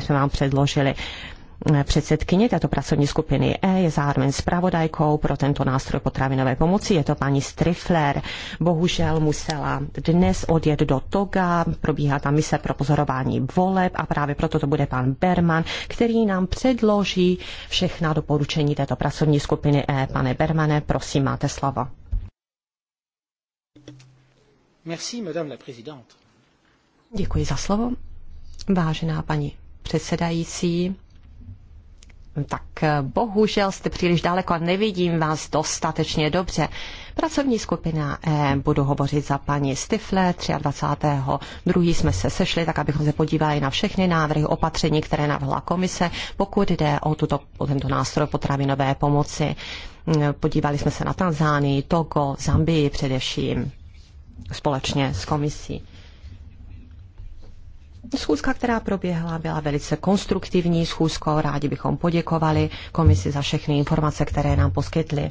jsme vám předložili. Eh, předsedkyně této pracovní skupiny E je zároveň zpravodajkou pro tento nástroj potravinové pomoci. Je to paní Strifler. Bohužel musela dnes odjet do Toga, probíhá tam mise pro pozorování voleb a právě proto to bude pan Berman, který nám předloží všechna doporučení této pracovní skupiny E. Pane Bermane, prosím, máte slovo. Merci, madame la Děkuji za slovo. Vážená paní předsedající. Tak eh, bohužel jste příliš daleko a nevidím vás dostatečně dobře. Pracovní skupina E, budu hovořit za paní Stifle, 23. Druhý jsme se sešli, tak abychom se podívali na všechny návrhy opatření, které navrhla komise, pokud jde o, tuto, o tento nástroj potravinové pomoci. Mm, podívali jsme se na Tanzánii, Togo, Zambii především společně s komisí. Schůzka, která proběhla, byla velice konstruktivní schůzkou. Rádi bychom poděkovali komisi za všechny informace, které nám poskytly.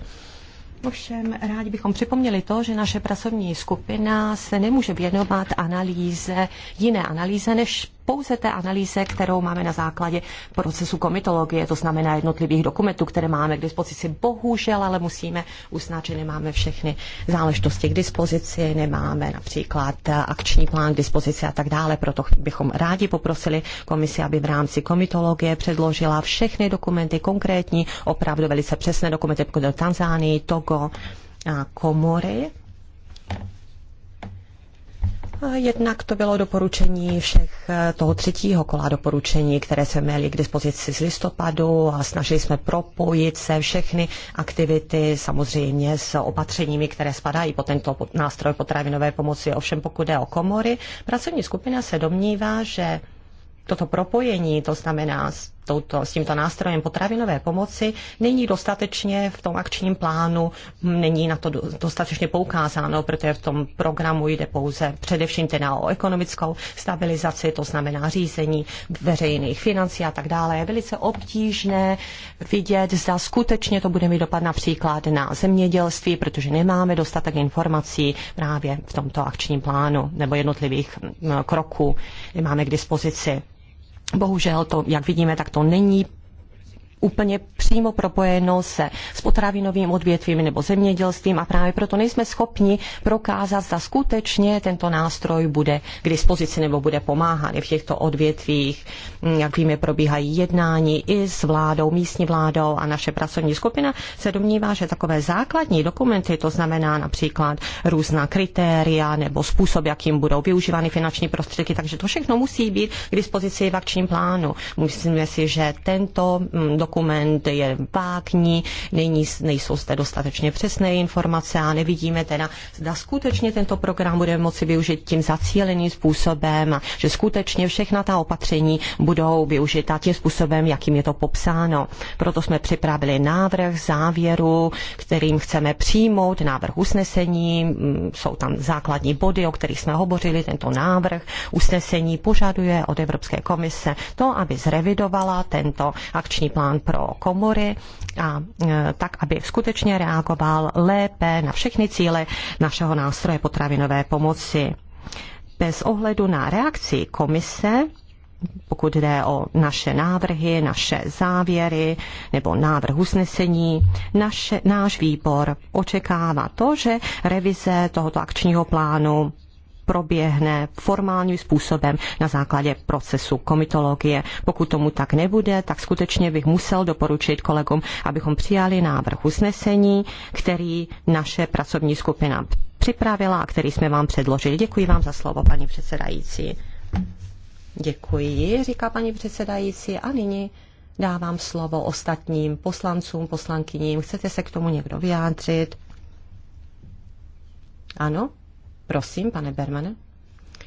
Ovšem rádi bychom připomněli to, že naše pracovní skupina se nemůže věnovat analýze, jiné analýze než pouze té analýze, kterou máme na základě procesu komitologie, to znamená jednotlivých dokumentů, které máme k dispozici. Bohužel, ale musíme uznat, že nemáme všechny záležitosti k dispozici, nemáme například eh, akční plán k dispozici a tak dále. Proto bychom rádi poprosili komisi, aby v rámci komitologie předložila všechny dokumenty, konkrétní, opravdu velice přesné dokumenty, jako do Tanzánii, Togo, a komory Jednak to bylo doporučení všech eh, toho třetího kola doporučení, které jsme měli k dispozici z listopadu a snažili jsme propojit se všechny aktivity samozřejmě s opatřeními, které spadají po tento nástroj potravinové pomoci. Ovšem pokud jde o komory, pracovní skupina se domnívá, že toto propojení, to znamená touto, s tímto nástrojem potravinové pomoci není dostatečně v tom akčním plánu, není na to dostatečně poukázáno, protože v tom programu jde pouze především teda o ekonomickou stabilizaci, to znamená řízení veřejných financí a tak dále. Je velice obtížné vidět, zda skutečně to bude mít dopad například na zemědělství, protože nemáme dostatek informací právě v tomto akčním plánu nebo jednotlivých kroků nemáme k dispozici. Bohužel to, jak vidíme, tak to není úplně přímo propojeno se s potravinovým odvětvím nebo zemědělstvím a právě proto nejsme schopni prokázat, zda skutečně tento nástroj bude k dispozici nebo bude pomáhat v těchto odvětvích. Jak víme, probíhají jednání i s vládou, místní vládou a naše pracovní skupina se domnívá, že takové základní dokumenty, to znamená například různá kritéria nebo způsob, jakým budou využívány finanční prostředky, takže to všechno musí být k dispozici v akčním plánu. Myslíme si, že tento dokument mm, dokument je vákní, není, nejsou zde dostatečně přesné informace a nevidíme teda, zda skutečně tento program budeme moci využít tím zacíleným způsobem a že skutečně všechna ta opatření budou využita tím způsobem, jakým je to popsáno. Proto jsme připravili návrh závěru, kterým chceme přijmout návrh usnesení. Jsou tam základní body, o kterých jsme hovořili. Tento návrh usnesení požaduje od Evropské komise to, aby zrevidovala tento akční plán pro komory, a e, tak, aby skutečně reagoval lépe na všechny cíle našeho nástroje potravinové pomoci. Bez ohledu na reakci komise pokud jde o naše návrhy, naše závěry nebo návrh usnesení, naše, náš výbor očekává to, že revize tohoto akčního plánu proběhne formálním způsobem na základě procesu komitologie. Pokud tomu tak nebude, tak skutečně bych musel doporučit kolegům, abychom přijali návrh usnesení, který naše pracovní skupina připravila a který jsme vám předložili. Děkuji vám za slovo, paní předsedající. Děkuji, říká paní předsedající. A nyní dávám slovo ostatním poslancům, poslankyním. Chcete se k tomu někdo vyjádřit? Ano? Prosím, pane Bermane.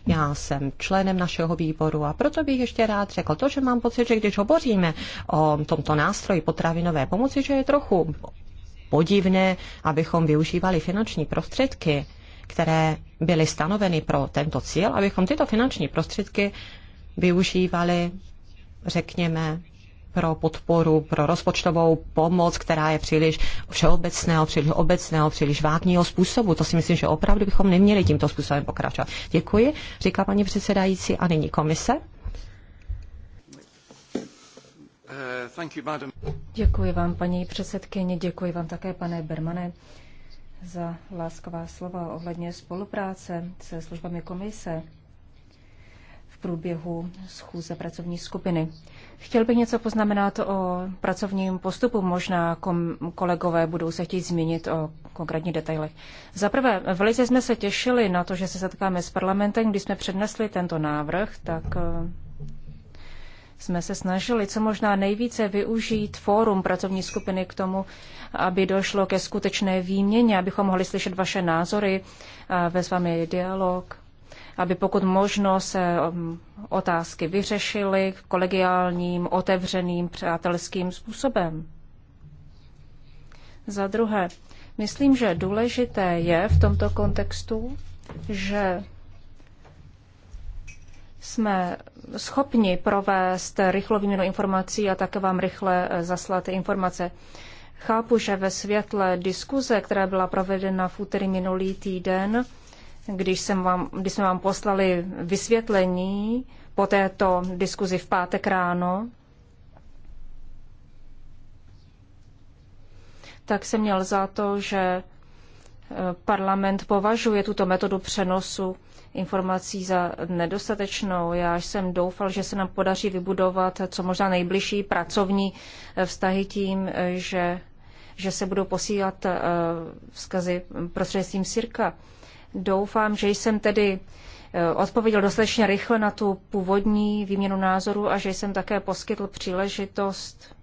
Já jsem členem našeho výboru a proto bych ještě rád řekl to, že mám pocit, že když hovoříme o tomto nástroji potravinové pomoci, že je trochu podivné, abychom využívali finanční prostředky, které byly stanoveny pro tento cíl, abychom tyto finanční prostředky využívali, řekněme, pro podporu, pro rozpočtovou pomoc, která je příliš všeobecného, příliš obecného, příliš vágního způsobu. To si myslím, že opravdu bychom neměli tímto způsobem pokračovat. Děkuji, říká paní předsedající a nyní komise. Děkuji vám, paní předsedkyně, děkuji vám také, pane Bermane, za lásková slova ohledně spolupráce se službami komise v průběhu schůze pracovní skupiny. Chtěl bych něco poznamenat o pracovním postupu. Možná kom, kolegové budou se chtít zmínit o konkrétní detailech. Za prvé, velice jsme se těšili na to, že se setkáme s parlamentem. Když jsme přednesli tento návrh, tak eh, jsme se snažili co možná nejvíce využít fórum pracovní skupiny k tomu, aby došlo ke skutečné výměně, abychom mohli slyšet vaše názory, ve s vámi dialog aby pokud možno se um, otázky vyřešily kolegiálním, otevřeným, přátelským způsobem. Za druhé, myslím, že důležité je v tomto kontextu, že jsme schopni provést rychlou výměnu informací a také vám rychle eh, zaslat informace. Chápu, že ve světle diskuze, která byla provedena v úterý minulý týden, když, jsem vám, když jsme vám poslali vysvětlení po této diskuzi v pátek ráno, tak jsem měl za to, že eh, parlament považuje tuto metodu přenosu informací za nedostatečnou. Já jsem doufal, že se nám podaří vybudovat co možná nejbližší pracovní eh, vztahy tím, eh, že, že se budou posílat vzkazy prostřednictvím Sirka. Doufám, že jsem tedy eh, odpověděl dostatečně rychle na tu původní výměnu názoru a že jsem také poskytl příležitost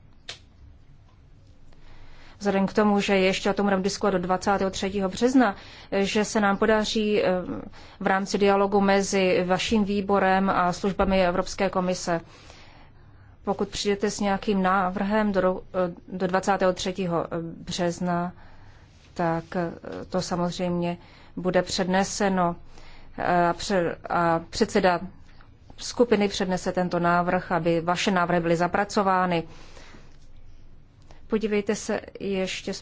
vzhledem k tomu, že ještě o tom budeme diskutovat do 23. března, eh, že se nám podaří eh, v rámci dialogu mezi vaším výborem a službami Evropské komise. Pokud přijdete s nějakým návrhem do, do 23. března, tak to samozřejmě bude předneseno eh, a předseda skupiny přednese tento návrh, aby vaše návrhy byly zapracovány. Podívejte se ještě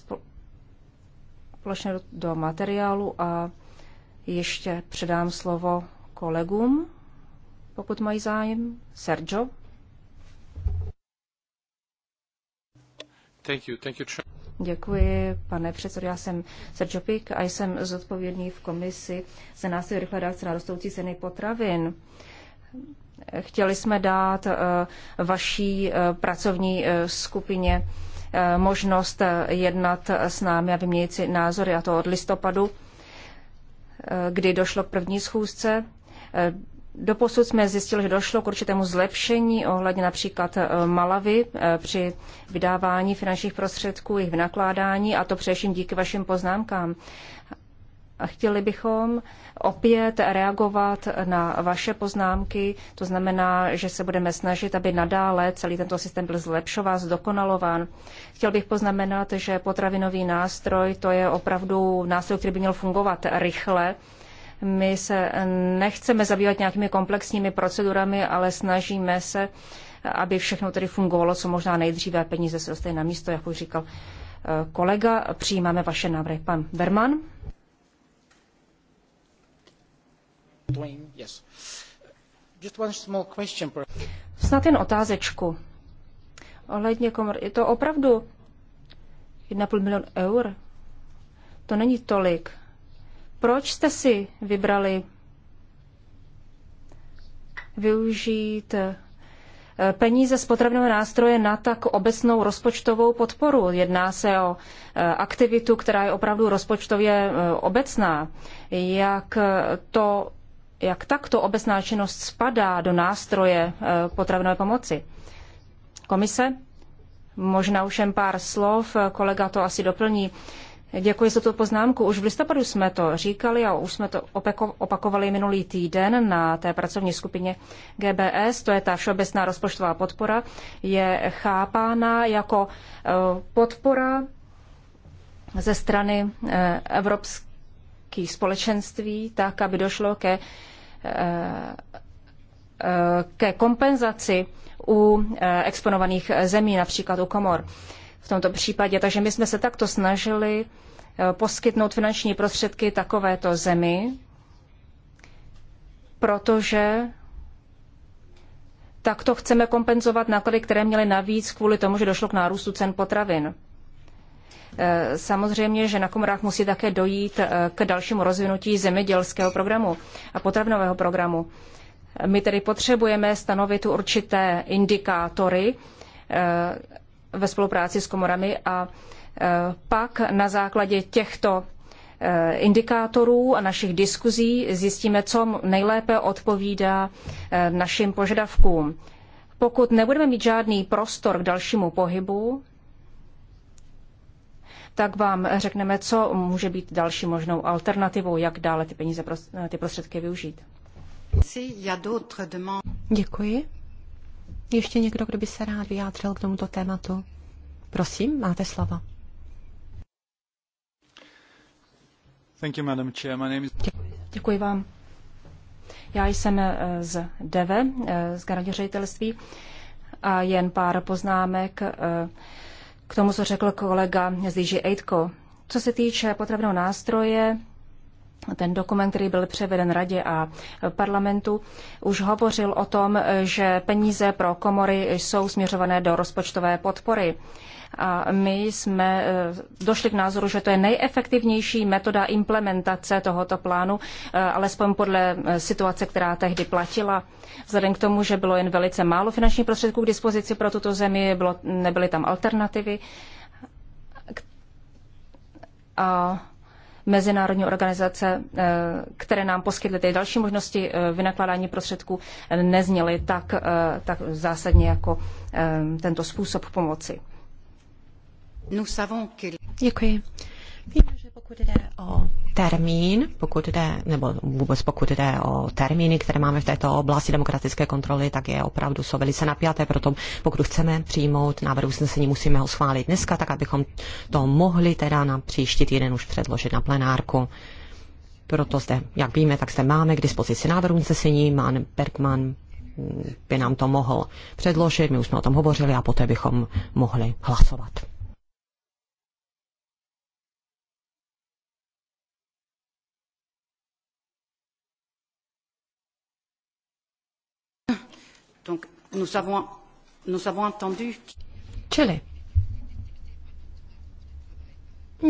společně do materiálu a ještě předám slovo kolegům, pokud mají zájem. Sergio. Thank you, thank you. Děkuji, pane předsedo. Já jsem Sergio Pik a jsem zodpovědný v komisi za nástroj rychlé reakce na rostoucí ceny potravin. Chtěli jsme dát eh, vaší eh, pracovní eh, skupině možnost jednat s námi a vyměnit si názory, a to od listopadu, kdy došlo k první schůzce. Doposud jsme zjistili, že došlo k určitému zlepšení ohledně například eh, Malavy eh, při vydávání finančních prostředků, jejich vynakládání a to především díky vašim poznámkám. A chtěli bychom opět reagovat na vaše poznámky, to znamená, že se budeme snažit, aby nadále celý tento systém byl zlepšován, zdokonalován. Chtěl bych poznamenat, že potravinový nástroj to je opravdu nástroj, který by měl fungovat rychle, my se nechceme zabývat nějakými komplexními procedurami, ale snažíme se, aby všechno tedy fungovalo co možná nejdříve peníze se dostaly na místo, jak už říkal eh, kolega. Přijímáme vaše návrhy. Pan Berman. Snad jen otázečku. Ohledně komor, je to opravdu 1,5 milion eur? To není tolik. Proč jste si vybrali využít eh, peníze z potravného nástroje na tak obecnou rozpočtovou podporu. Jedná se o eh, aktivitu, která je opravdu rozpočtově eh, obecná. Jak to jak takto obecná činnost spadá do nástroje potravinové pomoci? Komise? Možná už jen pár slov, kolega to asi doplní. Děkuji za tu poznámku. Už v listopadu jsme to říkali a už jsme to opakovali minulý týden na té pracovní skupině GBS. To je ta všeobecná rozpočtová podpora. Je chápána jako e, podpora ze strany e, evropských společenství, tak, aby došlo ke, e, ke kompenzaci u exponovaných zemí, například u komor v tomto případě. Takže my jsme se takto snažili eh, poskytnout finanční prostředky takovéto zemi, protože takto chceme kompenzovat náklady, které měly navíc kvůli tomu, že došlo k nárůstu cen potravin. Eh, samozřejmě, že na komorách musí také dojít eh, k dalšímu rozvinutí zemědělského programu a potravinového programu. My tedy potřebujeme stanovit určité indikátory, ve spolupráci s komorami a e, pak na základě těchto e, indikátorů a našich diskuzí zjistíme, co nejlépe odpovídá e, našim požadavkům. Pokud nebudeme mít žádný prostor k dalšímu pohybu, tak vám řekneme, co může být další možnou alternativou, jak dále ty peníze, ty prostředky využít. Děkuji. Ještě někdo, kdo by se rád vyjádřil k tomuto tématu? Prosím, máte slovo. Thank you, Madam Chair. My name is... Děkuji vám. Já jsem eh, z DEVE, eh, z garantě ředitelství, a jen pár poznámek eh, k tomu, co řekl kolega z DG Aidko. Co se týče potravného nástroje, ten dokument, který byl převeden radě a parlamentu, už hovořil o tom, že peníze pro komory jsou směřované do rozpočtové podpory. A my jsme eh, došli k názoru, že to je nejefektivnější metoda implementace tohoto plánu, eh, alespoň podle eh, situace, která tehdy platila. Vzhledem k tomu, že bylo jen velice málo finančních prostředků k dispozici pro tuto zemi, bylo, nebyly tam alternativy. A mezinárodní organizace, eh, které nám poskytly ty další možnosti eh, vynakládání prostředků, nezněly tak, eh, tak zásadně jako tento způsob pomoci. Děkuji. Víme, pokud jde o termín, pokud jde, nebo vůbec pokud jde o termíny, které máme v této oblasti demokratické kontroly, tak je opravdu jsou velice napjaté. Proto pokud chceme přijmout návrh usnesení, musíme ho schválit dneska, tak abychom to mohli teda na příští týden už předložit na plenárku. Proto zde, jak víme, tak zde máme k dispozici návrh usnesení. Man Bergman by nám to mohl předložit, my už jsme o tom hovořili a poté bychom mohli hlasovat. Nous avons, nous avons entendu... Čili.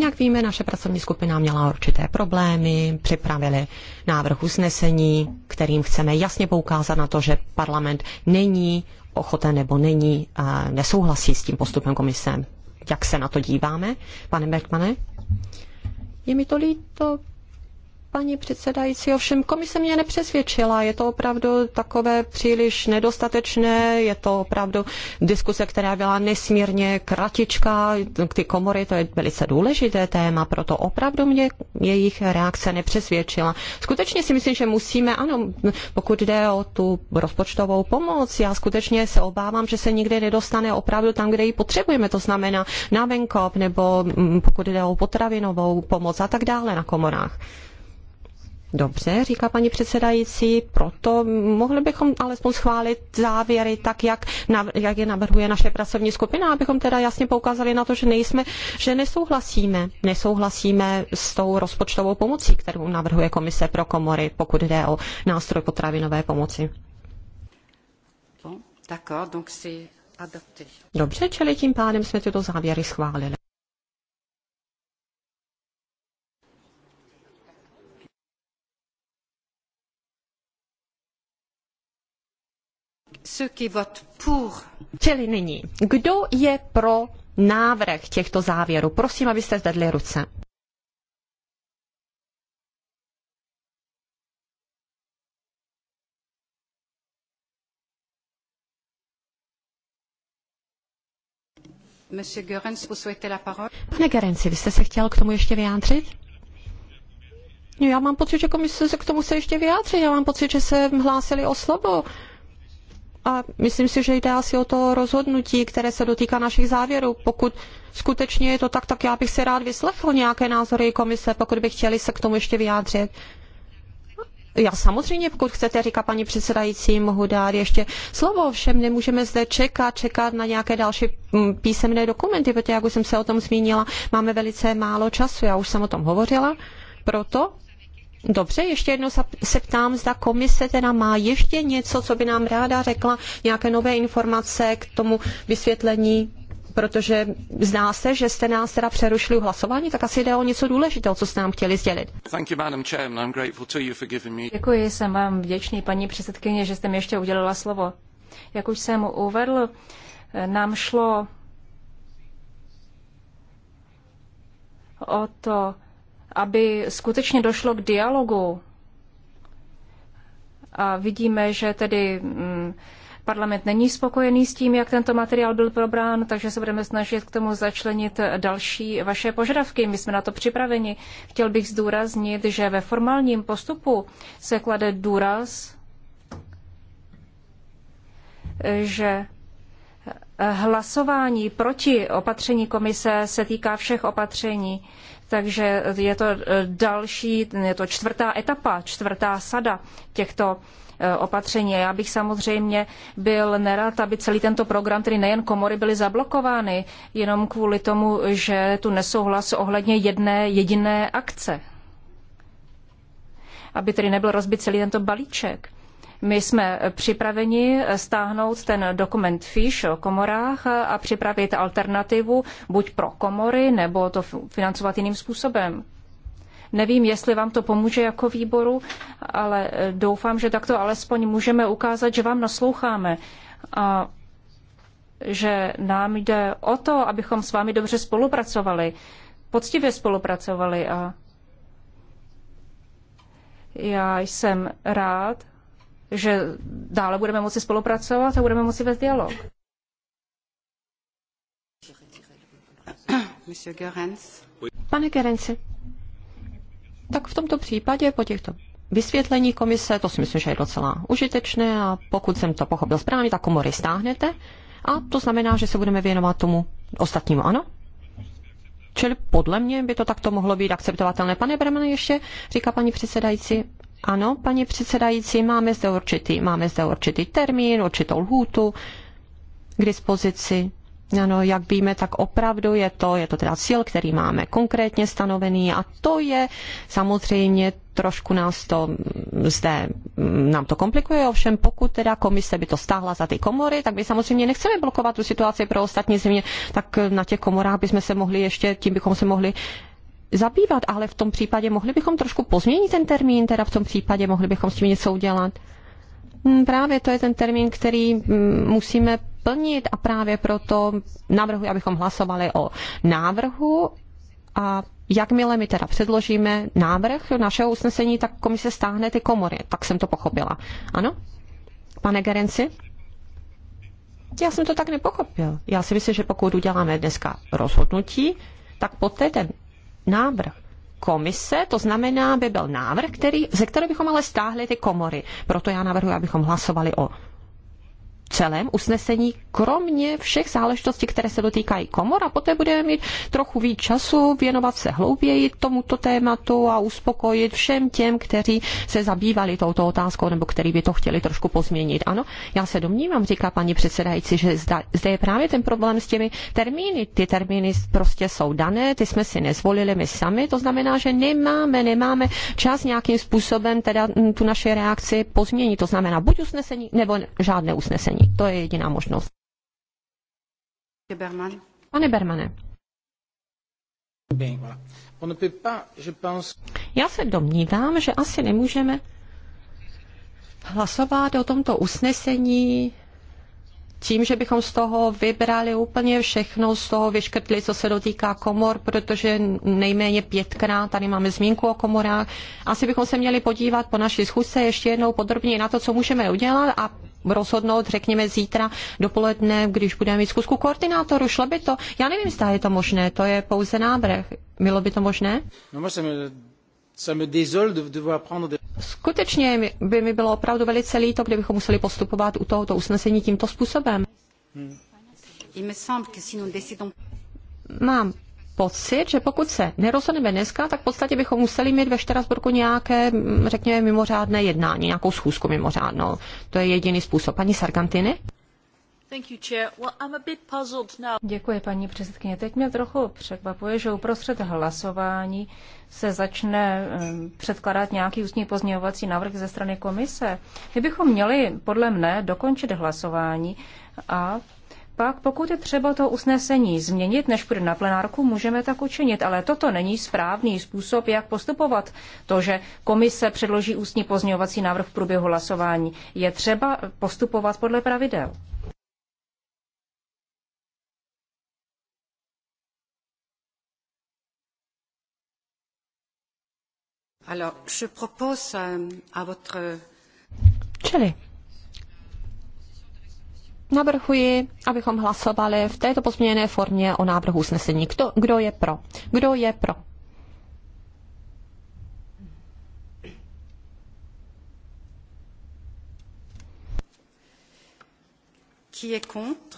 Jak víme, naše pracovní skupina měla určité problémy, připravili návrh usnesení, kterým chceme jasně poukázat na to, že parlament není ochoten nebo není, a nesouhlasí s tím postupem komise. Jak se na to díváme, pane Bergmane? Je mi to líto, Paní předsedající, ovšem komise mě nepřesvědčila. Je to opravdu takové příliš nedostatečné, je to opravdu diskuse, která byla nesmírně kratičká. Ty komory, to je velice důležité téma, proto opravdu mě jejich reakce nepřesvědčila. Skutečně si myslím, že musíme, ano, pokud jde o tu rozpočtovou pomoc, já skutečně se obávám, že se nikdy nedostane opravdu tam, kde ji potřebujeme, to znamená na venkov, nebo mm, pokud jde o potravinovou pomoc a tak dále na komorách. Dobře, říká paní předsedající, proto mohli bychom alespoň schválit závěry tak, jak, nav, jak je navrhuje naše pracovní skupina, abychom teda jasně poukázali na to, že nejsme, že nesouhlasíme, nesouhlasíme s tou rozpočtovou pomocí, kterou navrhuje komise pro komory, pokud jde o nástroj potravinové pomoci. Dobře, čili tím pádem jsme tyto závěry schválili. Čili nyní, kdo je pro návrh těchto závěrů? Prosím, abyste zvedli ruce. Pane Gerenci, vy jste se chtěl k tomu ještě vyjádřit? Já mám pocit, že komise se k tomu se ještě vyjádří. Já mám pocit, že se hlásili o slovo a myslím si, že jde asi o to rozhodnutí, které se dotýká našich závěrů. Pokud skutečně je to tak, tak já bych si rád vyslechl nějaké názory komise, pokud by chtěli se k tomu ještě vyjádřit. Já samozřejmě, pokud chcete, říká paní předsedající, mohu dát ještě slovo, všem nemůžeme zde čekat, čekat na nějaké další mm, písemné dokumenty, protože jak už jsem se o tom zmínila, máme velice málo času, já už jsem o tom hovořila, proto Dobře, ještě jednou se ptám, zda komise teda má ještě něco, co by nám ráda řekla, nějaké nové informace k tomu vysvětlení, protože zná se, že jste nás teda přerušili u hlasování, tak asi jde o něco důležitého, co jste nám chtěli sdělit. Děkuji, jsem vám vděčný, paní předsedkyně, že jste mi ještě udělala slovo. Jak už jsem uvedl, nám šlo o to, aby skutečně došlo k dialogu. A vidíme, že tedy mm, parlament není spokojený s tím, jak tento materiál byl probrán, takže se budeme snažit k tomu začlenit další vaše požadavky. My jsme na to připraveni. Chtěl bych zdůraznit, že ve formálním postupu se klade důraz, že hlasování proti opatření komise se týká všech opatření. Takže je to e, další, je to čtvrtá etapa, čtvrtá sada těchto e, opatření. Já bych samozřejmě byl nerad, aby celý tento program, tedy nejen komory, byly zablokovány, jenom kvůli tomu, že tu nesouhlas ohledně jedné jediné akce. Aby tedy nebyl rozbit celý tento balíček. My jsme připraveni stáhnout ten dokument FISH o komorách a připravit alternativu buď pro komory, nebo to financovat jiným způsobem. Nevím, jestli vám to pomůže jako výboru, ale eh, doufám, že takto alespoň můžeme ukázat, že vám nasloucháme. A že nám jde o to, abychom s vámi dobře spolupracovali, poctivě spolupracovali a já jsem rád, že dále budeme moci spolupracovat a budeme moci vést dialog. Pane Gerenci, tak v tomto případě po těchto vysvětlení komise, to si myslím, že je docela užitečné a pokud jsem to pochopil správně, tak komory stáhnete a to znamená, že se budeme věnovat tomu ostatnímu, ano? Čili podle mě by to takto mohlo být akceptovatelné. Pane Berman, ještě říká paní předsedající, ano, paní předsedající, máme zde určitý, máme zde určitý termín, určitou lhůtu k dispozici. Ano, jak víme, tak opravdu je to, je to teda cíl, který máme konkrétně stanovený a to je samozřejmě trošku nás to mm, zde, mm, nám to komplikuje, ovšem pokud teda komise by to stáhla za ty komory, tak my samozřejmě nechceme blokovat tu situaci pro ostatní země, tak na těch komorách bychom se mohli ještě, tím bychom se mohli zabývat, ale v tom případě mohli bychom trošku pozměnit ten termín, teda v tom případě mohli bychom s tím něco udělat. Hmm, právě to je ten termín, který mm, musíme plnit a právě proto navrhuji, abychom hlasovali o návrhu a jakmile my teda předložíme návrh našeho usnesení, tak komise stáhne ty komory. Tak jsem to pochopila. Ano? Pane Gerenci? Já jsem to tak nepochopil. Já si myslím, že pokud uděláme dneska rozhodnutí, tak poté ten návrh komise, to znamená, by byl návrh, který, ze které bychom ale stáhli ty komory. Proto já navrhuji, abychom hlasovali o celém usnesení, kromě všech záležitostí, které se dotýkají komor a poté budeme mít trochu víc času věnovat se hlouběji tomuto tématu a uspokojit všem těm, kteří se zabývali touto otázkou nebo kteří by to chtěli trošku pozměnit. Ano, já se domnívám, říká paní předsedající, že zda, zde je právě ten problém s těmi termíny. Ty termíny prostě jsou dané, ty jsme si nezvolili my sami, to znamená, že nemáme, nemáme čas nějakým způsobem teda tu naše reakci pozměnit. To znamená buď usnesení nebo žádné usnesení řešení. To je jediná možnost. Pane Bermane. Já se domnívám, že asi nemůžeme hlasovat o tomto usnesení tím, že bychom z toho vybrali úplně všechno, z toho vyškrtli, co se dotýká komor, protože nejméně pětkrát tady máme zmínku o komorách. Asi bychom se měli podívat po naší schůzce ještě jednou podrobněji na to, co můžeme udělat a rozhodnout, řekněme zítra dopoledne, když budeme mít zkusku koordinátoru, šlo by to. Já nevím, zda je to možné, to je pouze návrh. Bylo by to možné? No, Skutečně by mi bylo opravdu velice líto, kdybychom museli postupovat u tohoto usnesení tímto způsobem. Hmm. Mám pocit, že pokud se nerozhodneme dneska, tak v podstatě bychom museli mít ve Štrasburku nějaké, mm, řekněme, mimořádné jednání, nějakou schůzku mimořádnou. To je jediný způsob. Paní Sargantiny? Děkuji, paní předsedkyně. Teď mě trochu překvapuje, že uprostřed hlasování se začne mm, předkládat nějaký ústní pozměňovací návrh ze strany komise. My bychom měli, podle mne, dokončit hlasování a pak, pokud je třeba to usnesení změnit, než půjde na plenárku, můžeme tak učinit. Ale toto není správný způsob, jak postupovat. To, že komise předloží ústní pozměňovací návrh v průběhu hlasování, je třeba postupovat podle pravidel. Alors, je propose euh, à votre... Čili Navrhuji, abychom hlasovali v této pozměněné formě o návrhu usnesení. Kdo, kdo je pro? Kdo je pro?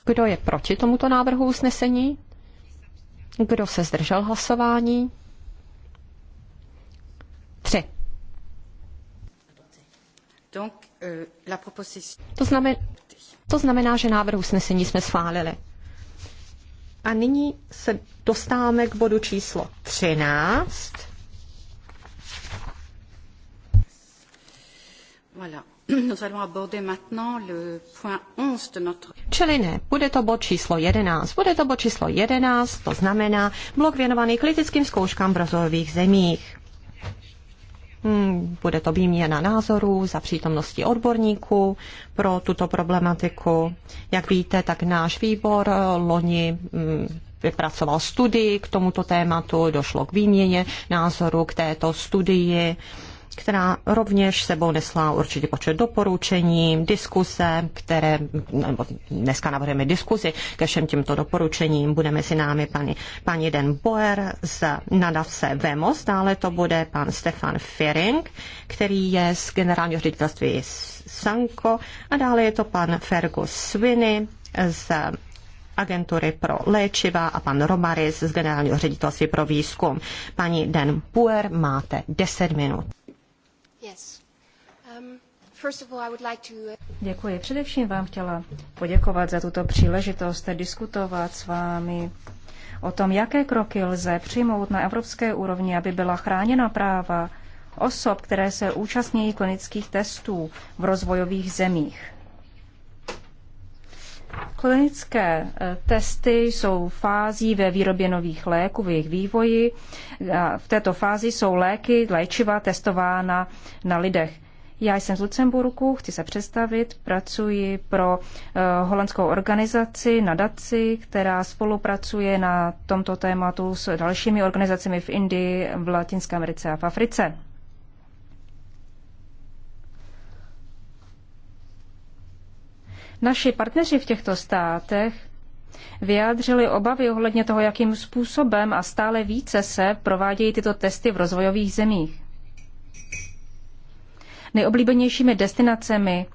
Kdo je proti tomuto návrhu usnesení? Kdo se zdržel hlasování? Tři. Euh, to znamená, to znamená, že návrh usnesení jsme schválili. A nyní se dostáváme k bodu číslo 13. Voilà. Nous allons aborder maintenant le point 11 de notre... Čili ne, bude to bod číslo 11. Bude to bod číslo 11, to znamená blok věnovaný kritickým zkouškám v rozvojových zemích. Hmm, bude to výměna názorů za přítomnosti odborníků pro tuto problematiku. Jak víte, tak náš výbor eh, loni hmm, vypracoval studii k tomuto tématu, došlo k výměně názoru k této studii která rovněž sebou nesla určitý počet doporučení, diskuse, které, nebo dneska navrhujeme diskuzi ke všem těmto doporučením. Bude mezi námi paní, paní Den Boer z nadavce VEMOS, dále to bude pan Stefan Fering, který je z generálního ředitelství Sanko a dále je to pan Fergus Swiny z agentury pro léčiva a pan Romaris z generálního ředitelství pro výzkum. Paní Den Puer, máte 10 minut. Um, uh, Děkuji. Především vám chtěla poděkovat za tuto příležitost diskutovat s vámi o tom, jaké kroky lze přijmout na evropské úrovni, aby byla chráněna práva osob, které se účastní klinických testů v rozvojových zemích. Klinické eh, testy jsou fází ve výrobě nových léků, v jejich vývoji. V této fázi jsou léky, léčiva testována na lidech. Já jsem z Lucemburku, chci se představit, pracuji pro eh, holandskou organizaci, nadaci, která spolupracuje na tomto tématu s dalšími organizacemi v Indii, v Latinské Americe a v Africe. Naši partneři v těchto státech vyjádřili obavy ohledně toho, jakým způsobem a stále více se provádějí tyto testy v rozvojových zemích. Nejoblíbenějšími destinacemi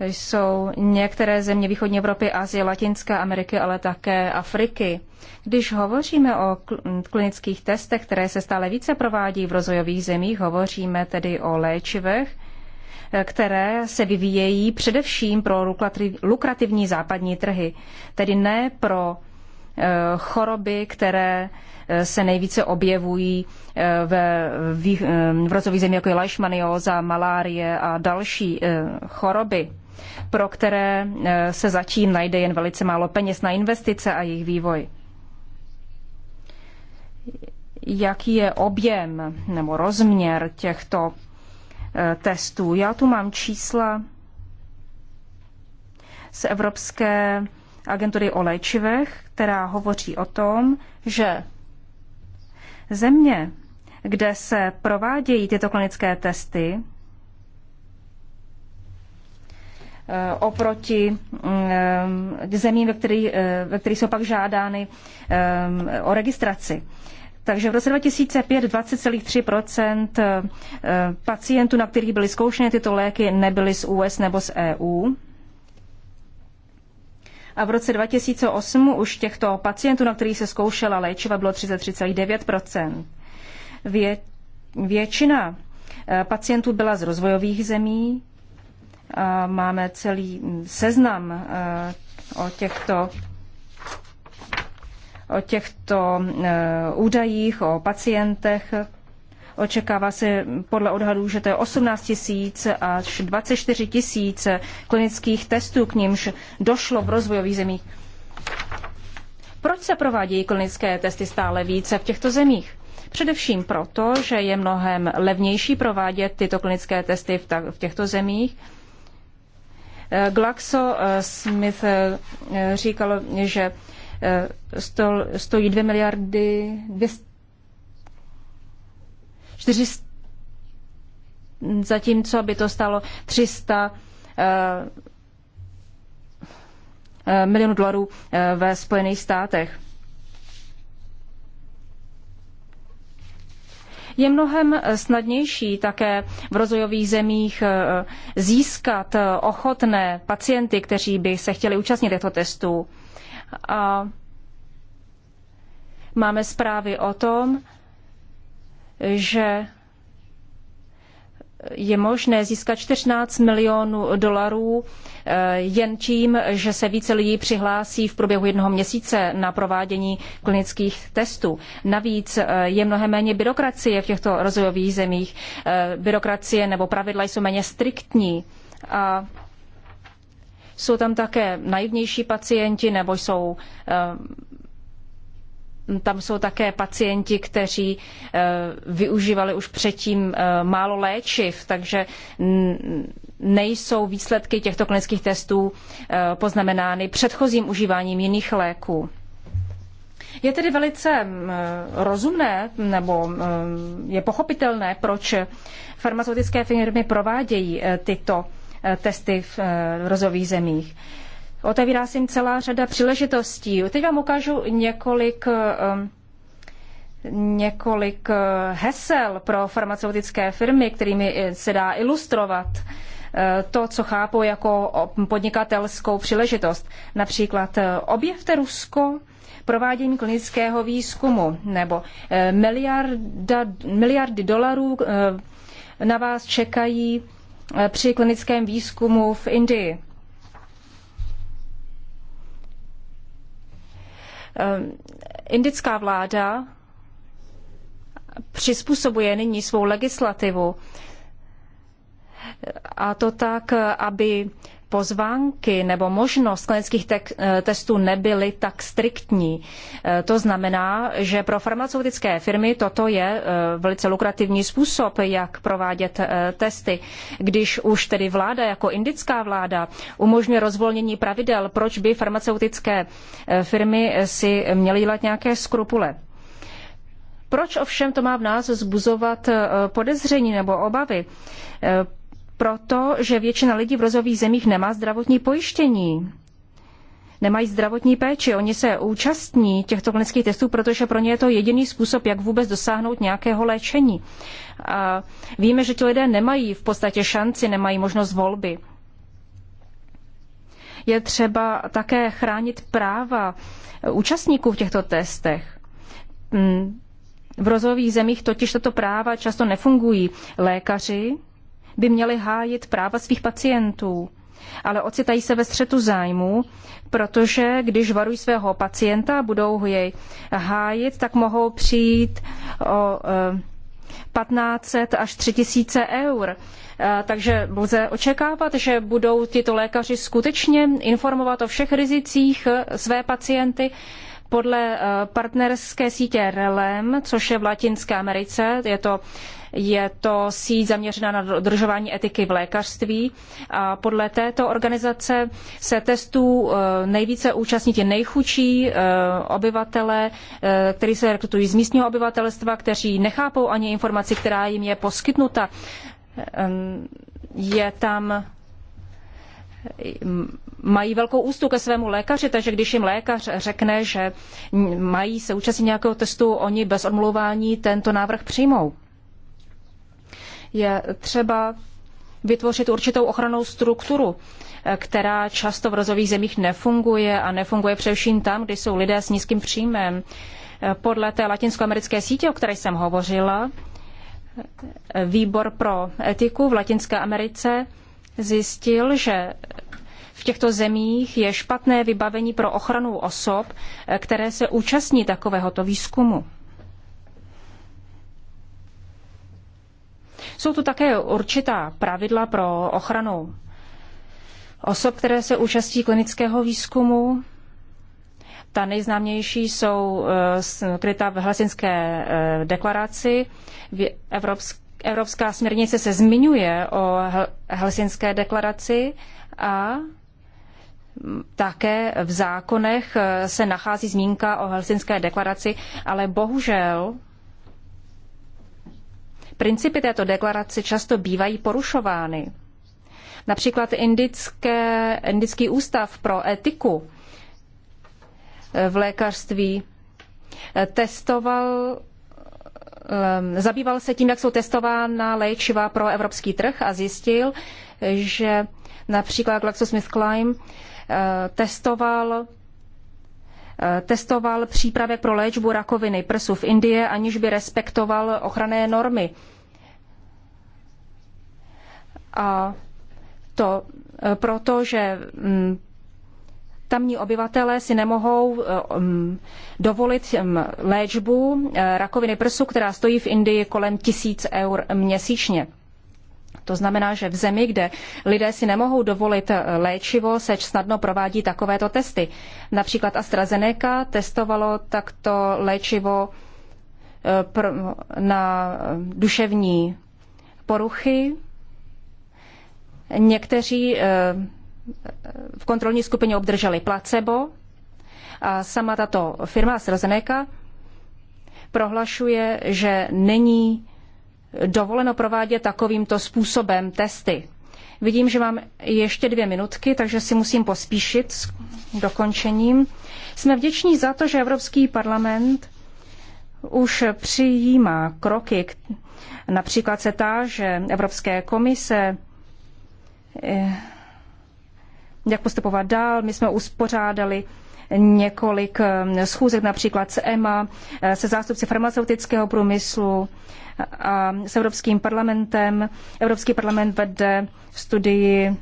jsou některé země východní Evropy, Asie, Latinské Ameriky, ale také Afriky. Když hovoříme o klinických testech, které se stále více provádí v rozvojových zemích, hovoříme tedy o léčivech, které se vyvíjejí především pro lukrativní západní trhy, tedy ne pro eh, choroby, které eh, se nejvíce objevují eh, ve, v, v rozových zemích, jako je leishmanioza, malárie a další choroby, pro které se zatím najde jen velice málo peněz na investice a jejich vývoj. Jaký je objem nebo rozměr těchto Eh, testů. Já tu mám čísla z Evropské agentury o léčivech, která hovoří o tom, že země, kde se provádějí tyto klinické testy, eh, oproti mm, eh, zemím, ve kterých, ve jsou pak žádány o registraci. Takže v roce 2005 20,3 eh, pacientů, na kterých byly zkoušeny tyto léky, nebyly z US nebo z EU. A v roce 2008 už těchto pacientů, na kterých se zkoušela léčiva, bylo 33,9 Vě, Většina eh, pacientů byla z rozvojových zemí. A máme celý mm, seznam eh, o těchto o těchto e, údajích, o pacientech. Očekává se podle odhadů, že to je 18 tisíc až 24 tisíc klinických testů, k nimž došlo v rozvojových zemích. Proč se provádějí klinické testy stále více v těchto zemích? Především proto, že je mnohem levnější provádět tyto klinické testy v těchto zemích, e, Glaxo e, Smith říkal, že Eh, stol, stojí 2 miliardy 400, zatímco by to stalo 300 eh, eh, milionů dolarů ve Spojených státech. Je mnohem snadnější také v rozvojových zemích získat ochotné pacienty, kteří by se chtěli účastnit těchto testů. A máme zprávy o tom, že je možné získat 14 milionů dolarů eh, jen tím, že se více lidí přihlásí v průběhu jednoho měsíce na provádění klinických testů. Navíc eh, je mnohem méně byrokracie v těchto rozvojových zemích. Eh, byrokracie nebo pravidla jsou méně striktní. A jsou tam také naivnější pacienti nebo jsou eh, tam jsou také pacienti, kteří eh, využívali už předtím eh, málo léčiv, takže nejsou výsledky těchto klinických testů poznamenány předchozím užíváním jiných léků. Je tedy velice rozumné nebo je pochopitelné, proč farmaceutické firmy provádějí tyto Eh, testy eh, v rozových zemích. Otevírá se jim celá řada příležitostí. Teď vám ukážu několik eh, několik hesel pro farmaceutické firmy, kterými se dá ilustrovat to, co chápou jako podnikatelskou příležitost. Například objevte Rusko, provádění klinického výzkumu nebo miliarda, miliardy dolarů na vás čekají Eh, při klinickém výzkumu v Indii. Eh, indická vláda přizpůsobuje nyní svou legislativu eh, a to tak, aby pozvánky nebo možnost klinických eh, testů nebyly tak striktní. Eh, to znamená, že pro farmaceutické firmy toto je eh, velice lukrativní způsob, jak provádět testy. Když už tedy vláda jako indická vláda umožňuje rozvolnění pravidel, proč by farmaceutické firmy si měly dělat nějaké skrupule? Proč ovšem to má v nás zbuzovat podezření nebo obavy? proto, že většina lidí v rozových zemích nemá zdravotní pojištění. Nemají zdravotní péči, oni se účastní těchto klinických testů, protože pro ně je to jediný způsob, jak vůbec dosáhnout nějakého léčení. A víme, že ti lidé nemají v podstatě šanci, nemají možnost volby. Je třeba také chránit práva účastníků v těchto testech. Mm, v rozových zemích totiž tato práva často nefungují. Lékaři by měly hájit práva svých pacientů. Ale ocitají se ve střetu zájmu, protože když varují svého pacienta a budou ho jej hájit, tak mohou přijít o 1500 eh, až 3000 eur. Eh, takže lze očekávat, že budou tito lékaři skutečně informovat o všech rizicích eh, své pacienty podle eh, partnerské sítě RELEM, což je v Latinské Americe, je to, je to síť zaměřená na dodržování etiky v lékařství. A podle této organizace se testů eh, nejvíce účastní ti nejchudší eh, obyvatelé, kteří se rekrutují z místního obyvatelstva, kteří nechápou ani informaci, která jim je poskytnuta. Ehm, je tam mají velkou ústu ke svému lékaři, takže když jim lékař řekne, že mají se účastnit nějakého testu, oni bez odmluvání tento návrh přijmou. Je třeba vytvořit určitou ochranou strukturu, která často v rozových zemích nefunguje a nefunguje především tam, kde jsou lidé s nízkým příjmem. Podle té latinskoamerické sítě, o které jsem hovořila, Výbor pro etiku v Latinské Americe zjistil, že těchto zemích je špatné vybavení pro ochranu osob, eh, které se účastní takovéhoto výzkumu. Jsou tu také určitá pravidla pro ochranu osob, které se účastí klinického výzkumu. Ta nejznámější jsou eh, skryta v Helsinské eh, deklaraci. Evropská směrnice se zmiňuje o Helsinské deklaraci a také v zákonech eh, se nachází zmínka o Helsinské deklaraci, ale bohužel principy této deklarace často bývají porušovány. Například indické, Indický ústav pro etiku eh, v lékařství eh, testoval zabýval se tím, jak jsou testována léčiva pro evropský trh a zjistil, že například GlaxoSmithKline Eh, testoval eh, testoval přípravek pro léčbu rakoviny prsu v Indii, aniž by respektoval ochranné normy. A to eh, proto, že mm, tamní obyvatelé si nemohou mm, dovolit mm, léčbu rakoviny prsu, která stojí v Indii kolem tisíc eur měsíčně. To znamená, že v zemi, kde lidé si nemohou dovolit eh, léčivo, se snadno provádí takovéto testy. Například AstraZeneca testovalo takto léčivo eh, na eh, duševní poruchy. Někteří v kontrolní skupině obdrželi placebo a sama tato firma AstraZeneca prohlašuje, že není dovoleno provádět takovýmto způsobem testy. Vidím, že mám ještě dvě minutky, takže si musím pospíšit s dokončením. Jsme vděční za to, že Evropský parlament už přijímá kroky, například se že Evropské komise, eh, jak postupovat dál. My jsme uspořádali několik schůzek, například s EMA, e, se zástupci farmaceutického průmyslu a s Evropským parlamentem. Evropský parlament vede studii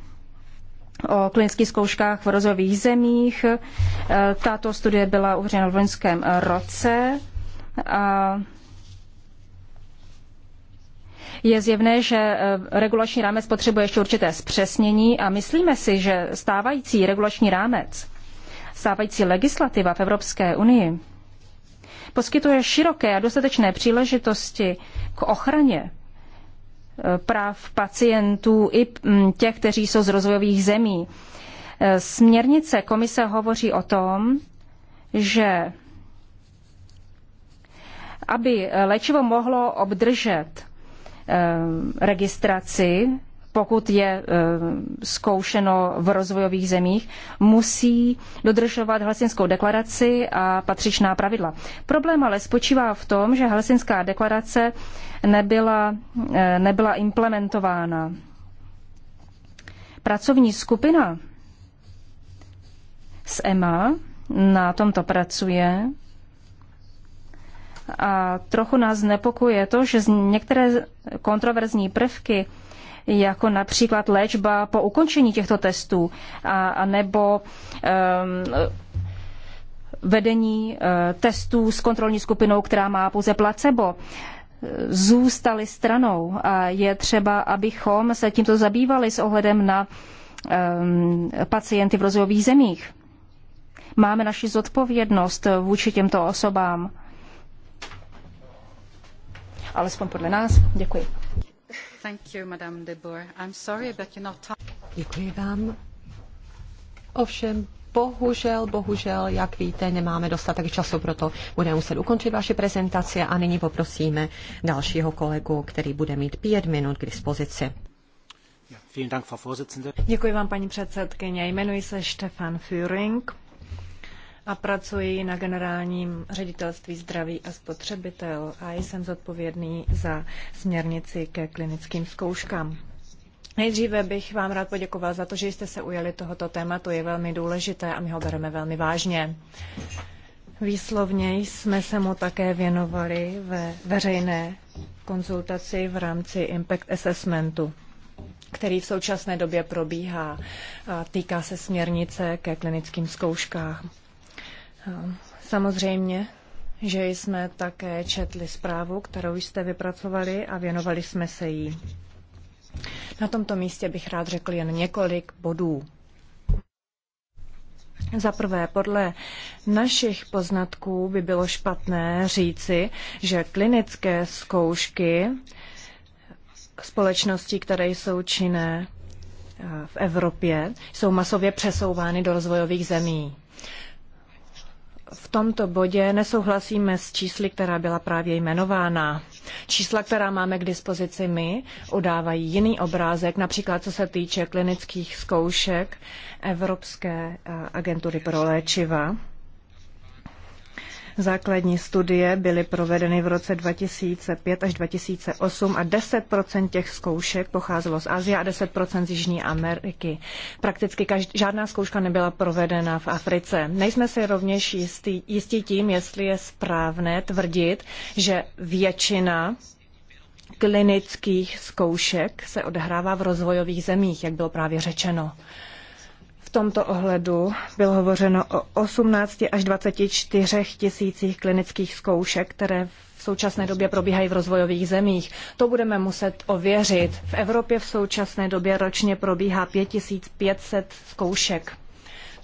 o klinických zkouškách v rozvojových zemích. E, tato studie byla uveřejněna v loňském roce. A je zjevné, že e, regulační rámec potřebuje ještě určité zpřesnění a myslíme si, že stávající regulační rámec Stávající legislativa v Evropské unii poskytuje široké a dostatečné příležitosti k ochraně eh, práv pacientů i mm, těch, kteří jsou z rozvojových zemí. Eh, směrnice komise hovoří o tom, že aby léčivo mohlo obdržet eh, registraci, pokud je eh, zkoušeno v rozvojových zemích, musí dodržovat Helsinskou deklaraci a patřičná pravidla. Problém ale spočívá v tom, že Helsinská deklarace nebyla, eh, nebyla implementována. Pracovní skupina s EMA na tomto pracuje a trochu nás nepokuje to, že některé kontroverzní prvky jako například léčba po ukončení těchto testů, a, a nebo um, vedení eh, testů s kontrolní skupinou, která má pouze placebo zůstali stranou a je třeba, abychom se tímto zabývali s ohledem na um, pacienty v rozvojových zemích. Máme naši zodpovědnost vůči těmto osobám. Alespoň podle nás. Děkuji. Děkuji vám. Ovšem, bohužel, bohužel, jak víte, nemáme dostatek času, proto budeme muset ukončit vaši prezentaci a nyní poprosíme dalšího kolegu, který bude mít pět minut k dispozici. Děkuji vám, paní předsedkyně. Jmenuji se Stefan Führing a pracuji na generálním ředitelství zdraví a spotřebitel a jsem zodpovědný za směrnici ke klinickým zkouškám. Nejdříve bych vám rád poděkoval za to, že jste se ujeli tohoto tématu. Je velmi důležité a my ho bereme velmi vážně. Výslovně jsme se mu také věnovali ve veřejné konzultaci v rámci Impact Assessmentu který v současné době probíhá. A týká se směrnice ke klinickým zkouškám. Samozřejmě, že jsme také četli zprávu, kterou jste vypracovali a věnovali jsme se jí. Na tomto místě bych rád řekl jen několik bodů. Za prvé, podle našich poznatků by bylo špatné říci, že klinické zkoušky společností, které jsou činné e, v Evropě, jsou masově přesouvány do rozvojových zemí v tomto bodě nesouhlasíme s čísly, která byla právě jmenována. Čísla, která máme k dispozici my, udávají jiný obrázek, například co se týče klinických zkoušek Evropské eh, agentury pro léčiva Základní studie byly provedeny v roce 2005 až 2008 a 10% těch zkoušek pocházelo z Asie a 10% z Jižní Ameriky. Prakticky každý, žádná zkouška nebyla provedena v Africe. Nejsme si rovněž jistí, jistí tím, jestli je správné tvrdit, že většina klinických zkoušek se odehrává v rozvojových zemích, jak bylo právě řečeno tomto ohledu bylo hovořeno o 18 až 24 tisících klinických zkoušek, které v současné době probíhají v rozvojových zemích. To budeme muset ověřit. V Evropě v současné době ročně probíhá 5500 zkoušek.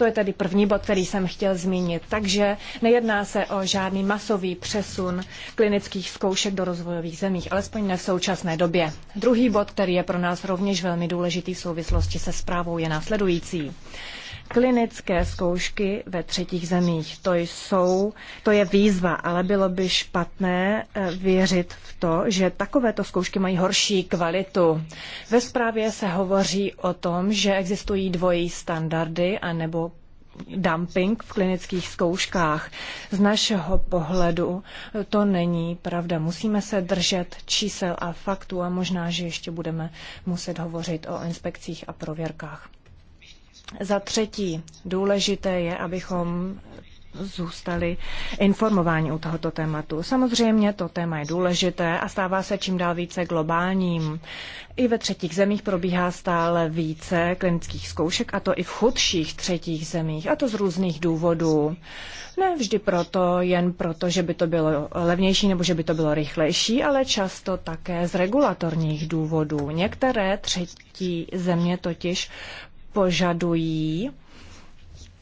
To je tedy první bod, který jsem chtěl zmínit. Takže nejedná se o žádný masový přesun klinických zkoušek do rozvojových zemích, alespoň ne v současné době. Druhý bod, který je pro nás rovněž velmi důležitý v souvislosti se zprávou, je následující klinické zkoušky ve třetích zemích. To, jsou, to je výzva, ale bylo by špatné eh, věřit v to, že takovéto zkoušky mají horší kvalitu. Ve zprávě se hovoří o tom, že existují dvojí standardy anebo dumping v klinických zkouškách. Z našeho pohledu eh, to není pravda. Musíme se držet čísel a faktů a možná, že ještě budeme muset hovořit o inspekcích a prověrkách. Za třetí, důležité je, abychom zůstali informováni u tohoto tématu. Samozřejmě to téma je důležité a stává se čím dál více globálním. I ve třetích zemích probíhá stále více klinických zkoušek, a to i v chudších třetích zemích, a to z různých důvodů. Ne vždy proto, jen proto, že by to bylo levnější nebo že by to bylo rychlejší, ale často také z regulatorních důvodů. Některé třetí země totiž požadují,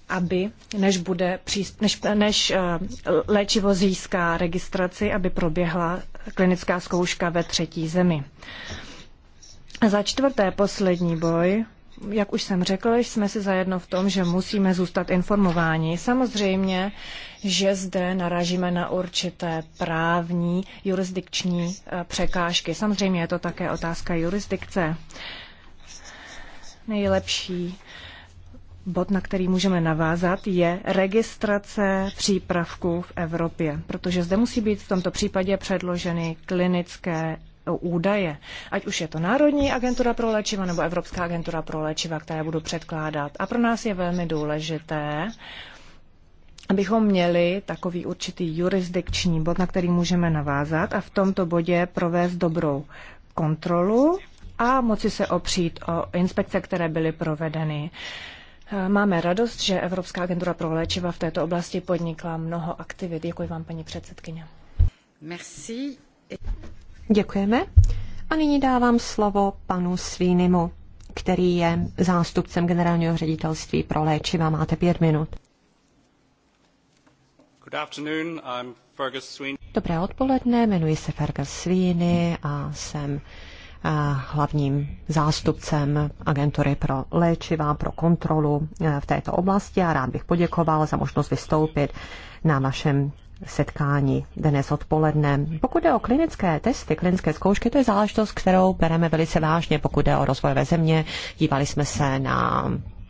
aby, než, bude, než, než eh, léčivo získá registraci, aby proběhla klinická zkouška ve třetí zemi. Za čtvrté, poslední boj. Jak už jsem řekl, jsme si zajedno v tom, že musíme zůstat informováni. Samozřejmě, že zde naražíme na určité právní jurisdikční eh, překážky. Samozřejmě je to také otázka jurisdikce nejlepší bod, na který můžeme navázat, je registrace přípravků v Evropě, protože zde musí být v tomto případě předloženy klinické údaje. Ať už je to Národní agentura pro léčiva nebo Evropská agentura pro léčiva, které budu předkládat. A pro nás je velmi důležité, abychom měli takový určitý jurisdikční bod, na který můžeme navázat a v tomto bodě provést dobrou kontrolu a moci se opřít o inspekce, které byly provedeny. Máme radost, že Evropská agentura pro léčiva v této oblasti podnikla mnoho aktivit. Děkuji vám, paní předsedkyně. Merci. Děkujeme. A nyní dávám slovo panu Svínimu, který je zástupcem generálního ředitelství pro léčiva. Máte pět minut. Dobré odpoledne, jmenuji se Fergus Sweeney a jsem hlavním zástupcem agentury pro léčiva, pro kontrolu eh, v této oblasti a rád bych poděkoval za možnost vystoupit na vašem setkání dnes odpoledne. Pokud jde o klinické testy, klinické zkoušky, to je záležitost, kterou bereme velice vážně, pokud jde o rozvojové země. Dívali jsme se na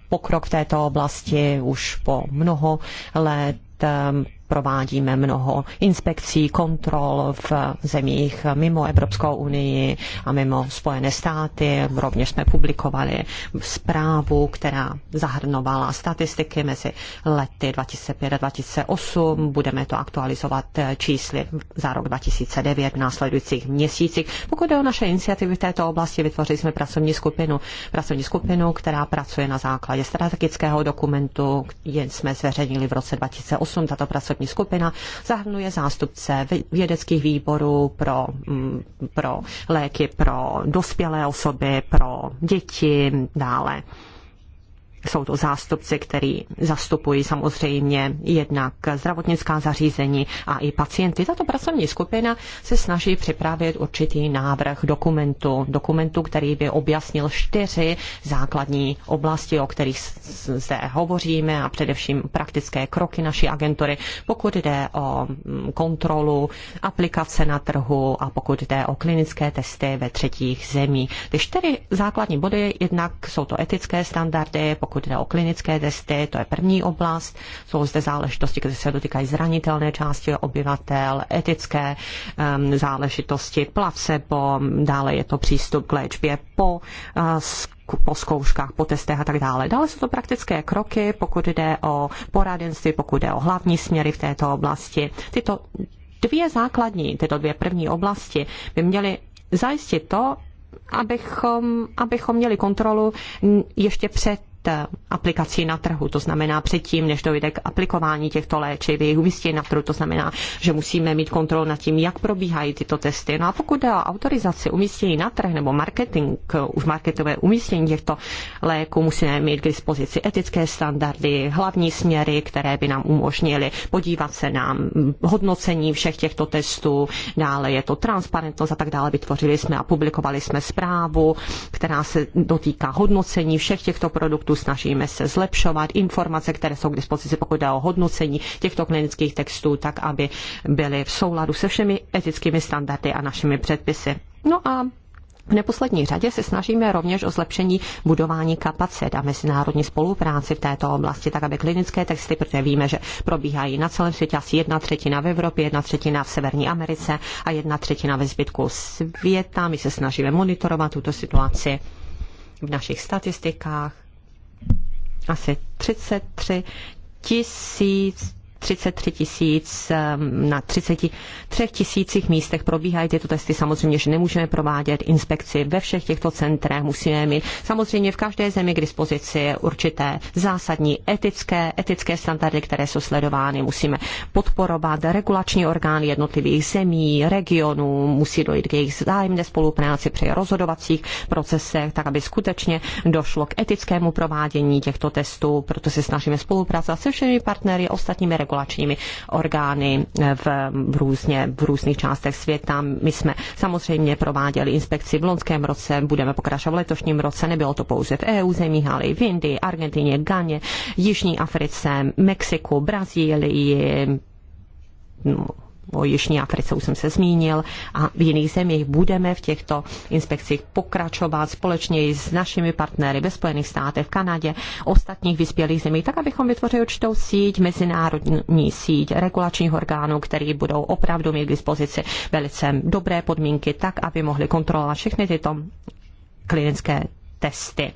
pokrok v této oblasti už po mnoho let ehm, provádíme mnoho inspekcí, kontrol v zemích mimo Evropskou unii a mimo Spojené státy. Rovněž jsme publikovali zprávu, která zahrnovala statistiky mezi lety 2005 a 2008. Budeme to aktualizovat čísly za rok 2009 v následujících měsících. Pokud jde o naše iniciativy v této oblasti, vytvořili jsme pracovní skupinu, pracovní skupinu, která pracuje na základě strategického dokumentu, jen jsme zveřejnili v roce 2008. Tato pracovní expertní skupina zahrnuje zástupce vědeckých výborů pro, mm, pro léky pro dospělé osoby, pro děti, dále jsou to zástupci, který zastupují samozřejmě jednak zdravotnická zařízení a i pacienty. Tato pracovní skupina se snaží připravit určitý návrh dokumentu, dokumentu, který by objasnil čtyři základní oblasti, o kterých zde hovoříme a především praktické kroky naší agentury, pokud jde o mm, kontrolu, aplikace na trhu a pokud jde o klinické testy ve třetích zemích. Ty čtyři základní body jednak jsou to etické standardy, pokud jde o klinické testy, to je první oblast. Jsou zde záležitosti, které se dotýkají zranitelné části obyvatel, etické um, záležitosti, placebo, dále je to přístup k léčbě po uh, po zkouškách, po testech a tak dále. Dále jsou to praktické kroky, pokud jde o poradenství, pokud jde o hlavní směry v této oblasti. Tyto dvě základní, tyto dvě první oblasti by měly zajistit to, abychom, abychom měli kontrolu ještě před E, aplikací na trhu, to znamená předtím, než dojde k aplikování těchto léčiv, jejich umístění na trhu, to znamená, že musíme mít kontrolu nad tím, jak probíhají tyto testy. No a pokud jde o autorizaci umístění na trh nebo marketing, už marketové umístění těchto léků, musíme mít k dispozici etické standardy, hlavní směry, které by nám umožnily podívat se na hodnocení všech těchto testů, dále je to transparentnost a tak dále. Vytvořili jsme a publikovali jsme zprávu, která se dotýká hodnocení všech těchto produktů snažíme se zlepšovat informace, které jsou k dispozici, pokud jde o hodnocení těchto klinických textů, tak aby byly v souladu se všemi etickými standardy a našimi předpisy. No a v neposlední řadě se snažíme rovněž o zlepšení budování kapacit a mezinárodní spolupráci v této oblasti, tak aby klinické texty, protože víme, že probíhají na celém světě asi jedna třetina v Evropě, jedna třetina v Severní Americe a jedna třetina ve zbytku světa. My se snažíme monitorovat tuto situaci v našich statistikách asi 33 tisíc 33 tisíc, ehm, na 33 tisících místech probíhají tyto testy. Samozřejmě, že nemůžeme provádět inspekci ve všech těchto centrech, musíme mít samozřejmě v každé zemi k dispozici určité zásadní etické, etické standardy, které jsou sledovány. Musíme podporovat regulační orgány jednotlivých zemí, regionů, musí dojít k jejich zájemné spolupráci při rozhodovacích procesech, tak aby skutečně došlo k etickému provádění těchto testů, proto se snažíme spolupracovat se všemi partnery, ostatními regulátory regulačními orgány v, různě, v různých částech světa. My jsme samozřejmě prováděli inspekci v loňském roce, budeme pokračovat v letošním roce. Nebylo to pouze v EU zemích, ale i v Indii, Argentině, Ghaně, Jižní Africe, Mexiku, Brazílii, no, o Jižní Africe už jsem se zmínil, a v jiných zemích budeme v těchto inspekcích pokračovat společně s našimi partnery ve Spojených státech, v Kanadě, ostatních vyspělých zemích, tak abychom vytvořili určitou síť, mezinárodní síť regulačních orgánů, které budou opravdu mít k dispozici velice dobré podmínky, tak aby mohli kontrolovat všechny tyto klinické testy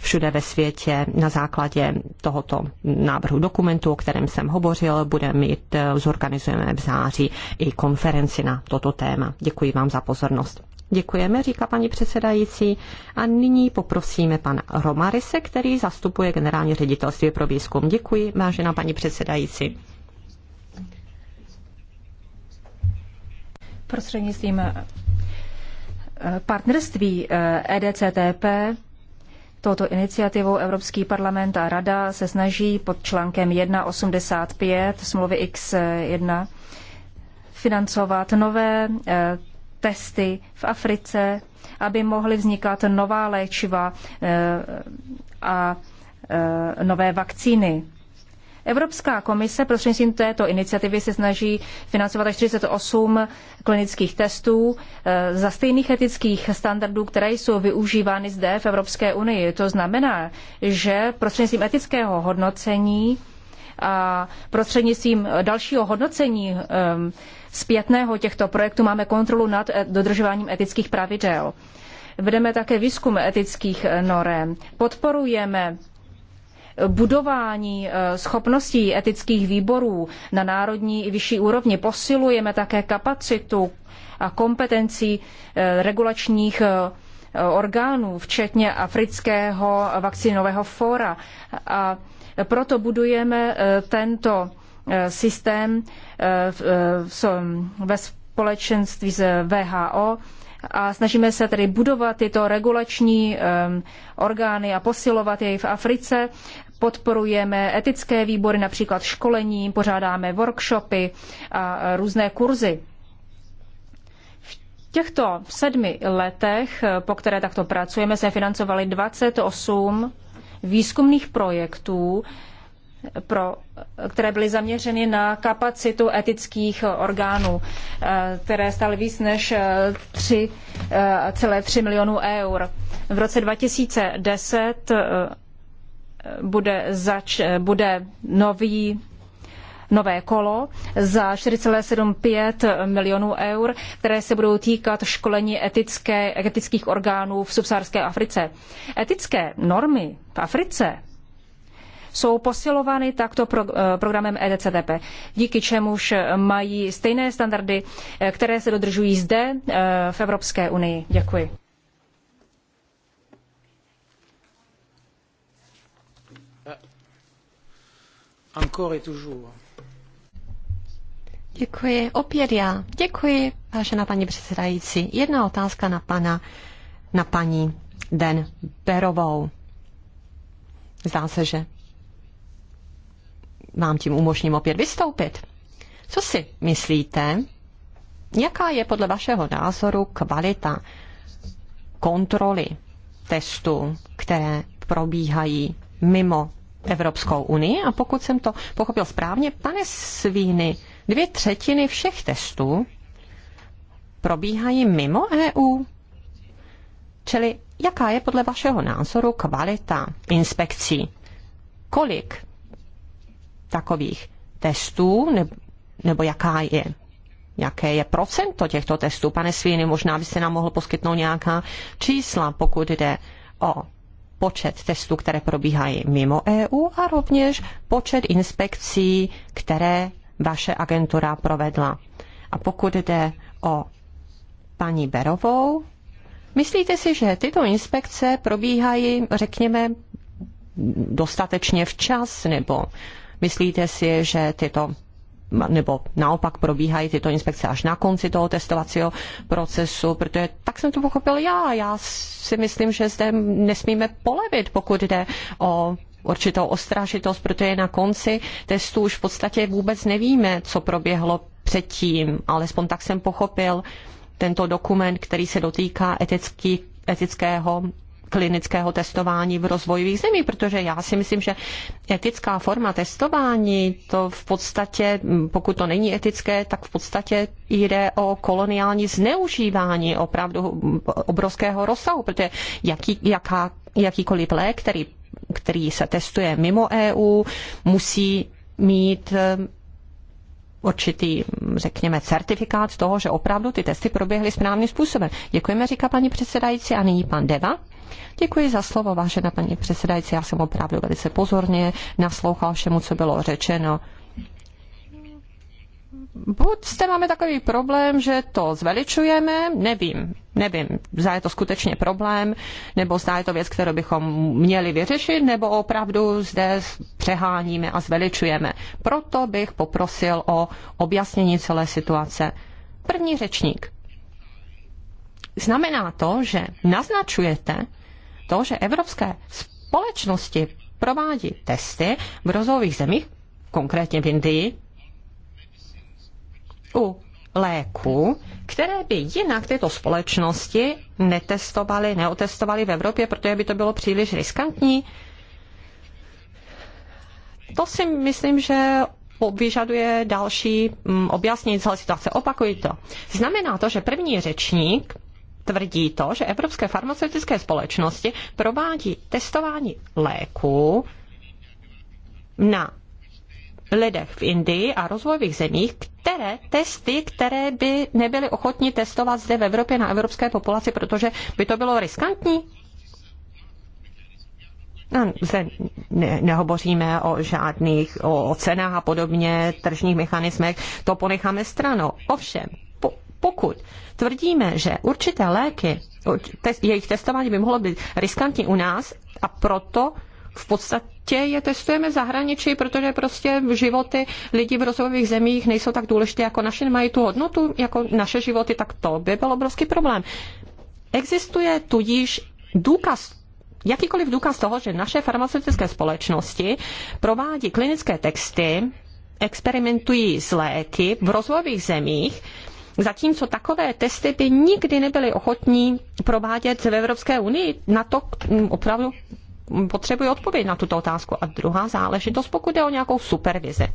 všude ve světě na základě tohoto návrhu dokumentu, o kterém jsem hovořil. Budeme mít, eh, zorganizujeme v září i konferenci na toto téma. Děkuji vám za pozornost. Děkujeme, říká paní předsedající. A nyní poprosíme pana Romarise, který zastupuje generální ředitelství pro výzkum. Děkuji, vážená paní předsedající. Prostřednictvím eh, partnerství EDCTP eh, e touto iniciativou Evropský parlament a Rada se snaží pod článkem 1.85 smlouvy X1 financovat nové eh, testy v Africe, aby mohly vznikat nová léčiva eh, a eh, nové vakcíny. Evropská komise prostřednictvím této iniciativy se snaží financovat až 48 klinických testů eh, za stejných etických standardů, které jsou využívány zde v Evropské unii. To znamená, že prostřednictvím etického hodnocení a prostřednictvím dalšího hodnocení ehm, zpětného těchto projektů máme kontrolu nad eh, dodržováním etických pravidel. Vedeme také výzkum etických eh, norem. Podporujeme budování eh, schopností etických výborů na národní i vyšší úrovni. Posilujeme také kapacitu a kompetenci eh, regulačních eh, orgánů, včetně Afrického vakcinového fóra. A proto budujeme tento systém ve společenství s VHO a snažíme se tedy budovat tyto regulační orgány a posilovat je v Africe Podporujeme etické výbory, například školením, pořádáme workshopy a různé kurzy. V těchto sedmi letech, po které takto pracujeme, se financovali 28 výzkumných projektů, pro, které byly zaměřeny na kapacitu etických orgánů, které staly víc než 3,3 milionů eur. V roce 2010 bude, zač, bude nový nové kolo za 4,75 milionů eur, které se budou týkat školení etické, etických orgánů v subsaharské Africe. Etické normy v Africe jsou posilovány takto pro, eh, programem EDCTP, díky čemuž mají stejné standardy, eh, které se dodržují zde eh, v Evropské unii. Děkuji. Děkuji. Opět já. Děkuji, vážená paní předsedající. Jedna otázka na pana, na paní Den Berovou. Zdá se, že vám tím umožním opět vystoupit. Co si myslíte, jaká je podle vašeho názoru kvalita kontroly testů, které probíhají mimo Evropskou unii a pokud jsem to pochopil správně, pane Svíny, dvě třetiny všech testů probíhají mimo EU. Čili jaká je podle vašeho názoru kvalita inspekcí? Kolik takových testů nebo jaká je jaké je procento těchto testů. Pane Svíny, možná byste nám mohl poskytnout nějaká čísla, pokud jde o počet testů, které probíhají mimo EU a rovněž počet inspekcí, které vaše agentura provedla. A pokud jde o paní Berovou, myslíte si, že tyto inspekce probíhají, řekněme, dostatečně včas, nebo myslíte si, že tyto nebo naopak probíhají tyto inspekce až na konci toho testovacího procesu, protože tak jsem to pochopil já. Já si myslím, že zde nesmíme polevit, pokud jde o určitou ostražitost, protože na konci testu už v podstatě vůbec nevíme, co proběhlo předtím, alespoň tak jsem pochopil tento dokument, který se dotýká etický, etického klinického testování v rozvojových zemích, protože já si myslím, že etická forma testování, to v podstatě, pokud to není etické, tak v podstatě jde o koloniální zneužívání opravdu obrovského rozsahu, protože jaký, jaká, jakýkoliv lék, který, který se testuje mimo EU, musí mít určitý, řekněme, certifikát toho, že opravdu ty testy proběhly správným způsobem. Děkujeme, říká paní předsedající, a nyní pan Deva. Děkuji za slovo, vážená paní předsedající. Já jsem opravdu velice pozorně naslouchal všemu, co bylo řečeno. Buď zde máme takový problém, že to zveličujeme, nevím, nevím, zda je to skutečně problém, nebo zda je to věc, kterou bychom měli vyřešit, nebo opravdu zde přeháníme a zveličujeme. Proto bych poprosil o objasnění celé situace. První řečník. Znamená to, že naznačujete, to, že evropské společnosti provádí testy v rozvojových zemích, konkrétně v Indii, u léků, které by jinak tyto společnosti netestovaly, neotestovaly v Evropě, protože by to bylo příliš riskantní. To si myslím, že vyžaduje další mm, objasnění celé situace. Opakuji to. Znamená to, že první řečník tvrdí to, že evropské farmaceutické společnosti provádí testování léku na lidech v Indii a rozvojových zemích, které testy, které by nebyly ochotní testovat zde v Evropě na evropské populaci, protože by to bylo riskantní? ne, nehovoříme o žádných o cenách a podobně, tržních mechanismech, to ponecháme stranou. Ovšem, pokud tvrdíme, že určité léky, jejich testování by mohlo být riskantní u nás a proto v podstatě je testujeme v zahraničí, protože prostě životy lidí v rozvojových zemích nejsou tak důležité jako naše, nemají tu hodnotu jako naše životy, tak to by byl obrovský problém. Existuje tudíž důkaz jakýkoliv důkaz toho, že naše farmaceutické společnosti provádí klinické texty, experimentují s léky v rozvojových zemích, Zatímco takové testy by nikdy nebyly ochotní provádět v Evropské unii, na to mm, opravdu potřebuji odpověď na tuto otázku. A druhá záležitost, pokud jde o nějakou supervizi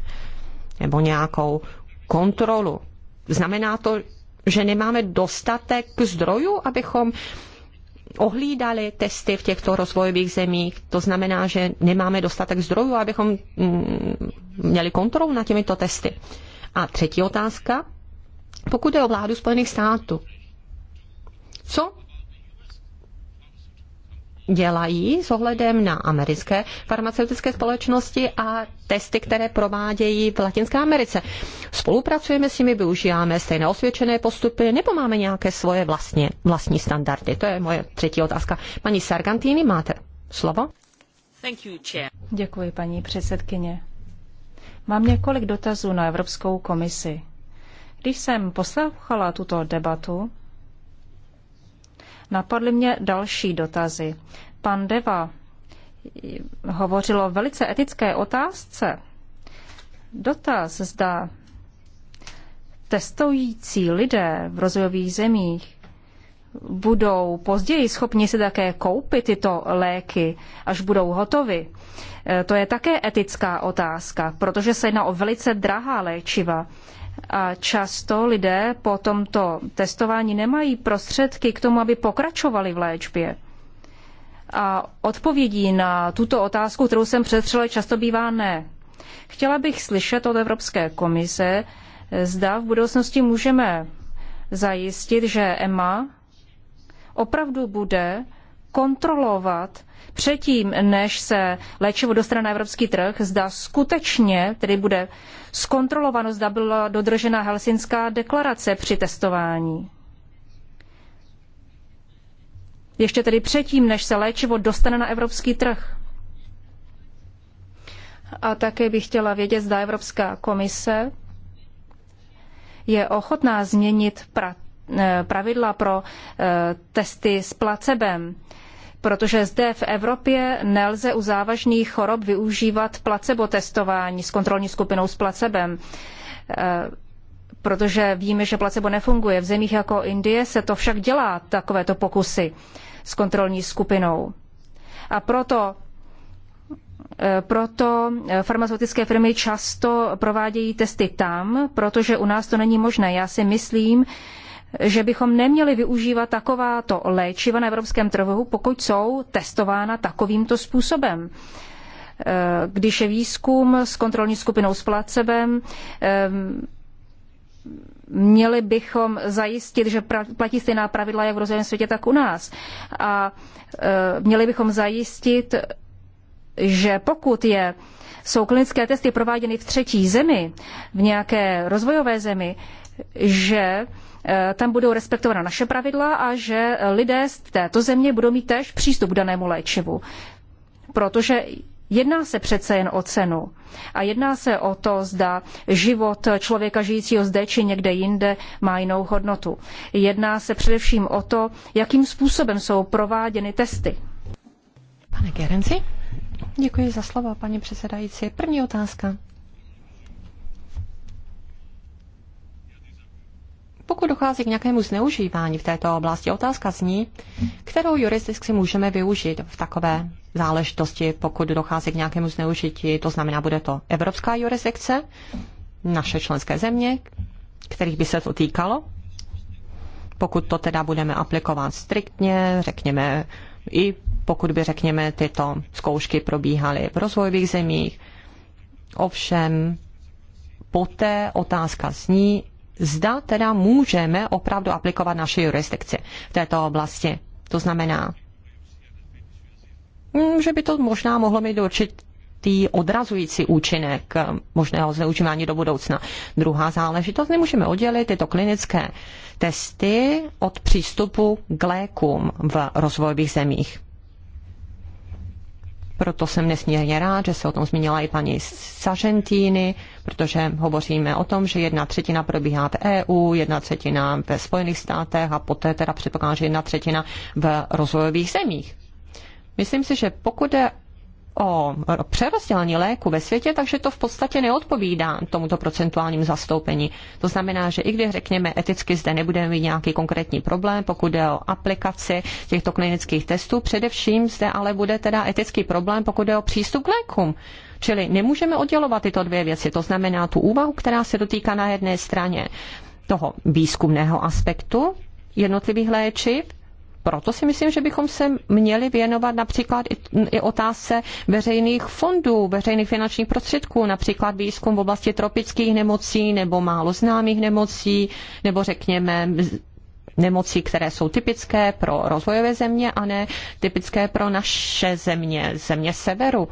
nebo nějakou kontrolu. Znamená to, že nemáme dostatek zdrojů, abychom ohlídali testy v těchto rozvojových zemích. To znamená, že nemáme dostatek zdrojů, abychom mm, měli kontrolu nad těmito testy. A třetí otázka, pokud je o vládu Spojených států, co dělají s ohledem na americké farmaceutické společnosti a testy, které provádějí v Latinské Americe. Spolupracujeme s nimi, využíváme stejné osvědčené postupy, nebo máme nějaké svoje vlastně, vlastní standardy? To je moje třetí otázka. Paní Sargantini, máte slovo? Thank you, chair. Děkuji, paní předsedkyně. Mám několik dotazů na Evropskou komisi. Když jsem poslouchala tuto debatu, napadly mě další dotazy. Pan Deva hovořil o velice etické otázce. Dotaz, zda testující lidé v rozvojových zemích budou později schopni si také koupit tyto léky, až budou hotovi. E, to je také etická otázka, protože se jedná o velice drahá léčiva a často lidé po tomto testování nemají prostředky k tomu, aby pokračovali v léčbě. A odpovědí na tuto otázku, kterou jsem přetřela, často bývá ne. Chtěla bych slyšet od Evropské komise, zda v budoucnosti můžeme zajistit, že EMA opravdu bude kontrolovat předtím, než se léčivo dostane na evropský trh, zda skutečně tedy bude zkontrolováno, zda byla dodržena Helsinská deklarace při testování. Ještě tedy předtím, než se léčivo dostane na evropský trh. A také bych chtěla vědět, zda Evropská komise je ochotná změnit pra, eh, pravidla pro eh, testy s placebem protože zde v Evropě nelze u závažných chorob využívat placebo testování s kontrolní skupinou s placebem eh, protože víme, že placebo nefunguje. V zemích jako Indie se to však dělá, takovéto pokusy s kontrolní skupinou. A proto eh, proto farmaceutické firmy často provádějí testy tam, protože u nás to není možné. Já si myslím, že bychom neměli využívat takováto léčiva na evropském trhu, pokud jsou testována takovýmto způsobem. Eh, když je výzkum s kontrolní skupinou s placebem, eh, měli bychom zajistit, že platí stejná pravidla jak v rozvojovém světě, tak u nás. A eh, měli bychom zajistit, že pokud je, jsou klinické testy prováděny v třetí zemi, v nějaké rozvojové zemi, že Eh, tam budou respektována naše pravidla a že lidé z této země budou mít též přístup k danému léčivu. Protože jedná se přece jen o cenu a jedná se o to, zda život člověka žijícího zde či někde jinde má jinou hodnotu. Jedná se především o to, jakým způsobem jsou prováděny testy. Pane Gerenci, děkuji za slovo, paní předsedající. První otázka Pokud dochází k nějakému zneužívání v této oblasti, otázka zní, kterou jurisdikci můžeme využít v takové záležitosti, pokud dochází k nějakému zneužití, to znamená, bude to evropská jurisdikce, naše členské země, kterých by se to týkalo, pokud to teda budeme aplikovat striktně, řekněme, i pokud by, řekněme, tyto zkoušky probíhaly v rozvojových zemích. Ovšem, poté otázka zní, zda teda můžeme opravdu aplikovat naše jurisdikci v této oblasti. To znamená, mm, že by to možná mohlo mít určitý odrazující účinek možného zneužívání do budoucna. Druhá záležitost, nemůžeme oddělit tyto klinické testy od přístupu k lékům v rozvojových zemích. Proto jsem nesmírně rád, že se o tom zmínila i paní Sažentíny, protože hovoříme o tom, že jedna třetina probíhá v EU, jedna třetina ve Spojených státech a poté teda předpokládám, že jedna třetina v rozvojových zemích. Myslím si, že pokud jde o přerozdělení léku ve světě, takže to v podstatě neodpovídá tomuto procentuálnímu zastoupení. To znamená, že i když řekněme eticky zde nebudeme mít nějaký konkrétní problém, pokud jde o aplikaci těchto klinických testů, především zde ale bude teda etický problém, pokud jde o přístup k lékům. Čili nemůžeme oddělovat tyto dvě věci. To znamená tu úvahu, která se dotýká na jedné straně toho výzkumného aspektu jednotlivých léčiv proto si myslím, že bychom se měli věnovat například i, i otázce veřejných fondů, veřejných finančních prostředků, například výzkum v oblasti tropických nemocí nebo málo známých nemocí, nebo řekněme nemocí, které jsou typické pro rozvojové země a ne typické pro naše země, země severu.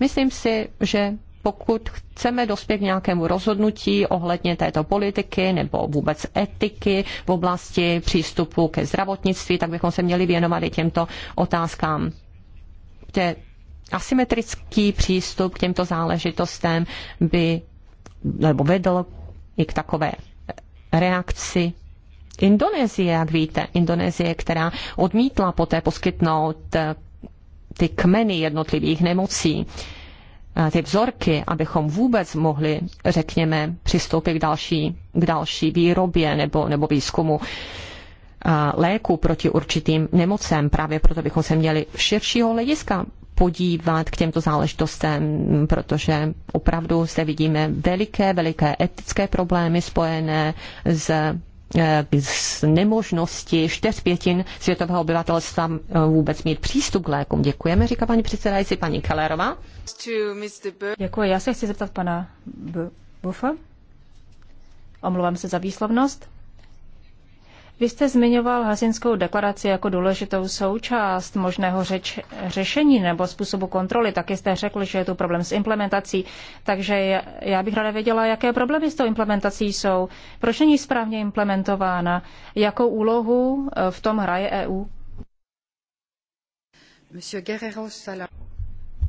Myslím si, že pokud chceme dospět k nějakému rozhodnutí ohledně této politiky nebo vůbec etiky v oblasti přístupu ke zdravotnictví, tak bychom se měli věnovat i těmto otázkám. To asymetrický přístup k těmto záležitostem by nebo vedl i k takové reakci Indonésie, jak víte, Indonésie, která odmítla poté poskytnout eh, ty kmeny jednotlivých nemocí. Eh, ty vzorky, abychom vůbec mohli, řekněme, přistoupit k další, k další výrobě nebo, nebo výzkumu eh, léku proti určitým nemocem. Právě proto bychom se měli širšího hlediska podívat k těmto záležitostem, protože opravdu zde vidíme veliké, veliké etické problémy spojené s Eh, z nemožnosti čtyř pětin světového obyvatelstva eh, vůbec mít přístup k lékům. Děkujeme, říká paní předsedající, paní Kellerová. Děkuji, já se chci zeptat pana Bufa. Omlouvám se za výslovnost. Vy jste zmiňoval Hasinskou deklaraci jako důležitou součást možného řeč, řešení nebo způsobu kontroly. Taky jste řekl, že je tu problém s implementací. Takže já bych ráda věděla, jaké problémy s tou implementací jsou. Proč není správně implementována? Jakou úlohu eh, v tom hraje e EU?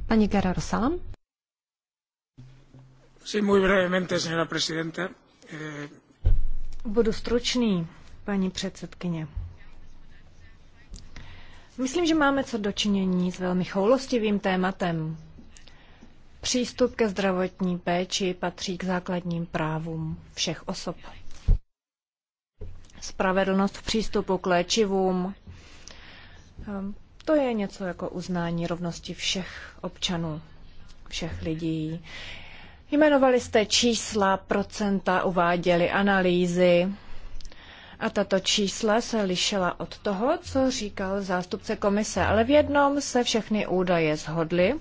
Pani Guerrero Salam. Eh, Budu stručný paní předsedkyně. Myslím, že máme co dočinění s velmi choulostivým tématem. Přístup ke zdravotní péči patří k základním právům všech osob. Spravedlnost v přístupu k léčivům, ehm, to je něco jako uznání rovnosti všech občanů, všech lidí. Jmenovali jste čísla, procenta, uváděli analýzy, a tato čísla se lišila od toho, co říkal zástupce komise, ale v jednom se všechny údaje zhodly.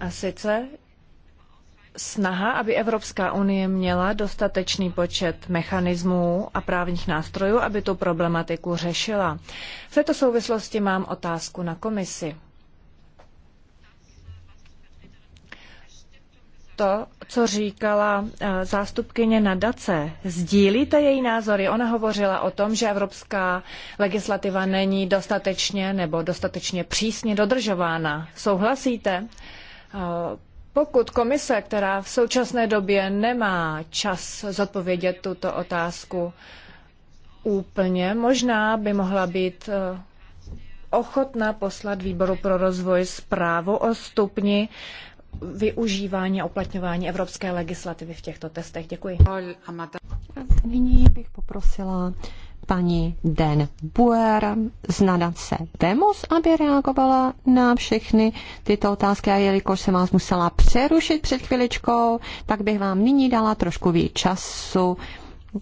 A sice snaha, aby Evropská unie měla dostatečný počet mechanismů a právních nástrojů, aby tu problematiku řešila. V této souvislosti mám otázku na komisi. to, co říkala eh, zástupkyně nadace. Sdílíte její názory? Ona hovořila o tom, že evropská legislativa není dostatečně nebo dostatečně přísně dodržována. Souhlasíte? Eh, pokud komise, která v současné době nemá čas zodpovědět tuto otázku úplně, možná by mohla být eh, ochotna poslat výboru pro rozvoj zprávu o stupni využívání a uplatňování evropské legislativy v těchto testech. Děkuji. Nyní bych poprosila paní Den Buer z nadace Demos, aby reagovala na všechny tyto otázky a jelikož jsem vás musela přerušit před chviličkou, tak bych vám nyní dala trošku víc času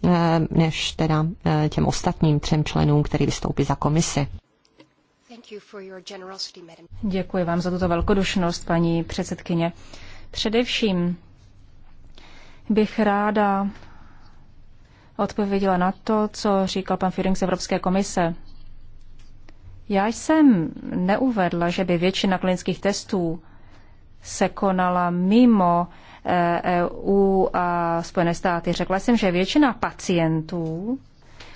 eh, než teda eh, těm ostatním třem členům, který vystoupí za komisi. Děkuji vám za tuto velkodušnost, paní předsedkyně. Především bych ráda odpověděla na to, co říkal pan Führing z Evropské komise. Já jsem neuvedla, že by většina klinických testů se konala mimo EU eh, e a Spojené státy. Řekla jsem, že většina pacientů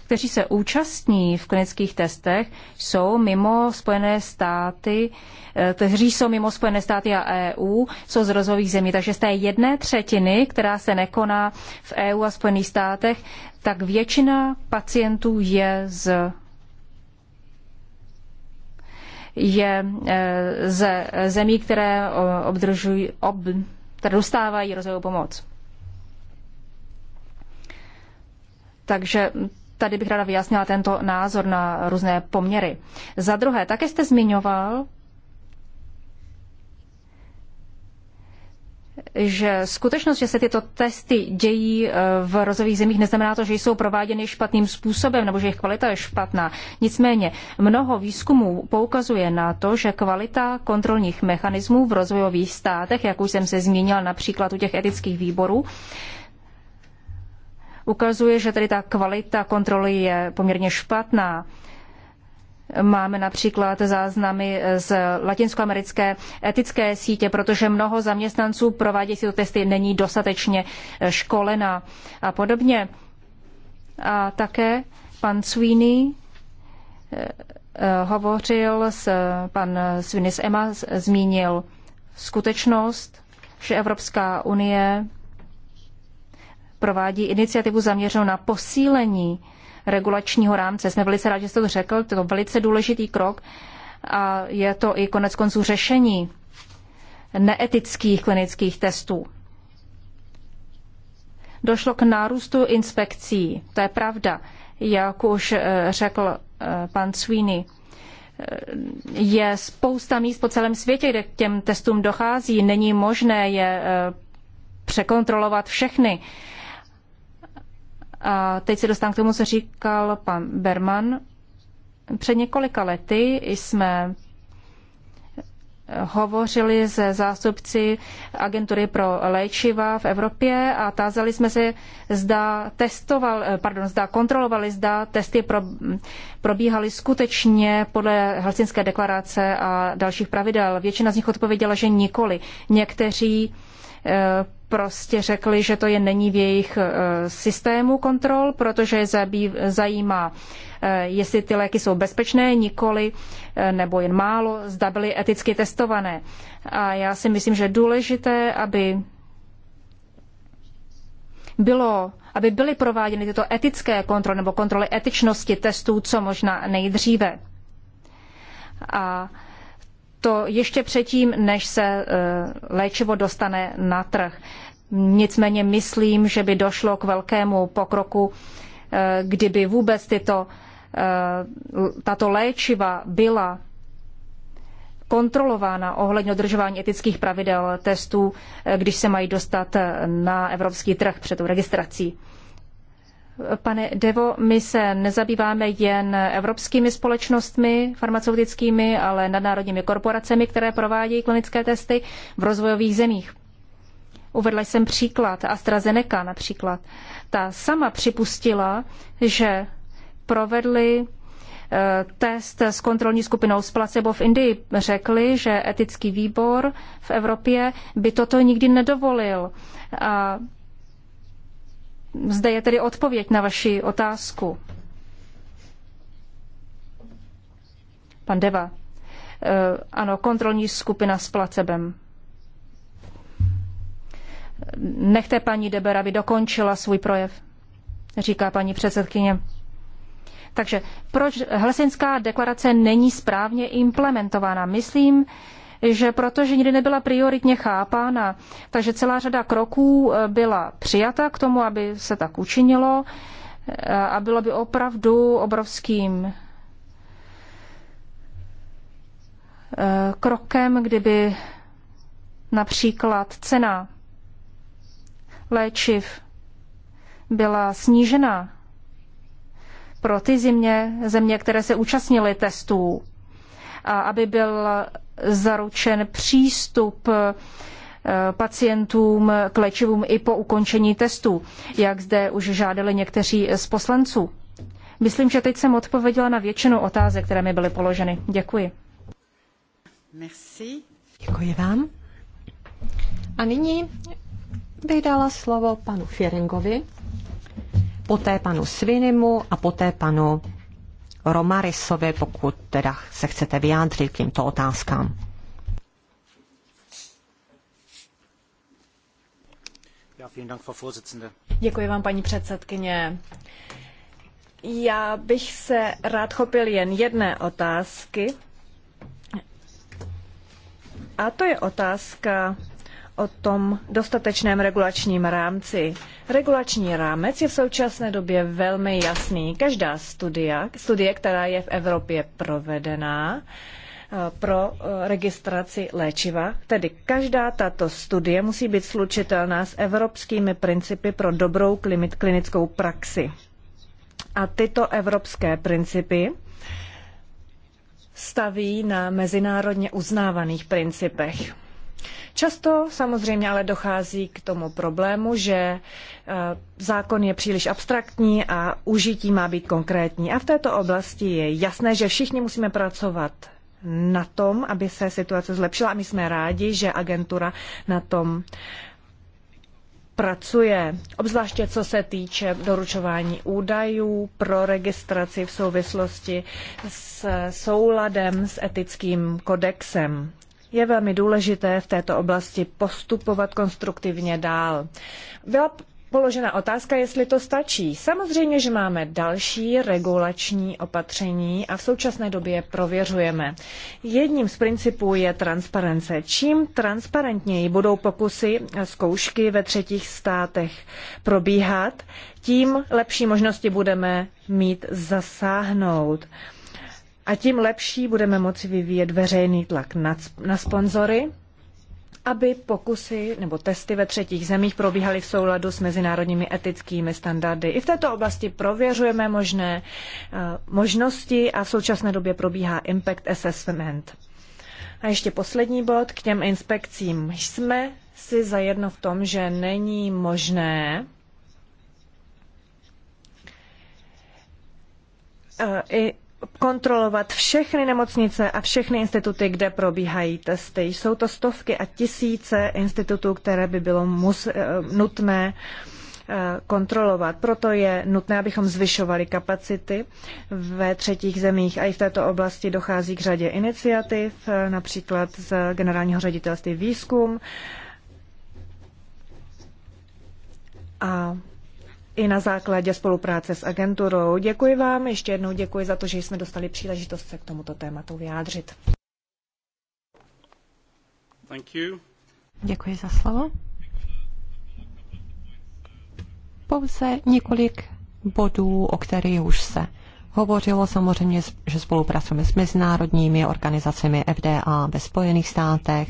kteří se účastní v klinických testech, jsou mimo Spojené státy, eh, kteří jsou mimo Spojené státy a EU, jsou z rozvojových zemí. Takže z té jedné třetiny, která se nekoná v EU a Spojených státech, tak většina pacientů je z je eh, ze zemí, které eh, obdržují, ob, které dostávají rozvojovou pomoc. Takže tady bych ráda vyjasnila tento názor na různé poměry. Za druhé, také jste zmiňoval, že skutečnost, že se tyto testy dějí e, v rozových zemích, neznamená to, že jsou prováděny špatným způsobem nebo že jejich kvalita je špatná. Nicméně mnoho výzkumů poukazuje na to, že kvalita kontrolních mechanismů v rozvojových státech, jak už jsem se zmínil například u těch etických výborů, ukazuje, že tedy ta kvalita kontroly je poměrně špatná. Máme například záznamy z latinskoamerické etické sítě, protože mnoho zaměstnanců provádějící tyto testy není dostatečně školena a podobně. A také pan Sweeney eh, hovořil, s, pan Sweeney z EMA zmínil skutečnost, že Evropská unie provádí iniciativu zaměřenou na posílení regulačního rámce. Jsme velice rádi, že jste to řekl, to je velice důležitý krok a je to i konec konců řešení neetických klinických testů. Došlo k nárůstu inspekcí, to je pravda, jak už eh, řekl eh, pan Sweeney. Eh, je spousta míst po celém světě, kde k těm testům dochází. Není možné je překontrolovat všechny. A teď se dostám k tomu, co říkal pan Berman. Před několika lety jsme hovořili se zástupci agentury pro léčiva v Evropě a tázali jsme se, zda testoval, pardon, zda kontrolovali, zda testy probíhaly skutečně podle Helsinské deklarace a dalších pravidel. Většina z nich odpověděla, že nikoli. Někteří eh, prostě řekli, že to je není v jejich e, systému kontrol, protože je zajímá, e, jestli ty léky jsou bezpečné, nikoli, e, nebo jen málo, zda byly eticky testované. A já si myslím, že je důležité, aby bylo aby byly prováděny tyto etické kontroly nebo kontroly etičnosti testů co možná nejdříve. A to ještě předtím, než se léčivo dostane na trh. Nicméně myslím, že by došlo k velkému pokroku, eh, kdyby vůbec tyto, eh, tato léčiva byla kontrolována ohledně dodržování etických pravidel testů, eh, když se mají dostat na evropský trh před tou registrací. Pane Devo, my se nezabýváme jen evropskými společnostmi farmaceutickými, ale nadnárodními korporacemi, které provádějí klinické testy v rozvojových zemích. Uvedla jsem příklad AstraZeneca například. Ta sama připustila, že provedli eh, test s kontrolní skupinou z placebo v Indii. Řekli, že etický výbor v Evropě by toto nikdy nedovolil. A zde je tedy odpověď na vaši otázku. Pan Deva. Eh, ano, kontrolní skupina s placebem. Nechte paní Deber, aby dokončila svůj projev, říká paní předsedkyně. Takže proč Helsinská deklarace není správně implementována? Myslím, že protože nikdy nebyla prioritně chápána, takže celá řada kroků eh, byla přijata k tomu, aby se tak učinilo eh, a bylo by opravdu obrovským eh, krokem, kdyby například cena léčiv byla snížena pro ty země, země, které se účastnily testů, a aby byl zaručen přístup eh, pacientům k léčivům i po ukončení testů, jak zde už žádali někteří z poslanců. Myslím, že teď jsem odpověděla na většinu otázek, které mi byly položeny. Děkuji. Merci. Děkuji vám. A nyní bych dala slovo panu Fieringovi, poté panu Svinimu a poté panu Romarisovi, pokud teda se chcete vyjádřit k těmto otázkám. Děkuji vám, paní předsedkyně. Já bych se rád chopil jen jedné otázky. A to je otázka o tom dostatečném regulačním rámci. Regulační rámec je v současné době velmi jasný. Každá studia, studie, která je v Evropě provedená, eh, pro eh, registraci léčiva. Tedy každá tato studie musí být slučitelná s evropskými principy pro dobrou klinickou praxi. A tyto evropské principy staví na mezinárodně uznávaných principech. Často samozřejmě ale dochází k tomu problému, že eh, zákon je příliš abstraktní a užití má být konkrétní. A v této oblasti je jasné, že všichni musíme pracovat na tom, aby se situace zlepšila. A my jsme rádi, že agentura na tom pracuje, obzvláště co se týče doručování údajů pro registraci v souvislosti s souladem s etickým kodexem je velmi důležité v této oblasti postupovat konstruktivně dál. Byla položena otázka, jestli to stačí. Samozřejmě, že máme další regulační opatření a v současné době je prověřujeme. Jedním z principů je transparence. Čím transparentněji budou pokusy a zkoušky ve třetích státech probíhat, tím lepší možnosti budeme mít zasáhnout a tím lepší budeme moci vyvíjet veřejný tlak na, na sponzory, aby pokusy nebo testy ve třetích zemích probíhaly v souladu s mezinárodními etickými standardy. I v této oblasti prověřujeme možné uh, možnosti a v současné době probíhá impact assessment. A ještě poslední bod k těm inspekcím. Jsme si zajedno v tom, že není možné uh, i kontrolovat všechny nemocnice a všechny instituty, kde probíhají testy. Jsou to stovky a tisíce institutů, které by bylo mus, eh, nutné eh, kontrolovat. Proto je nutné, abychom zvyšovali kapacity ve třetích zemích a i v této oblasti dochází k řadě iniciativ, eh, například z generálního ředitelství výzkum. A i na základě spolupráce s agenturou. Děkuji vám, ještě jednou děkuji za to, že jsme dostali příležitost se k tomuto tématu vyjádřit. Thank you. Děkuji za slovo. Pouze několik bodů, o kterých už se hovořilo. Samozřejmě, že spolupracujeme s mezinárodními organizacemi FDA ve Spojených státech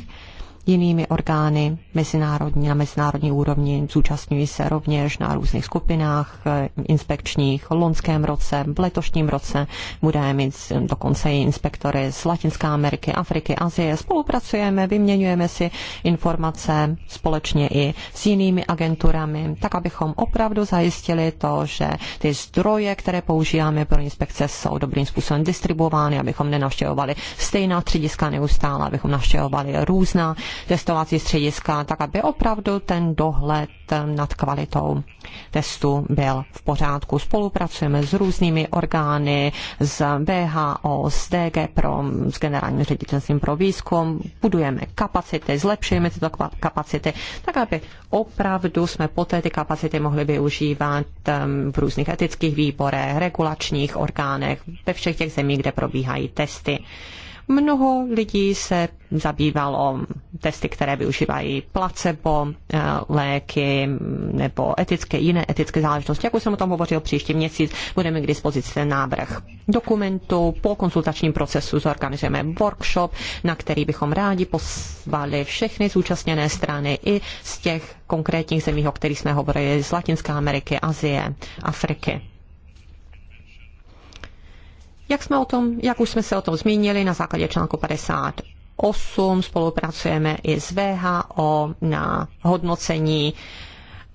jinými orgány mezinárodní, na mezinárodní úrovni. Zúčastňují se rovněž na různých skupinách eh, inspekčních. V loňském roce, v letošním roce budeme mít dokonce i inspektory z Latinské Ameriky, Afriky, Asie. Spolupracujeme, vyměňujeme si informace společně i s jinými agenturami, tak abychom opravdu zajistili to, že ty zdroje, které používáme pro inspekce, jsou dobrým způsobem distribuovány, abychom nenavštěvovali stejná střediska neustále, abychom navštěvovali různá testovací střediska, tak aby opravdu ten dohled nad kvalitou testu byl v pořádku. Spolupracujeme s různými orgány, s BHO, s DG pro, s generálním ředitelstvím pro výzkum, budujeme kapacity, zlepšujeme tyto kapacity, tak aby opravdu jsme poté ty kapacity mohli využívat v různých etických výborech, regulačních orgánech, ve všech těch zemích, kde probíhají testy. Mnoho lidí se zabývalo testy, které využívají placebo, eh, léky nebo etické, jiné etické záležitosti. Jak už jsem o tom hovořil, příští měsíc budeme k dispozici ten návrh dokumentu. Po konsultačním procesu zorganizujeme workshop, na který bychom rádi pozvali všechny zúčastněné strany i z těch konkrétních zemí, o kterých jsme hovorili, z Latinské Ameriky, Azie, Afriky. Jak jsme o tom, jak už jsme se o tom zmínili na základě článku 50 8 spolupracujeme i s VHO na hodnocení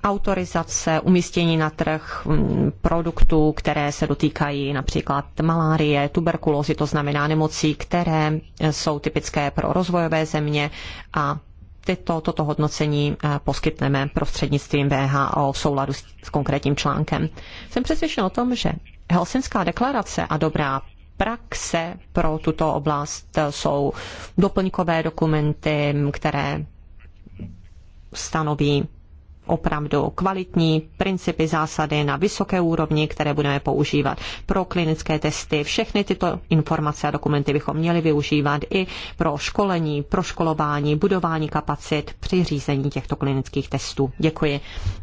autorizace, umístění na trh mm, produktů, které se dotýkají například malárie, tuberkulózy, to znamená nemocí, které e, jsou typické pro rozvojové země a tyto, toto hodnocení e, poskytneme prostřednictvím VHO v souladu s, s konkrétním článkem. Jsem přesvědčen o tom, že Helsinská deklarace a dobrá praxe pro tuto oblast jsou doplňkové dokumenty, které stanoví opravdu kvalitní principy, zásady na vysoké úrovni, které budeme používat pro klinické testy. Všechny tyto informace a dokumenty bychom měli využívat i pro školení, pro školování, budování kapacit při řízení těchto klinických testů. Děkuji.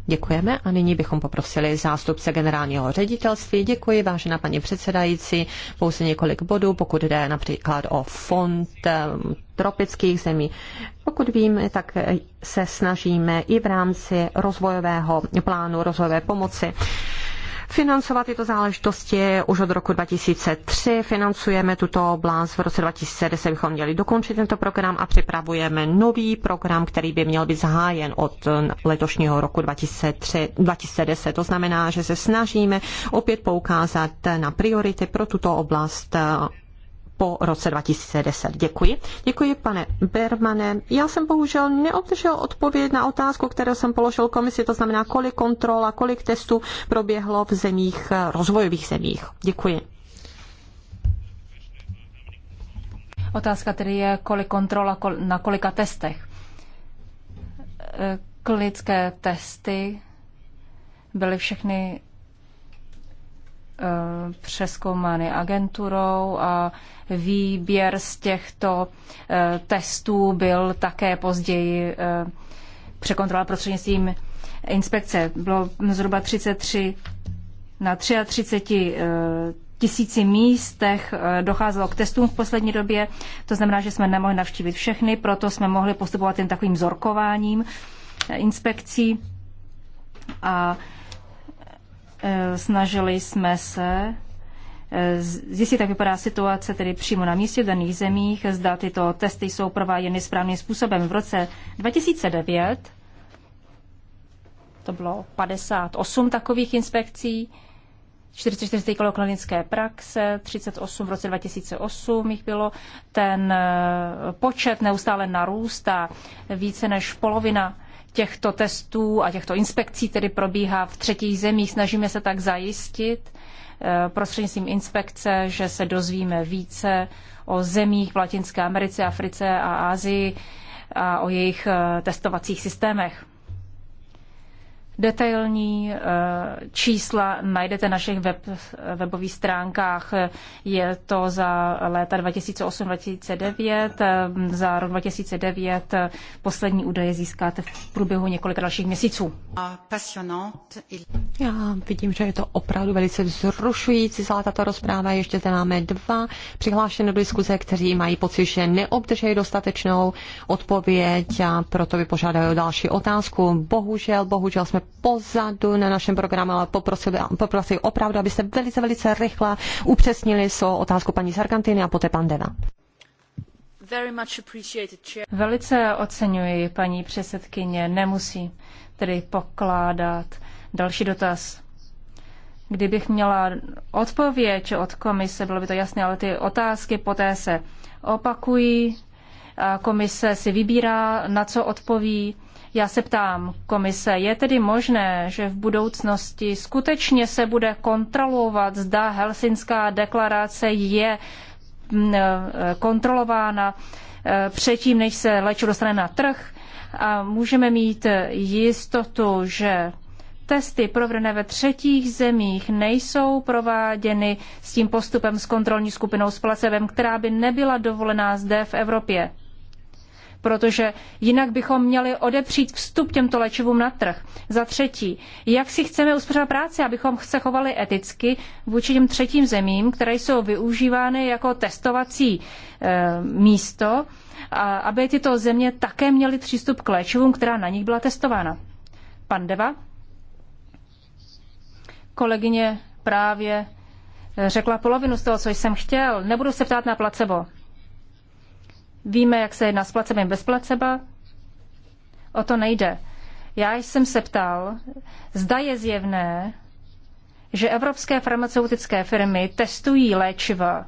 Děkujeme a nyní bychom poprosili zástupce generálního ředitelství. Děkuji, vážená paní předsedající. Pouze několik bodů, pokud jde například o fond eh, tropických zemí. Pokud víme, tak se snažíme i v rámci rozvojového plánu rozvojové pomoci financovat tyto záležitosti už od roku 2003. Financujeme tuto oblast. V roce 2010 bychom měli dokončit tento program a připravujeme nový program, který by měl být zahájen od letošního roku 2003, 2010. To znamená, že se snažíme opět poukázat na priority pro tuto oblast po roce 2010. Děkuji. Děkuji, pane Bermane. Já jsem bohužel neobdržel odpověď na otázku, kterou jsem položil komisi, to znamená, kolik kontrol a kolik testů proběhlo v zemích, rozvojových zemích. Děkuji. Otázka tedy je, kolik kontrol a kol, na kolika testech. Klinické testy byly všechny Eh, přeskoumány agenturou a výběr z těchto eh, testů byl také později eh, překontrolován prostřednictvím inspekce. Bylo zhruba 33 na 33 tisíci místech docházelo k testům v poslední době. To znamená, že jsme nemohli navštívit všechny, proto jsme mohli postupovat jen takovým zorkováním inspekcí. A Eh, snažili jsme se eh, zjistit, jak vypadá situace tedy přímo na místě v daných zemích, zda tyto testy jsou prováděny správným způsobem. V roce 2009 to bylo 58 takových inspekcí, 44 kolo klinické praxe, 38 v roce 2008 jich bylo. Ten eh, počet neustále narůstá, více než polovina těchto testů a těchto inspekcí tedy probíhá v třetích zemích. Snažíme se tak zajistit eh, prostřednictvím inspekce, že se dozvíme více o zemích v Latinské Americe, Africe a Asii a o jejich eh, testovacích systémech. Detailní eh, čísla najdete na našich web, webových stránkách. Je to za léta 2008-2009. Eh, za rok 2009 eh, poslední údaje získáte v průběhu několika dalších měsíců. Já vidím, že je to opravdu velice vzrušující celá tato rozpráva. Ještě zde máme dva přihlášené do diskuze, kteří mají pocit, že neobdrží dostatečnou odpověď a proto vypožádají o další otázku. Bohužel, bohužel jsme pozadu na našem programu, ale poprosil, poprosil opravdu, abyste velice, velice rychle upřesnili svou otázku paní z a poté pan Deva. Velice oceňuji, paní předsedkyně, nemusí tedy pokládat další dotaz. Kdybych měla odpověď od komise, bylo by to jasné, ale ty otázky poté se opakují, komise si vybírá, na co odpoví. Já se ptám komise, je tedy možné, že v budoucnosti skutečně se bude kontrolovat, zda Helsinská deklarace je mm, eh, kontrolována eh, předtím, než se léčivo dostane na trh a můžeme mít jistotu, že testy provedené ve třetích zemích nejsou prováděny s tím postupem s kontrolní skupinou s placebem, která by nebyla dovolená zde v Evropě protože jinak bychom měli odepřít vstup těmto léčivům na trh. Za třetí, jak si chceme uspořádat práci, abychom se chovali eticky vůči těm třetím zemím, které jsou využívány jako testovací e, místo, a aby tyto země také měly přístup k léčivům, která na nich byla testována. Pan Deva? Kolegyně právě e, řekla polovinu z toho, co jsem chtěl. Nebudu se ptát na placebo. Víme, jak se jedná s placebem bez placeba. O to nejde. Já jsem se ptal, zda je zjevné, že evropské farmaceutické firmy testují léčiva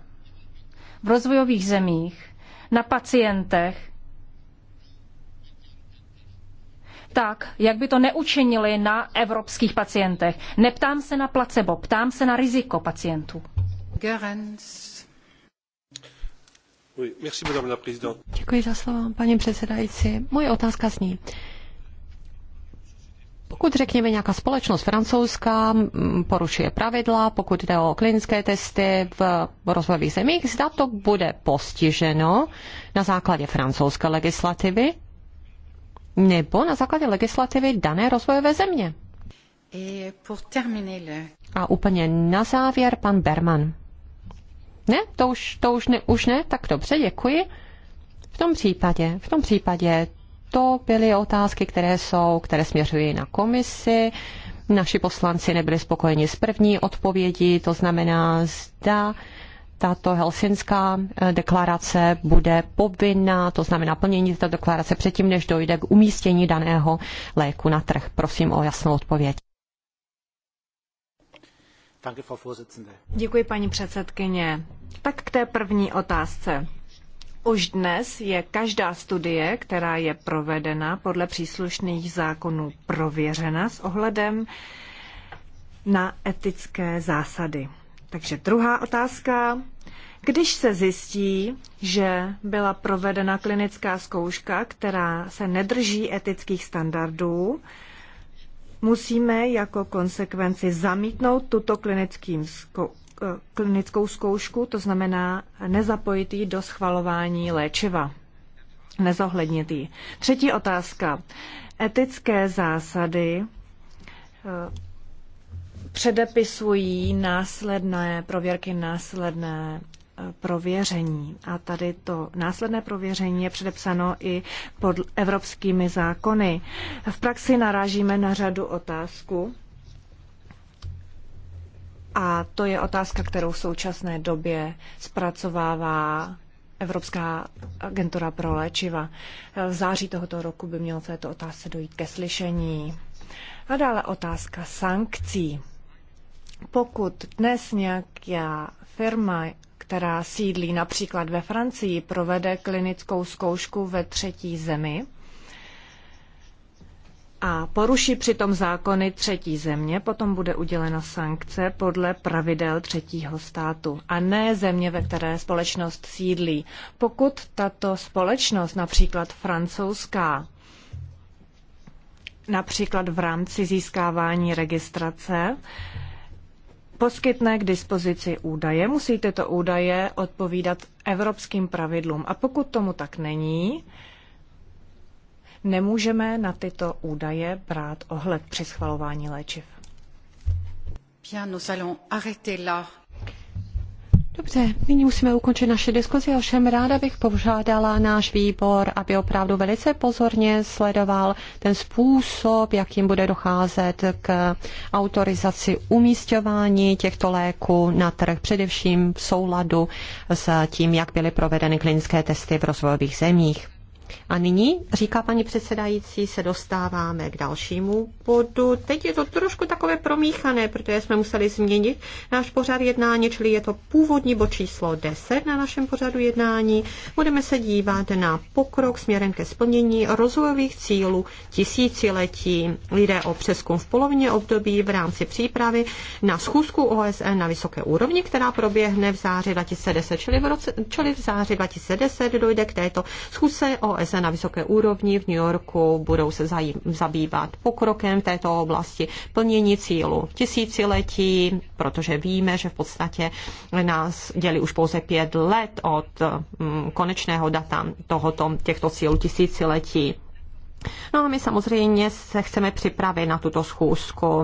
v rozvojových zemích na pacientech tak, jak by to neučinili na evropských pacientech. Neptám se na placebo, ptám se na riziko pacientů. Děkuji za slovo, paní předsedající. Moje otázka zní. Pokud řekněme nějaká společnost francouzská porušuje pravidla, pokud jde o klinické testy v rozvojových zemích, zda to bude postiženo na základě francouzské legislativy nebo na základě legislativy dané rozvojové země. A úplně na závěr pan Berman. Ne, to už, to už ne, už ne, tak dobře, děkuji. V tom případě, v tom případě to byly otázky, které jsou, které směřují na komisi. Naši poslanci nebyli spokojeni s první odpovědí, to znamená, zda tato helsinská eh, deklarace bude povinná, to znamená plnění této deklarace předtím, než dojde k umístění daného léku na trh. Prosím o jasnou odpověď. Děkuji, paní předsedkyně. Tak k té první otázce. Už dnes je každá studie, která je provedena podle příslušných zákonů, prověřena s ohledem na etické zásady. Takže druhá otázka. Když se zjistí, že byla provedena klinická zkouška, která se nedrží etických standardů, Musíme jako konsekvenci zamítnout tuto eh, klinickou zkoušku, to znamená nezapojit ji do schvalování léčiva, nezohlednit ji. Třetí otázka. Etické zásady eh, předepisují následné prověrky, následné prověření. A tady to následné prověření je předepsáno i pod evropskými zákony. V praxi narážíme na řadu otázku. A to je otázka, kterou v současné době zpracovává Evropská agentura pro léčiva. V září tohoto roku by mělo v této otázce dojít ke slyšení. A dále otázka sankcí. Pokud dnes nějaká firma která sídlí například ve Francii, provede klinickou zkoušku ve třetí zemi a poruší přitom zákony třetí země, potom bude udělena sankce podle pravidel třetího státu a ne země, ve které společnost sídlí. Pokud tato společnost, například francouzská, například v rámci získávání registrace, poskytne k dispozici údaje, musí tyto údaje odpovídat evropským pravidlům. A pokud tomu tak není, nemůžeme na tyto údaje brát ohled při schvalování léčiv. Bien, nous allons arrêter là Dobře, nyní musíme ukončit naše diskuzi, ovšem ráda bych požádala náš výbor, aby opravdu velice pozorně sledoval ten způsob, jakým bude docházet k autorizaci umístěvání těchto léků na trh, především v souladu s tím, jak byly provedeny klinické testy v rozvojových zemích. A nyní, říká paní předsedající, se dostáváme k dalšímu bodu. Teď je to trošku takové promíchané, protože jsme museli změnit náš pořad jednání, čili je to původní bod číslo 10 na našem pořadu jednání. Budeme se dívat na pokrok směrem ke splnění rozvojových cílů tisíciletí. Lidé o přeskum v polovině období v rámci přípravy na schůzku OSN na vysoké úrovni, která proběhne v září 2010, čili v, roce, čili v září 2010 dojde k této schůzce OSN OSN na vysoké úrovni v New Yorku budou se zabývat pokrokem v této oblasti, plnění cílu tisíciletí, protože víme, že v podstatě nás dělí už pouze pět let od mm, konečného data tohoto, těchto cílů tisíciletí. No a my samozřejmě se chceme připravit na tuto schůzku.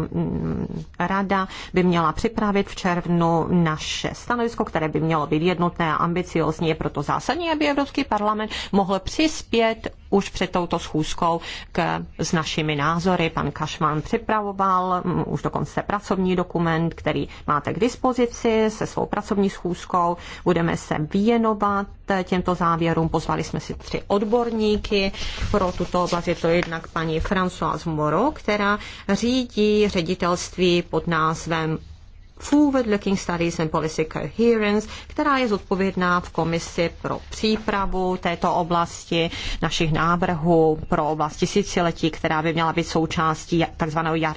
Rada by měla připravit v červnu naše stanovisko, které by mělo být jednotné a ambiciozní. Je proto zásadní, aby Evropský parlament mohl přispět už před touto schůzkou k, s našimi názory. Pan Kašman připravoval mm, už dokonce pracovní dokument, který máte k dispozici se svou pracovní schůzkou. Budeme se věnovat těmto závěrům. Pozvali jsme si tři odborníky pro tuto oblast. Je to jednak paní Françoise Moro, která řídí ředitelství pod názvem Forward-looking studies and policy coherence, která je zodpovědná v komisi pro přípravu této oblasti, našich návrhů pro oblast tisíciletí, která by měla být součástí takzvaného jar,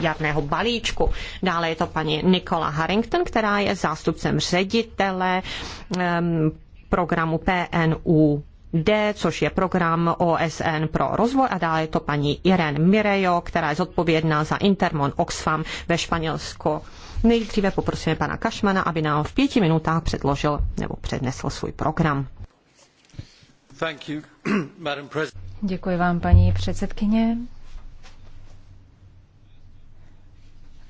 jarného balíčku. Dále je to paní Nikola Harrington, která je zástupcem ředitele programu PNU D, což je program OSN pro rozvoj a dále je to paní Irene Mirejo, která je zodpovědná za Intermon Oxfam ve Španělsku. Nejdříve poprosíme pana Kašmana, aby nám v pěti minutách předložil nebo přednesl svůj program. Děkuji vám, paní předsedkyně.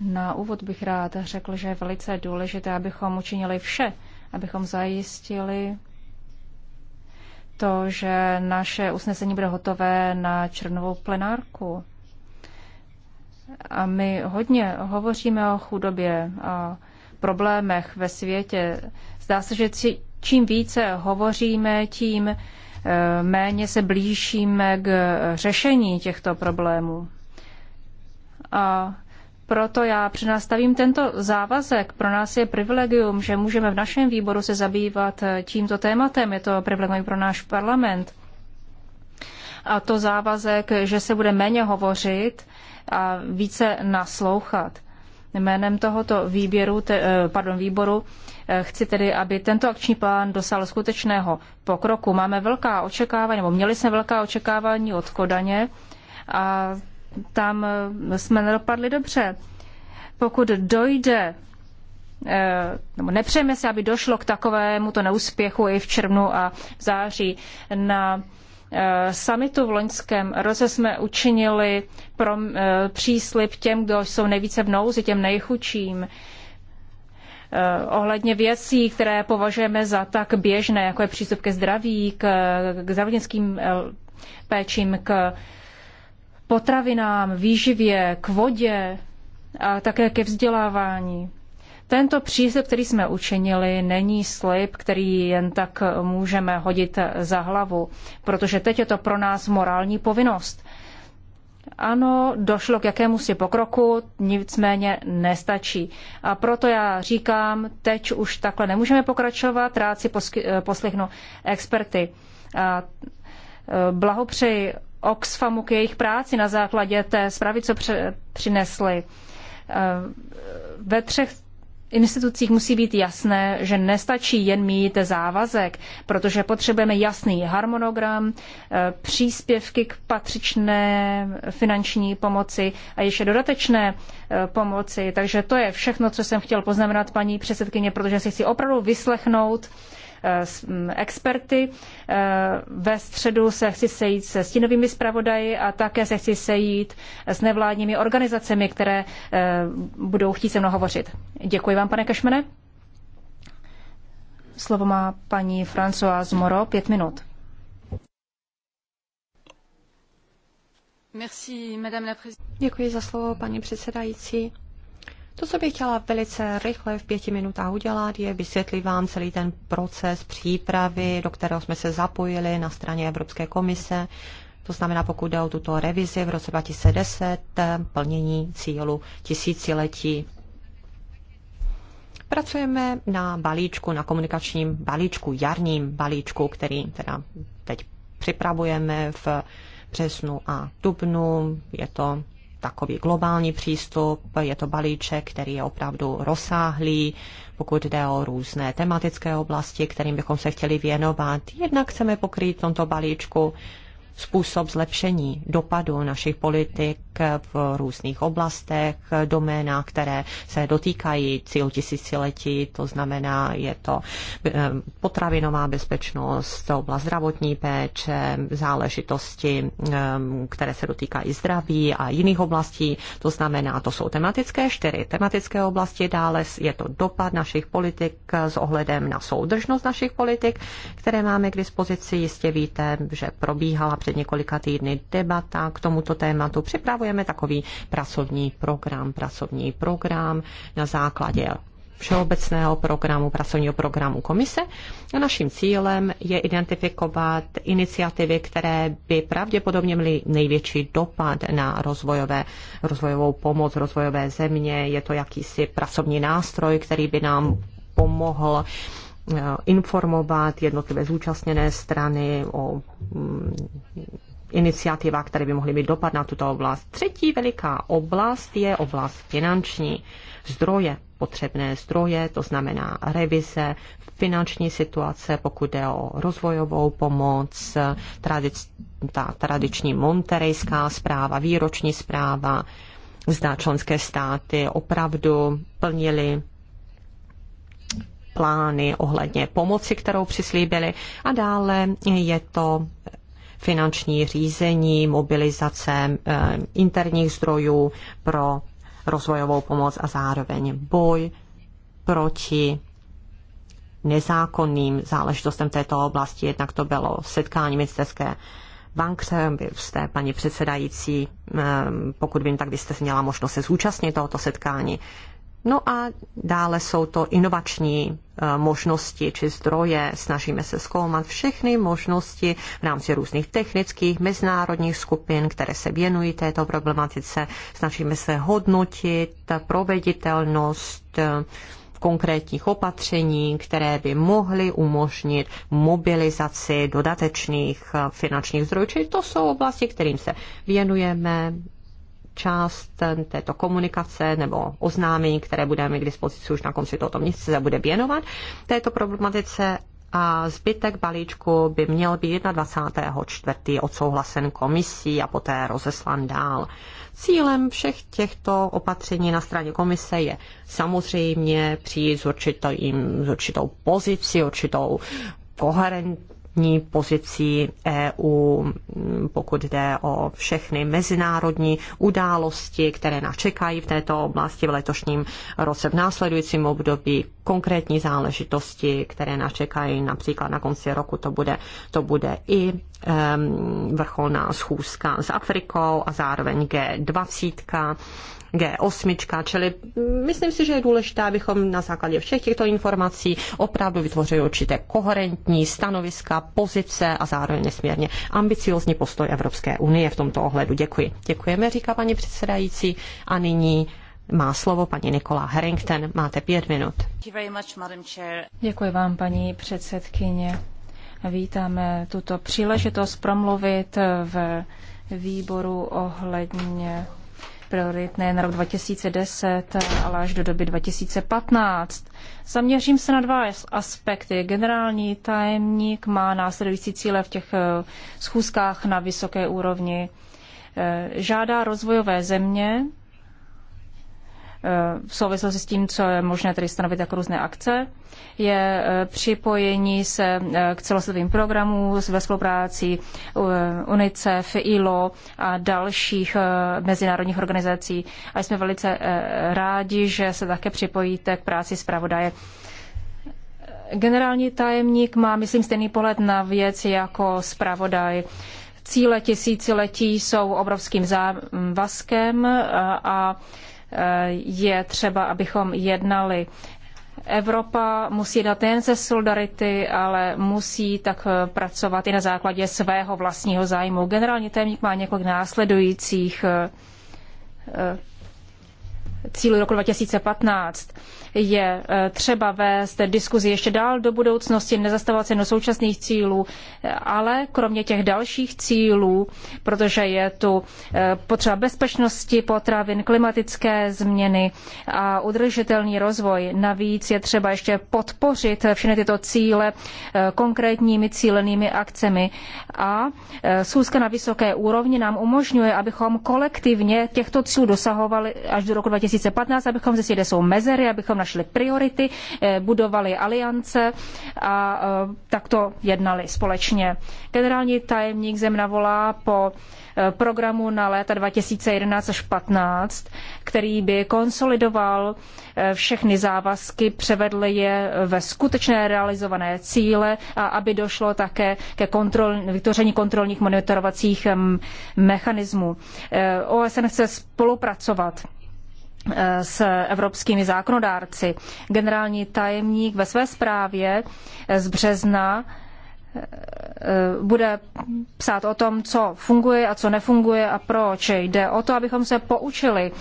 Na úvod bych rád řekl, že je velice důležité, abychom učinili vše, abychom zajistili to, že naše usnesení bude hotové na černovou plenárku. A my hodně hovoříme o chudobě a problémech ve světě. Zdá se, že čím více hovoříme, tím eh, méně se blížíme k řešení těchto problémů. A proto já přenastavím tento závazek. Pro nás je privilegium, že můžeme v našem výboru se zabývat eh, tímto tématem. Je to privilegium pro náš parlament. A to závazek, že se bude méně hovořit a více naslouchat. Jménem tohoto výběru, te, eh, pardon, výboru eh, chci tedy, aby tento akční plán dosáhl skutečného pokroku. Máme velká očekávání, nebo měli jsme velká očekávání od Kodaně a tam eh, jsme nedopadli dobře. Pokud dojde nebo nepřejeme si, aby došlo k takovému to neúspěchu i v červnu a v září na Eh, summitu v loňském roce jsme učinili pro, eh, příslip těm, kdo jsou nejvíce v nouzi, těm nejchučím eh, ohledně věcí, které považujeme za tak běžné, jako je přístup ke zdraví, k, k zdravotnickým péčím, k potravinám, výživě, k vodě a také ke vzdělávání. Tento příslip, který jsme učinili, není slib, který jen tak můžeme hodit za hlavu, protože teď je to pro nás morální povinnost. Ano, došlo k si pokroku, nicméně nestačí. A proto já říkám, teď už takhle nemůžeme pokračovat, rád si poslechnu experty. A e, blahopřeji Oxfamu k jejich práci na základě té zprávy, co přinesli. E, ve třech institucích musí být jasné, že nestačí jen mít závazek, protože potřebujeme jasný harmonogram, eh, příspěvky k patřičné finanční pomoci a ještě dodatečné eh, pomoci. Takže to je všechno, co jsem chtěl poznamenat paní předsedkyně, protože si chci opravdu vyslechnout Eh, mm, experty. Eh, ve středu se chci sejít se stínovými zpravodaji a také se chci sejít s nevládními organizacemi, které eh, budou chtít se mnou hovořit. Děkuji vám, pane Kašmene. Slovo má paní Françoise Moro, pět minut. Děkuji za slovo, paní předsedající. To, co bych chtěla velice rychle v pěti minutách udělat, je vysvětlit vám celý ten proces přípravy, do kterého jsme se zapojili na straně Evropské komise. To znamená, pokud jde o tuto revizi v roce 2010, plnění cílu tisíciletí. Pracujeme na balíčku, na komunikačním balíčku, jarním balíčku, který teda teď připravujeme v přesnu a dubnu. Je to takový globální přístup, je to balíček, který je opravdu rozsáhlý, pokud jde o různé tematické oblasti, kterým bychom se chtěli věnovat. Jednak chceme pokrýt v tomto balíčku způsob zlepšení dopadu našich politik v různých oblastech, doménách, které se dotýkají cíl tisíciletí, to znamená, je to eh, potravinová bezpečnost, oblast zdravotní péče, záležitosti, eh, které se dotýkají zdraví a jiných oblastí, to znamená, to jsou tematické čtyři tematické oblasti, dále je to dopad našich politik eh, s ohledem na soudržnost našich politik, které máme k dispozici. Jistě víte, že probíhala před několika týdny debata k tomuto tématu. Připravujeme takový pracovní program, pracovní program na základě všeobecného programu, pracovního programu komise. A naším cílem je identifikovat iniciativy, které by pravděpodobně měly největší dopad na rozvojové, rozvojovou pomoc rozvojové země. Je to jakýsi pracovní nástroj, který by nám pomohl uh, Eh, informovat jednotlivé zúčastněné strany o mm, iniciativa, které by mohly mít dopad na tuto oblast. Třetí veliká oblast je oblast finanční zdroje, potřebné zdroje, to znamená revize, finanční situace, pokud jde o rozvojovou pomoc, tradic, ta tradiční monterejská zpráva, výroční zpráva, zda členské státy opravdu plnili plány ohledně pomoci, kterou přislíbili. A dále je to finanční řízení, mobilizace eh, interních zdrojů pro rozvojovou pomoc a zároveň boj proti nezákonným záležitostem této oblasti. Jednak to bylo setkání ministerské bankře, vy jste, paní předsedající, eh, pokud vím, tak byste měla možnost se zúčastnit tohoto setkání. No a dále jsou to inovační eh, možnosti či zdroje. Snažíme se zkoumat všechny možnosti v rámci různých technických, mezinárodních skupin, které se věnují této problematice. Snažíme se hodnotit proveditelnost eh, konkrétních opatření, které by mohly umožnit mobilizaci dodatečných eh, finančních zdrojů. Čili to jsou oblasti, kterým se věnujeme část této komunikace nebo oznámení, které budeme k dispozici už na konci tohoto měsíce, se bude věnovat této problematice a zbytek balíčku by měl být 21. odsouhlasen komisí a poté rozeslan dál. Cílem všech těchto opatření na straně komise je samozřejmě přijít s, určitým, s určitou pozici, určitou koherent, dominantní pozicí EU, pokud jde o všechny mezinárodní události, které nás čekají v této oblasti v letošním roce, v následujícím období, konkrétní záležitosti, které nás čekají, například na konci roku to bude, to bude i vrcholná schůzka s Afrikou a zároveň G20 G8, čili myslím si, že je důležité, abychom na základě všech těchto informací opravdu vytvořili určité koherentní stanoviska, pozice a zároveň nesmírně ambiciozní postoj Evropské unie v tomto ohledu. Děkuji. Děkujeme, říká paní předsedající. A nyní má slovo paní Nikola Harrington. Máte pět minut. Děkuji vám, paní předsedkyně. Vítáme tuto příležitost promluvit v výboru ohledně priorit nejen na rok 2010, ale až do doby 2015. Zaměřím se na dva aspekty. Generální tajemník má následující cíle v těch eh, schůzkách na vysoké úrovni. Eh, žádá rozvojové země, v souvislosti s tím, co je možné tedy stanovit jako různé akce, je e, připojení se e, k celosvětovým programům ve spolupráci e, UNICEF, ILO a dalších mezinárodních organizací. A jsme velice rádi, že se také připojíte k práci zpravodaje. Generální tajemník má, myslím, stejný pohled na věc jako zpravodaj cíle tisíciletí jsou obrovským závazkem a Eh, je třeba, abychom jednali. Evropa musí dát nejen ze solidarity, ale musí tak eh, pracovat i na základě svého vlastního zájmu. Generální témník má několik následujících eh, cílů roku 2015 je eh, třeba vést diskuzi ještě dál do budoucnosti, nezastavovat se do současných cílů, eh, ale kromě těch dalších cílů, protože je tu eh, potřeba bezpečnosti potravin, klimatické změny a udržitelný rozvoj. Navíc je třeba ještě podpořit všechny tyto cíle konkrétními cílenými akcemi. A schůzka na vysoké úrovni nám umožňuje, abychom kolektivně těchto cílů dosahovali až do roku 2015, abychom zjistili, kde jsou mezery, abychom našli priority, eh, budovali aliance a eh, takto jednali společně. Generální tajemník zem volá po eh, programu na léta 2011 až 15, který by konsolidoval všechny závazky, převedl je ve skutečné realizované cíle a aby došlo také ke kontrol, vytvoření kontrolních monitorovacích mechanismů. OSN chce spolupracovat s evropskými zákonodárci. Generální tajemník ve své zprávě z března eh, bude psát o tom, co funguje a co nefunguje a proč. Jde o to, abychom se poučili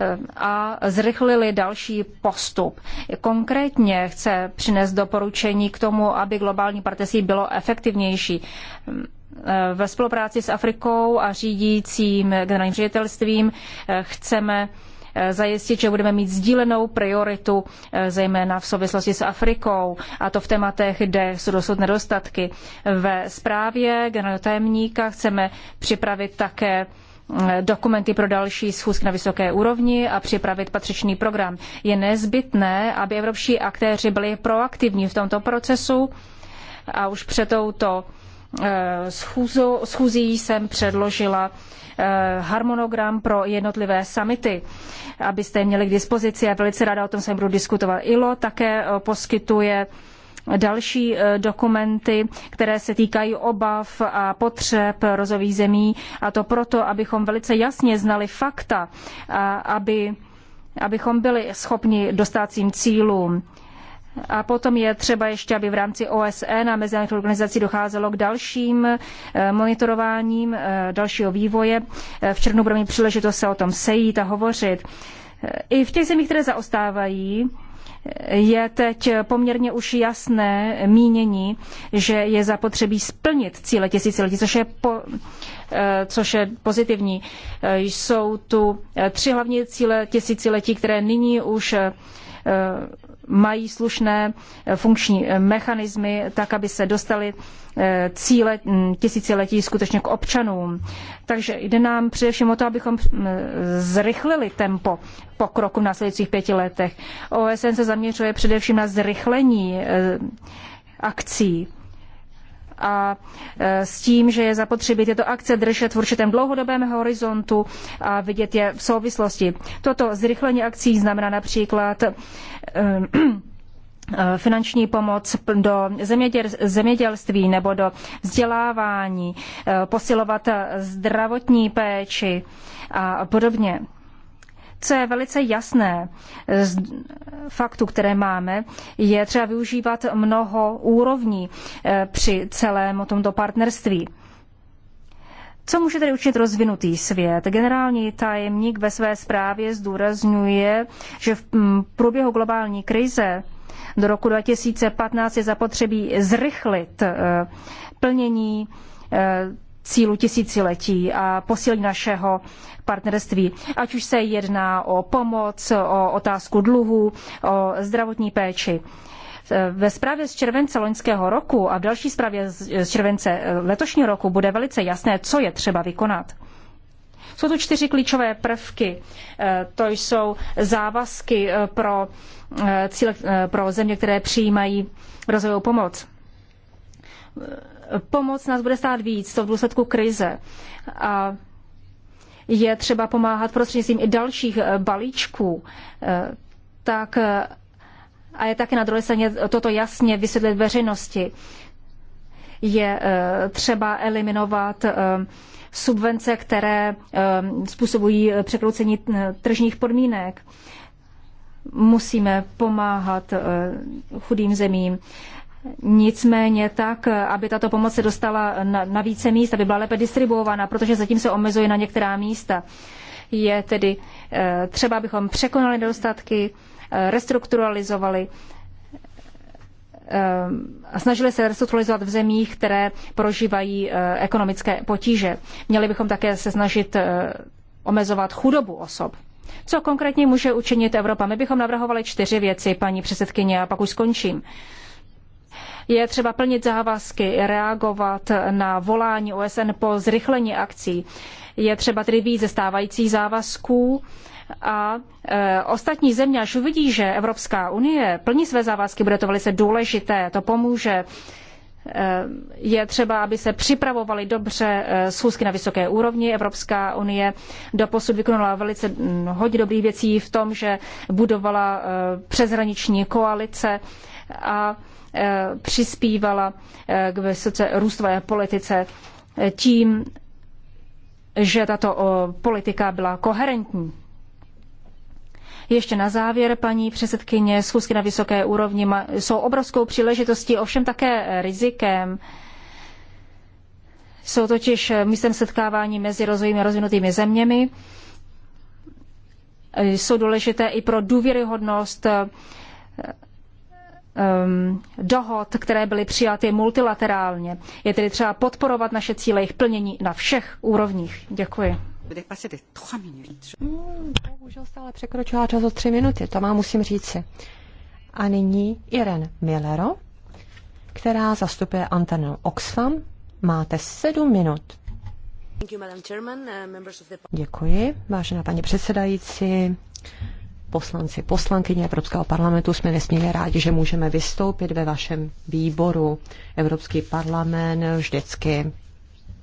eh, a zrychlili další postup. Konkrétně chce přinést doporučení k tomu, aby globální partnerství bylo efektivnější. Eh, ve spolupráci s Afrikou a řídícím generálním ředitelstvím chceme Eh, zajistit, že budeme mít sdílenou prioritu, eh, zejména v souvislosti s Afrikou, a to v tématech, kde jsou dosud nedostatky. Ve zprávě generálního tajemníka chceme připravit také eh, dokumenty pro další schůzky na vysoké úrovni a připravit patřičný program. Je nezbytné, aby evropští aktéři byli proaktivní v tomto procesu a už před touto schůzou, schůzí jsem předložila Eh, harmonogram pro jednotlivé samity, abyste je měli k dispozici. Já velice ráda o tom se budu diskutovat. ILO také eh, poskytuje další eh, dokumenty, které se týkají obav a potřeb rozových zemí a to proto, abychom velice jasně znali fakta, a aby, abychom byli schopni dostát svým cílům. A potom je třeba ještě, aby v rámci OSN a mezinárodních organizací docházelo k dalším eh, monitorováním eh, dalšího vývoje. Eh, v červnu budeme mít příležitost se o tom sejít a hovořit. I v těch zemích, které zaostávají, je teď poměrně už jasné mínění, že je zapotřebí splnit cíle tisíciletí, což je, po, což je pozitivní. Jsou tu tři hlavní cíle tisíciletí, které nyní už mají slušné eh, funkční eh, mechanismy, tak aby se dostali eh, cíle mm, tisíciletí skutečně k občanům. Takže jde nám především o to, abychom mm, zrychlili tempo pokroku v následujících pěti letech. OSN se zaměřuje především na zrychlení akcí a e, s tím, že je zapotřebí tyto akce držet v určitém dlouhodobém horizontu a vidět je v souvislosti. Toto zrychlení akcí znamená například e, e, finanční pomoc do zemědělství nebo do vzdělávání, posilovat zdravotní péči a podobně. Co je velice jasné z faktu, které máme, je třeba využívat mnoho úrovní eh, při celém tomto partnerství. Co může tedy učinit rozvinutý svět? Generální tajemník ve své zprávě zdůrazňuje, že v mm, průběhu globální krize do roku 2015 je zapotřebí zrychlit eh, plnění eh, cílu tisíciletí a posílení našeho partnerství. Ať už se jedná o pomoc, o otázku dluhu, o zdravotní péči. Ve zprávě z července loňského roku a v další zprávě z července letošního roku bude velice jasné, co je třeba vykonat. Jsou tu čtyři klíčové prvky. E, to jsou závazky e, pro, e, cíle, pro země, které přijímají rozvojovou pomoc pomoc nás bude stát víc, to v důsledku krize. A je třeba pomáhat prostřednictvím i dalších eh, balíčků, eh, tak eh, a je také na druhé straně toto jasně vysvětlit veřejnosti. Je třeba eliminovat subvence, které způsobují překroucení tržních podmínek. Musíme pomáhat chudým zemím. Nicméně tak, aby tato pomoc se dostala na, na více míst, aby byla lépe distribuována, protože zatím se omezuje na některá místa. Je tedy eh, třeba, abychom překonali nedostatky, eh, restrukturalizovali eh, a snažili se restrukturalizovat v zemích, které prožívají ekonomické potíže. Měli bychom také se snažit omezovat chudobu osob. Co konkrétně může učinit Evropa? My bychom navrhovali čtyři věci, paní předsedkyně, a pak už skončím. Je třeba plnit závazky, reagovat na volání OSN po zrychlení akcí. Je třeba tedy víc ze stávajících závazků a e, ostatní země, až uvidí, že Evropská unie plní své závazky, bude to velice důležité, to pomůže. E, je třeba, aby se připravovaly dobře e, schůzky na vysoké úrovni. Evropská unie doposud vykonala velice hodně dobrých věcí v tom, že budovala e, přeshraniční koalice a Eh, přispívala eh, k vysoce růstové politice eh, tím, že tato politika byla koherentní. Ještě na závěr, paní předsedkyně, schůzky na vysoké úrovni jsou obrovskou příležitostí, ovšem také rizikem. Jsou totiž místem setkávání mezi rozvojnými a rozvinutými zeměmi. Jsou důležité i pro důvěryhodnost um, dohod, které byly přijaty multilaterálně. Je tedy třeba podporovat naše cíle, jejich plnění na všech úrovních. Děkuji. Hmm, bohužel stále překročila čas o tři minuty, to má musím říci. A nyní Irene Millero, která zastupuje Antenu Oxfam. Máte sedm minut. Uh, Děkuji, vážená paní předsedající, poslanci, poslankyně Evropského parlamentu jsme nesmírně rádi, že můžeme vystoupit ve vašem výboru. Evropský parlament vždycky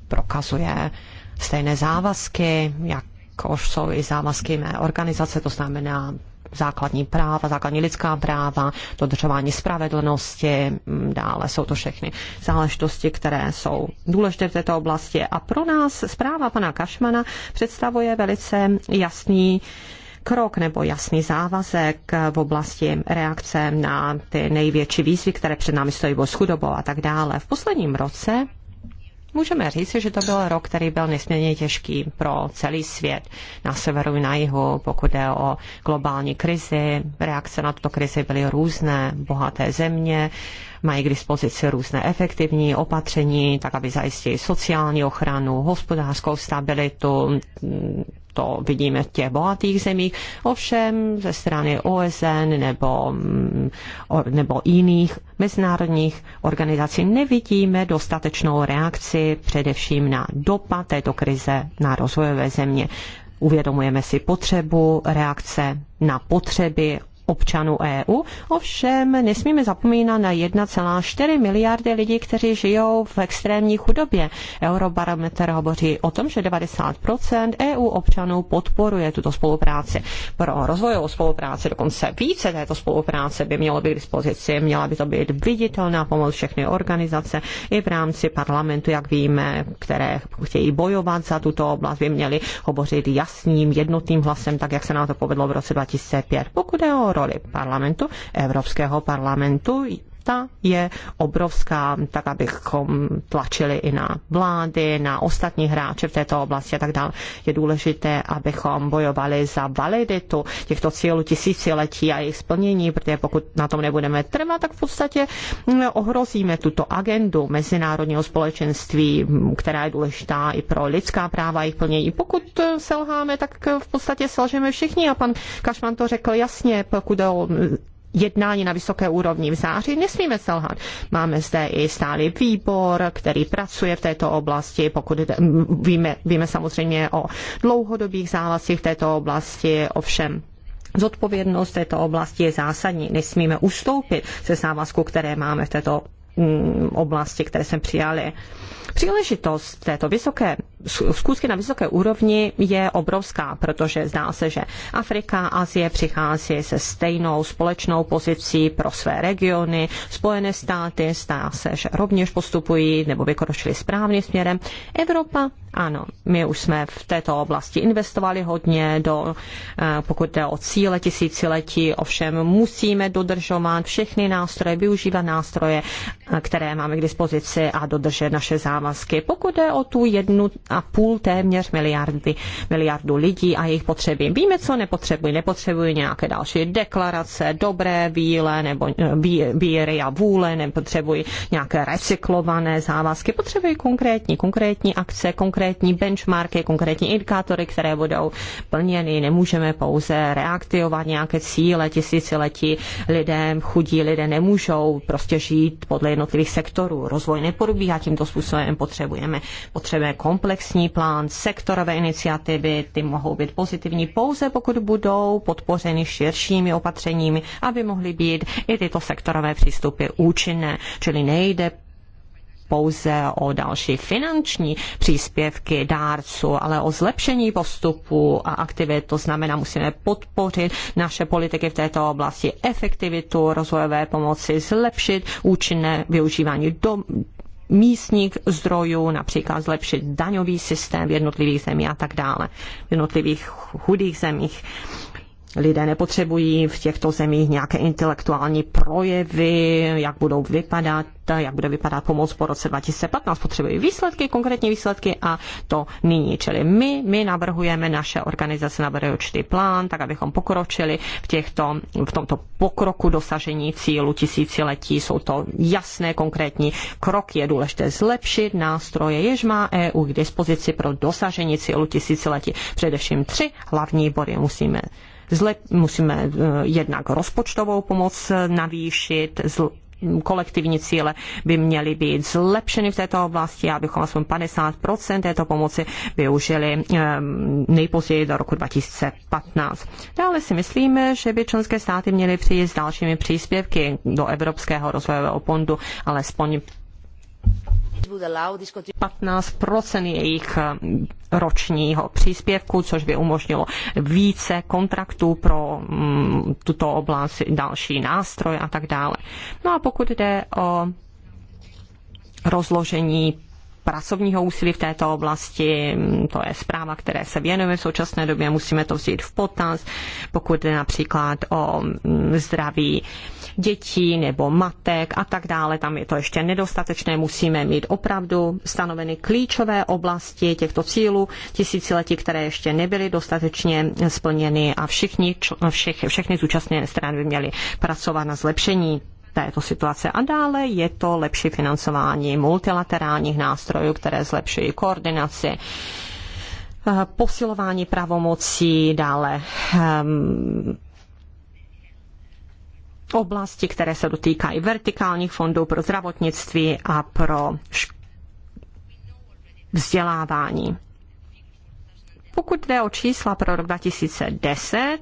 prokazuje stejné závazky, jakož jsou i závazky mé organizace, to znamená základní práva, základní lidská práva, dodržování spravedlnosti, mm, dále jsou to všechny záležitosti, které jsou důležité v této oblasti. A pro nás zpráva pana Kašmana představuje velice jasný uh, krok nebo jasný závazek v oblasti reakce na ty největší výzvy, které před námi stojí, s chudobou a tak dále. V posledním roce Můžeme říct, že to byl rok, který byl nesmírně těžký pro celý svět. Na severu i na jihu, pokud jde o globální krizi, reakce na tuto krizi byly různé. Bohaté země mají k dispozici různé efektivní opatření, tak aby zajistili sociální ochranu, hospodářskou stabilitu, to vidíme v těch bohatých zemích, ovšem ze strany OSN nebo, mm, nebo jiných mezinárodních organizací nevidíme dostatečnou reakci především na dopad této krize na rozvojové země. Uvědomujeme si potřebu reakce na potřeby občanů EU. Ovšem nesmíme zapomínat na 1,4 miliardy lidí, kteří žijou v extrémní chudobě. Eurobarometr hovoří o tom, že 90% EU občanů podporuje tuto spolupráci. Pro rozvojovou spolupráci dokonce více této spolupráce by mělo být k dispozici. Měla by to být viditelná pomoc všechny organizace i v rámci parlamentu, jak víme, které chtějí bojovat za tuto oblast, by měly hovořit jasným, jednotným hlasem, tak jak se nám to povedlo v roce 2005. Pokud je o roli parlamentu, Evropského parlamentu, ta je obrovská, tak abychom tlačili i na vlády, na ostatní hráče v této oblasti a tak dále. Je důležité, abychom bojovali za validitu těchto cílů tisíciletí a jejich splnění, protože pokud na tom nebudeme trvat, tak v podstatě mm, ohrozíme tuto agendu mezinárodního společenství, mm, která je důležitá i pro lidská práva a jejich plnění. Pokud e, selháme, tak v podstatě selžeme všichni a pan Kašman to řekl jasně, pokud o mm, jednání na vysoké úrovni v září, nesmíme selhat. Máme zde i stálý výbor, který pracuje v této oblasti, pokud jde, víme, víme samozřejmě o dlouhodobých závazcích v této oblasti, ovšem Zodpovědnost této oblasti je zásadní. Nesmíme ustoupit ze závazku, které máme v této Mm, oblasti, které jsem přijali. Příležitost této vysoké, zkusky na vysoké úrovni je obrovská, protože zdá se, že Afrika, Asie přichází se stejnou společnou pozicí pro své regiony, Spojené státy zdá se, že rovněž postupují nebo vykročili správným směrem. Evropa, ano, my už jsme v této oblasti investovali hodně, do, eh, pokud jde o cíle tisíciletí, ovšem musíme dodržovat všechny nástroje, využívat nástroje které máme k dispozici a dodržet naše závazky. Pokud jde o tu jednu a půl téměř miliardy, miliardu lidí a jejich potřeby. Víme, co nepotřebují. Nepotřebují nějaké další deklarace, dobré víle nebo eh, víry a vůle, nepotřebují nějaké recyklované závazky. Potřebují konkrétní, konkrétní akce, konkrétní benchmarky, konkrétní indikátory, které budou plněny. Nemůžeme pouze reaktivovat nějaké cíle tisíciletí. Lidem, chudí lidé nemůžou prostě žít podle jednotlivých sektorů. Rozvoj neprobíhá tímto způsobem, potřebujeme, potřebujeme komplexní plán, sektorové iniciativy, ty mohou být pozitivní pouze pokud budou podpořeny širšími opatřeními, aby mohly být i tyto sektorové přístupy účinné. Čili nejde pouze o další finanční příspěvky dárců, ale o zlepšení postupu a aktivit. To znamená, musíme podpořit naše politiky v této oblasti, efektivitu rozvojové pomoci, zlepšit účinné využívání do, místních zdrojů, například zlepšit daňový systém v jednotlivých zemích a tak dále, v jednotlivých chudých zemích lidé nepotřebují v těchto zemích nějaké intelektuální projevy, jak budou vypadat, jak bude vypadat pomoc po roce 2015. Potřebují výsledky, konkrétní výsledky a to nyní. Čili my, my navrhujeme, naše organizace navrhuje určitý plán, tak abychom pokročili v, těchto, v tomto pokroku dosažení cílu tisíciletí. Jsou to jasné, konkrétní kroky. Je důležité zlepšit nástroje, jež má EU k dispozici pro dosažení cílu tisíciletí. Především tři hlavní body musíme Zlep, musíme eh, jednak rozpočtovou pomoc eh, navýšit, zl, kolektivní cíle by měly být zlepšeny v této oblasti, abychom aspoň 50% této pomoci využili ehm, nejpozději do roku 2015. Dále si myslíme, že by členské státy měly přijít s dalšími příspěvky do Evropského rozvojového fondu, alespoň 15 jejich eh, ročního příspěvku, což by umožnilo více kontraktů pro mm, tuto oblast, další nástroje a tak dále. No a pokud jde o rozložení pracovního úsilí v této oblasti, mm, to je zpráva, které se věnujeme v současné době, musíme to vzít v potaz, pokud jde například o mm, zdraví dětí nebo matek a tak dále. Tam je to ještě nedostatečné. Musíme mít opravdu stanoveny klíčové oblasti těchto cílů tisíciletí, které ještě nebyly dostatečně splněny a všichni, všech, všechny zúčastněné strany by měly pracovat na zlepšení této situace. A dále je to lepší financování multilaterálních nástrojů, které zlepšují koordinaci eh, posilování pravomocí, dále ehm, oblasti, které se dotýkají vertikálních fondů pro zdravotnictví a pro vzdělávání. Pokud jde o čísla pro rok 2010,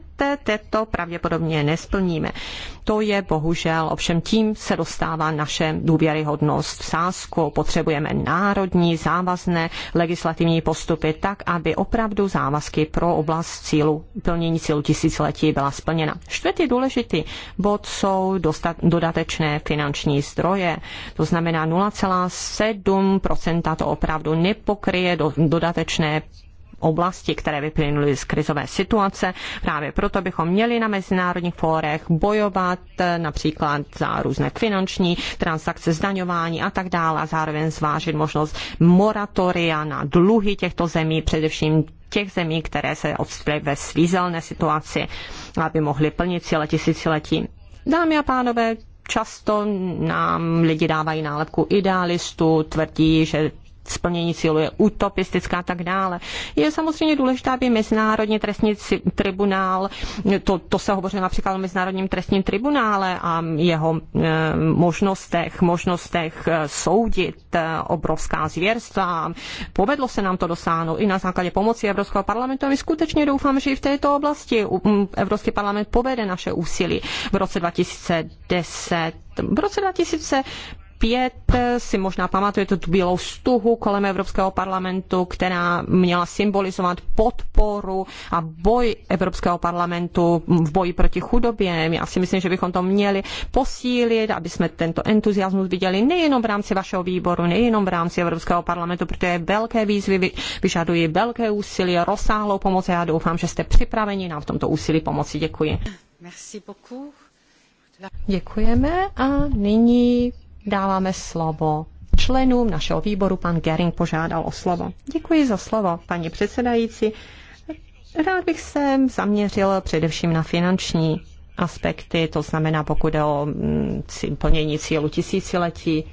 této pravděpodobně nesplníme. To je bohužel, ovšem tím se dostává naše důvěryhodnost v sázku. Potřebujeme národní závazné legislativní postupy tak, aby opravdu závazky pro oblast cílu, plnění cílu tisíciletí byla splněna. Čtvrtý důležitý bod jsou dostat, dodatečné finanční zdroje. To znamená 0,7% to opravdu nepokryje do, dodatečné oblasti, které vyplynuly z krizové situace. Právě proto bychom měli na mezinárodních fórech bojovat eh, například za různé finanční transakce, zdaňování a tak dále a zároveň zvážit možnost moratoria na dluhy těchto zemí, především těch zemí, které se odstvěly ve svízelné situaci, aby mohly plnit cíle tisíciletí. Dámy a pánové, často nám lidi dávají nálepku idealistů, tvrdí, že splnění cílu je utopistická a tak dále. Je samozřejmě důležité, aby Mezinárodní trestní tribunál, to, to se hovořilo například o Mezinárodním trestním tribunále a jeho e, možnostech, možnostech eh, soudit e, obrovská zvěrstva. Povedlo se nám to dosáhnout i na základě pomoci Evropského parlamentu a my skutečně doufám, že i v této oblasti mm, Evropský parlament povede naše úsilí v roce 2010 v roce 2000 2005 si možná pamatujete tu bílou stuhu kolem Evropského parlamentu, která měla symbolizovat podporu a boj Evropského parlamentu v boji proti chudobě. Já si myslím, že bychom to měli posílit, aby jsme tento entuziasmus viděli nejenom v rámci vašeho výboru, nejenom v rámci Evropského parlamentu, protože velké výzvy vyžadují velké úsilí, rozsáhlou pomoc a já doufám, že jste připraveni nám v tomto úsilí pomoci. Děkuji. Děkujeme a nyní dáváme slovo členům našeho výboru. Pan Gering požádal o slovo. Děkuji za slovo, paní předsedající. Rád bych se zaměřil především na finanční aspekty, to znamená pokud je o mm, plnění cílu tisíciletí,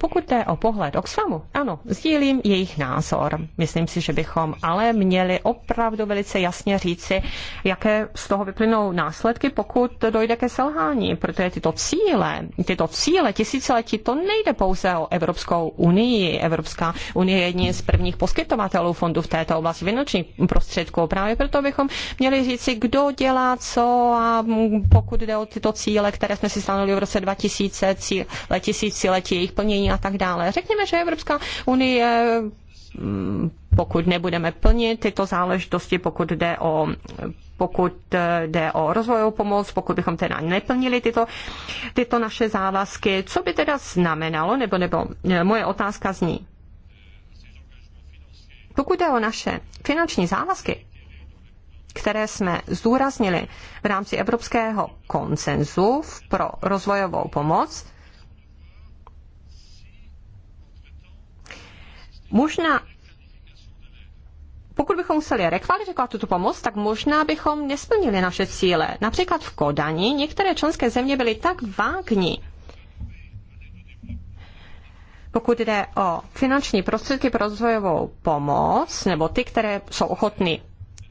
Pokud jde o pohled Oxfamu, ano, sdílím jejich názor. Myslím si, že bychom ale měli opravdu velice jasně říci, jaké z toho vyplynou následky, pokud dojde ke selhání, protože tyto cíle, tyto cíle tisíciletí, to nejde pouze o Evropskou unii. Evropská unie je jedním z prvních poskytovatelů fondů v této oblasti vynoční prostředků. Právě proto bychom měli říci, kdo dělá co a pokud jde o tyto cíle, které jsme si stanovili v roce 2000, cíle tisíciletí, jejich plnění a tak dále. Řekněme, že Evropská unie mm, pokud nebudeme plnit tyto záležitosti, pokud jde o pokud eh, jde o rozvojovou pomoc, pokud bychom teda neplnili tyto, tyto naše závazky, co by teda znamenalo, nebo, nebo eh, moje otázka zní, pokud jde o naše finanční závazky, které jsme zdůraznili v rámci Evropského koncenzu pro rozvojovou pomoc, Možná pokud bychom museli rekvalifikovat tuto pomoc, tak možná bychom nesplnili naše cíle. Například v Kodani některé členské země byly tak vágní, pokud jde o finanční prostředky pro rozvojovou pomoc, nebo ty, které jsou ochotny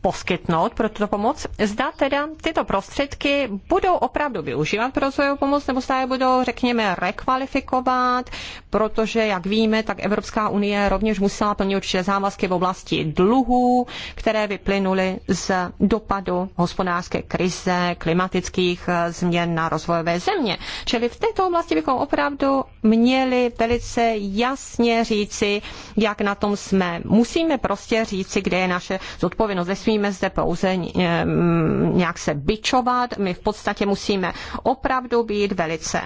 poskytnout pro tuto pomoc, zda teda tyto prostředky budou opravdu využívat pro rozvojovou pomoc, nebo zda je budou, řekněme, rekvalifikovat, protože, jak víme, tak Evropská unie rovněž musela plnit určité závazky v oblasti dluhů, které vyplynuly z dopadu hospodářské krize, klimatických eh, změn na rozvojové země. Čili v této oblasti bychom opravdu měli velice jasně říci, jak na tom jsme. Musíme prostě říci, kde je naše zodpovědnost. Nesmí nesmíme zde pouze eh, mm, nějak se byčovat, my v podstatě musíme opravdu být velice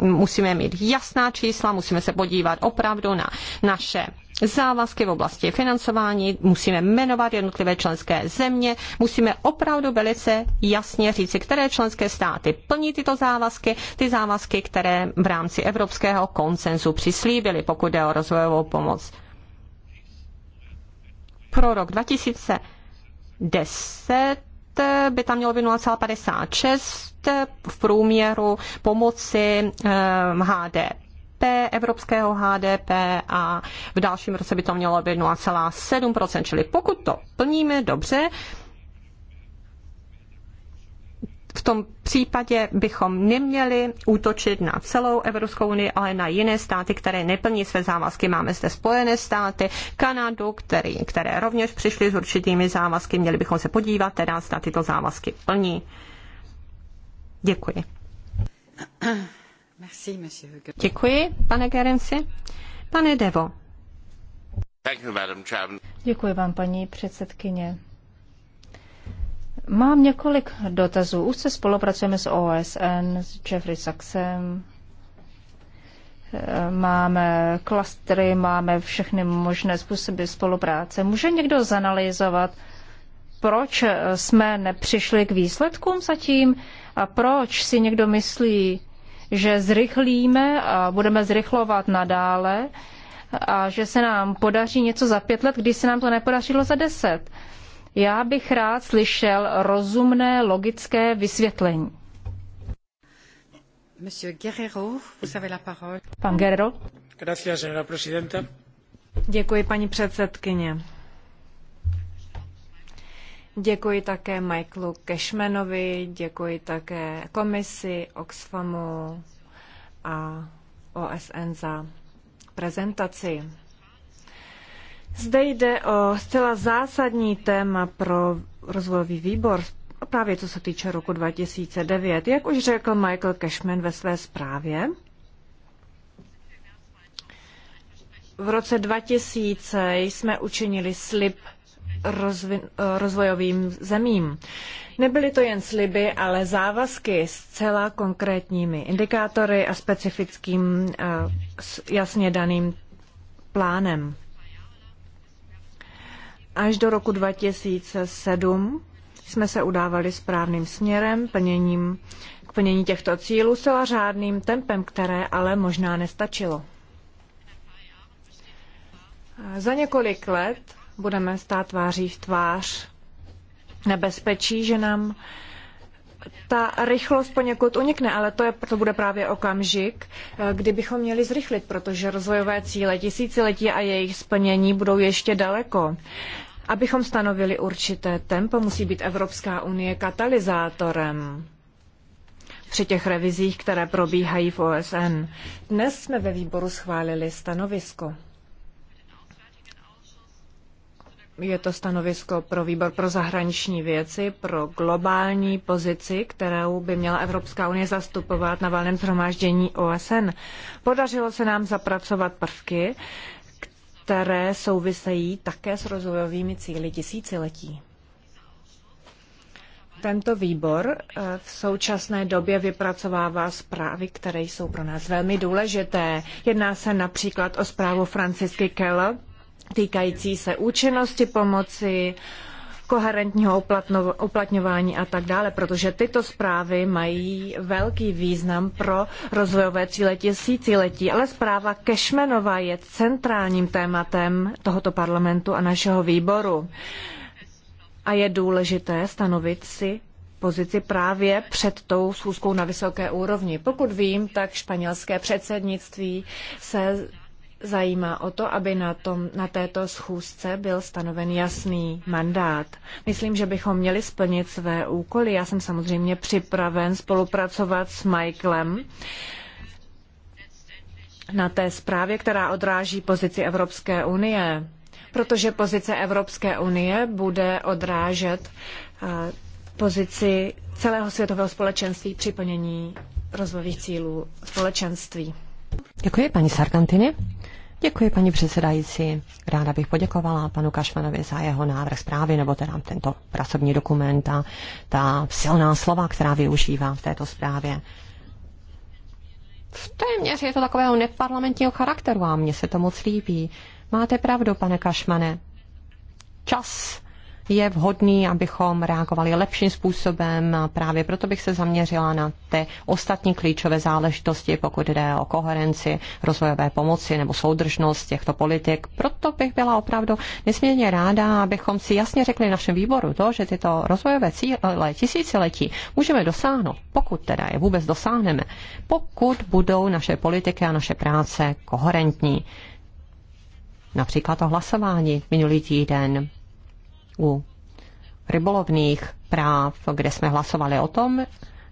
musíme mít jasná čísla, musíme se podívat opravdu na naše závazky v oblasti financování, musíme jmenovat jednotlivé členské země, musíme opravdu velice jasně říci, které členské státy plní tyto závazky, ty závazky, které v rámci evropského koncenzu přislíbily, pokud jde o rozvojovou pomoc. Pro rok 2000 10 by tam mělo být 0,56 v průměru pomoci HDP ehm, evropského HDP a v dalším roce by to mělo být 0,7%. Čili pokud to plníme dobře, v tom případě bychom neměli útočit na celou Evropskou unii, ale na jiné státy, které neplní své závazky. Máme zde Spojené státy, Kanadu, který, které rovněž přišly s určitými závazky. Měli bychom se podívat, teda zda tyto závazky plní. Děkuji. Děkuji, pane Gerenci. Pane Devo. Děkuji vám, paní předsedkyně. Mám několik dotazů. Už se spolupracujeme s OSN, s Jeffrey Sachsem. Máme klastry, máme všechny možné způsoby spolupráce. Může někdo zanalýzovat, proč jsme nepřišli k výsledkům zatím a proč si někdo myslí, že zrychlíme a budeme zrychlovat nadále a že se nám podaří něco za pět let, když se nám to nepodařilo za deset. Uh, já bych rád slyšel rozumné, logické vysvětlení. Monsieur Guerrero, vous avez la parole. Pan Guerrero. Gracias, señora presidenta. Děkuji, paní předsedkyně. Děkuji také Michaelu Cashmanovi, děkuji také komisi, Oxfamu a OSN za prezentaci. Zde jde o zcela zásadní téma pro rozvojový výbor, právě co se týče roku 2009. Jak už řekl Michael Cashman ve své zprávě, v roce 2000 jsme učinili slib rozvojovým zemím. Nebyly to jen sliby, ale závazky s celá konkrétními indikátory a specifickým eh, jasně daným plánem. Až do roku 2007 jsme se udávali správným směrem, plněním, k plnění těchto cílů zcela řádným tempem, které ale možná nestačilo. Za několik let budeme stát tváří v tvář nebezpečí, že nám ta rychlost poněkud unikne, ale to, je, to bude právě okamžik, kdybychom měli zrychlit, protože rozvojové cíle tisíciletí a jejich splnění budou ještě daleko. Abychom stanovili určité tempo, musí být Evropská unie katalyzátorem při těch revizích, které probíhají v OSN. Dnes jsme ve výboru schválili stanovisko. Je to stanovisko pro výbor pro zahraniční věci, pro globální pozici, kterou by měla Evropská unie zastupovat na valném shromáždění OSN. Podařilo se nám zapracovat prvky, které souvisejí také s rozvojovými cíly tisíciletí. Tento výbor eh, v současné době vypracovává zprávy, které jsou pro nás velmi důležité. Jedná se například o zprávu Francisky Kell týkající se účinnosti pomoci, koherentního uplatňování a tak dále, protože tyto zprávy mají velký význam pro rozvojové cíletí, tisíciletí, ale zpráva Kešmenova je centrálním tématem tohoto parlamentu a našeho výboru. A je důležité stanovit si pozici právě před tou schůzkou na vysoké úrovni. Pokud vím, tak španělské předsednictví se zajímá o to, aby na, tom, na této schůzce byl stanoven jasný mandát. Myslím, že bychom měli splnit své úkoly. Já jsem samozřejmě připraven spolupracovat s Michaelem na té zprávě, která odráží pozici Evropské unie, protože pozice Evropské unie bude odrážet eh, pozici celého světového společenství při plnění rozvojových cílů společenství. Děkuji, paní Sargantini. Děkuji, paní předsedající. Ráda bych poděkovala panu Kašmanovi za jeho návrh zprávy, nebo teda tento pracovní dokument a ta silná slova, která využívá v této zprávě. V téměř je to takového neparlamentního charakteru a mně se to moc líbí. Máte pravdu, pane Kašmane. Čas je vhodný, abychom reagovali lepším způsobem a právě proto bych se zaměřila na ty ostatní klíčové záležitosti, pokud jde o koherenci rozvojové pomoci nebo soudržnost těchto politik. Proto bych byla opravdu nesmírně ráda, abychom si jasně řekli našem výboru to, že tyto rozvojové cíle tisíciletí můžeme dosáhnout, pokud teda je vůbec dosáhneme, pokud budou naše politiky a naše práce koherentní. Například to hlasování minulý týden u rybolovných práv, kde jsme hlasovali o tom,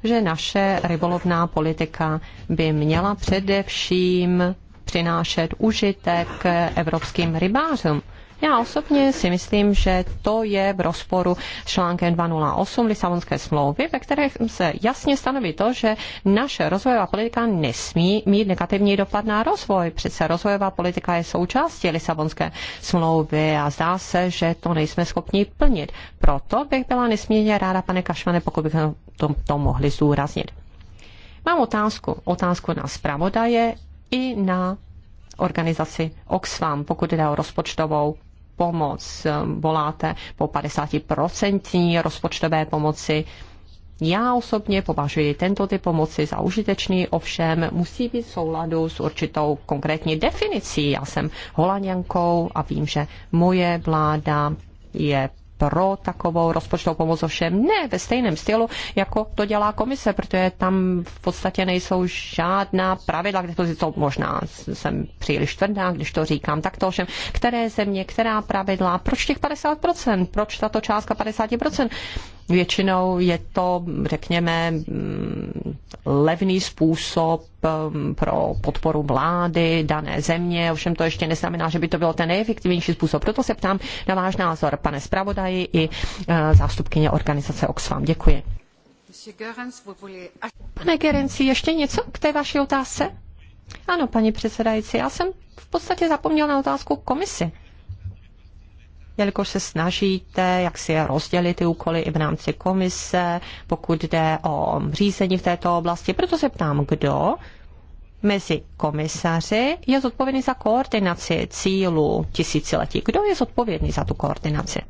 že naše rybolovná politika by měla především přinášet užitek evropským rybářům. Já osobně si myslím, že to je v rozporu s článkem 208 Lisabonské smlouvy, ve které se jasně stanoví to, že naše rozvojová politika nesmí mít negativní dopad na rozvoj. Přece rozvojová politika je součástí Lisabonské smlouvy a zdá se, že to nejsme schopni plnit. Proto bych byla nesmírně ráda, pane Kašmane, pokud bychom to, to mohli zdůraznit. Mám otázku. Otázku na zpravodaje i na organizaci Oxfam, pokud jde o rozpočtovou pomoc, eh, voláte po 50% rozpočtové pomoci. Já osobně považuji tento typ pomoci za užitečný, ovšem musí být v souladu s určitou konkrétní definicí. Já jsem holanděnkou a vím, že moje vláda je pro takovou rozpočtovou pomoc ovšem ne ve stejném stylu, jako to dělá komise, protože tam v podstatě nejsou žádná pravidla k dispozici. Možná jsem příliš tvrdá, když to říkám takto, ovšem, které země, která pravidla, proč těch 50%, proč tato částka 50%, Většinou je to, řekněme, mm, levný způsob mm, pro podporu vlády dané země, ovšem to ještě neznamená, že by to byl ten nejefektivnější způsob. Proto se ptám na váš názor, pane zpravodaji i eh, zástupkyně organizace Oxfam. Děkuji. Pane Gerenci, ještě něco k té vaší otázce? Ano, paní předsedající, já jsem v podstatě zapomněla na otázku komisi jelikož se snažíte, jak si rozdělit ty úkoly i v rámci komise, pokud jde o řízení v této oblasti. Proto se ptám, kdo mezi komisaři je zodpovědný za koordinaci cílů tisíciletí. Kdo je zodpovědný za tu koordinaci?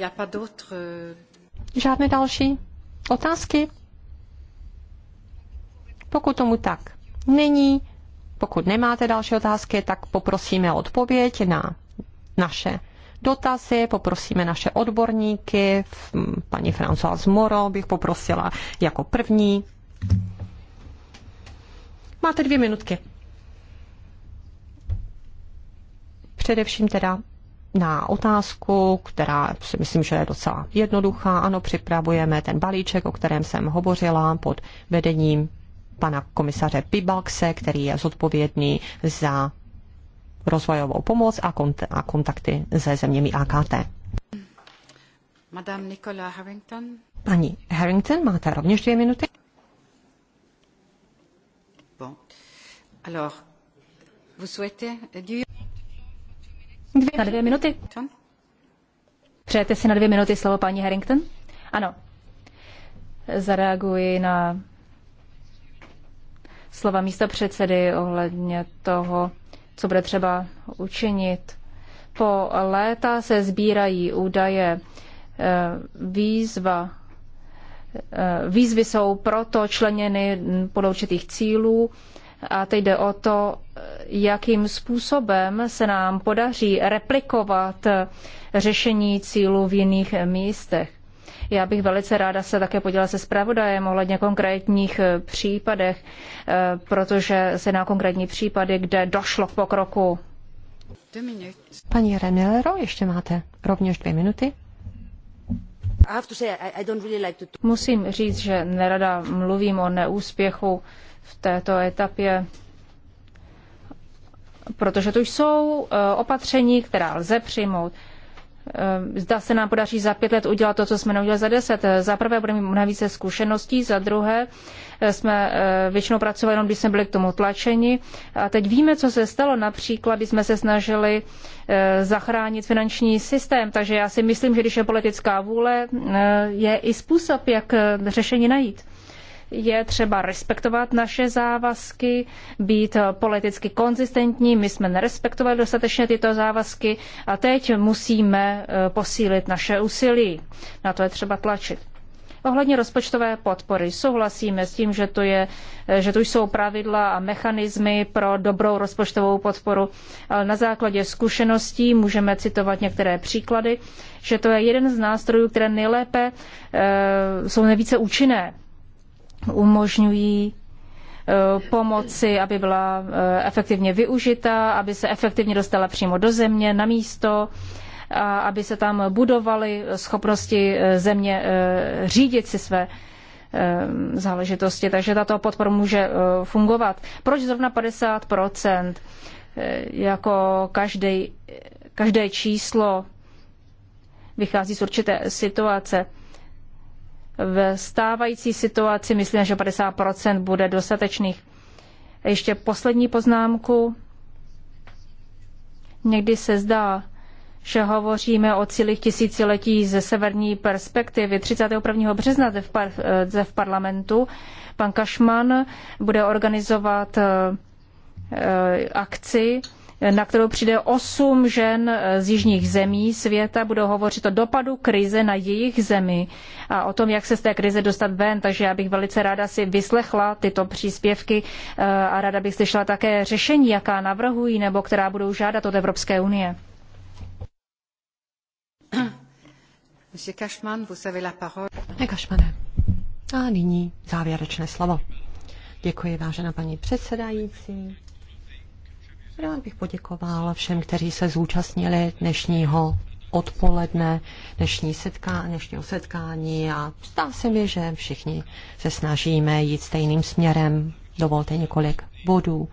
Euh, Žádné další otázky? Pokud tomu tak není, pokud nemáte další otázky, tak poprosíme odpověď na naše dotazy, poprosíme naše odborníky, paní Françoise Moro bych poprosila jako první. Máte dvě minutky. Především teda na otázku, která si myslím, že je docela jednoduchá. Ano, připravujeme ten balíček, o kterém jsem hovořila pod vedením pana komisaře Pibalkse, který je zodpovědný za rozvojovou pomoc a, kont- a kontakty se zeměmi AKT. Madame Nicola Harrington. Paní Harrington, máte rovněž dvě minuty. Bon. Alors, vous souhaitez... Dvě, na dvě minuty. Přejete si na dvě minuty slovo paní Harrington? Ano. Zareaguji na slova místa předsedy ohledně toho, co bude třeba učinit. Po léta se sbírají údaje. Eh, výzva, eh, výzvy jsou proto členěny podle určitých cílů a teď jde o to, eh, jakým způsobem se nám podaří replikovat řešení cílů v jiných místech. Já bych velice ráda se také podělila se zpravodajem ohledně konkrétních eh, případech, eh, protože se na konkrétní případy, kde došlo k pokroku. Paní Remillero, ještě máte rovněž dvě minuty. Musím říct, že nerada mluvím o neúspěchu v této etapě, protože tu jsou eh, opatření, která lze přijmout. Eh, zda se nám podaří za pět let udělat to, co jsme neudělali za deset. Eh, za prvé budeme mít mnohem více zkušeností, za druhé eh, jsme většinou pracovali jenom, když jsme byli k tomu tlačeni. A teď víme, co se stalo. Například, když jsme se snažili zachránit finanční systém. Takže já si myslím, že když je politická vůle, je i způsob, jak řešení najít je třeba respektovat naše závazky, být politicky konzistentní. My jsme nerespektovali dostatečně tyto závazky a teď musíme eh, posílit naše úsilí. Na to je třeba tlačit. Ohledně rozpočtové podpory souhlasíme s tím, že, to je, eh, že tu jsou pravidla a mechanismy pro dobrou rozpočtovou podporu, ale na základě zkušeností můžeme citovat některé příklady, že to je jeden z nástrojů, které nejlépe eh, jsou nejvíce účinné umožňují eh, pomoci, aby byla eh, efektivně využita, aby se efektivně dostala přímo do země, na místo, a aby se tam budovaly schopnosti eh, země řídit si své záležitosti. Takže tato podpora může fungovat. Proč zrovna 50 Jako každý, každé číslo vychází z určité situace. V stávající situaci myslím, že 50% bude dostatečných. Ještě poslední poznámku. Někdy se zdá, že hovoříme o cílech tisíciletí ze severní perspektivy. 31. března zde v, par, zde v parlamentu pan Kašman bude organizovat eh, eh, akci na kterou přijde osm žen eh, z jižních zemí světa, budou hovořit o dopadu krize na jejich zemi a o tom, jak se z té krize dostat ven. Takže já bych velice ráda si vyslechla tyto příspěvky eh, a ráda bych slyšela také řešení, jaká navrhují nebo která budou žádat od Evropské unie. Monsieur Cashman, vous avez la parole. Cashmane, a nyní závěrečné slovo. Děkuji, vážená paní předsedající. Rád bych poděkoval všem, kteří se zúčastnili dnešního odpoledne dnešní setká, dnešního setkání a zdá se mi, že všichni se snažíme jít stejným směrem. Dovolte několik bodů,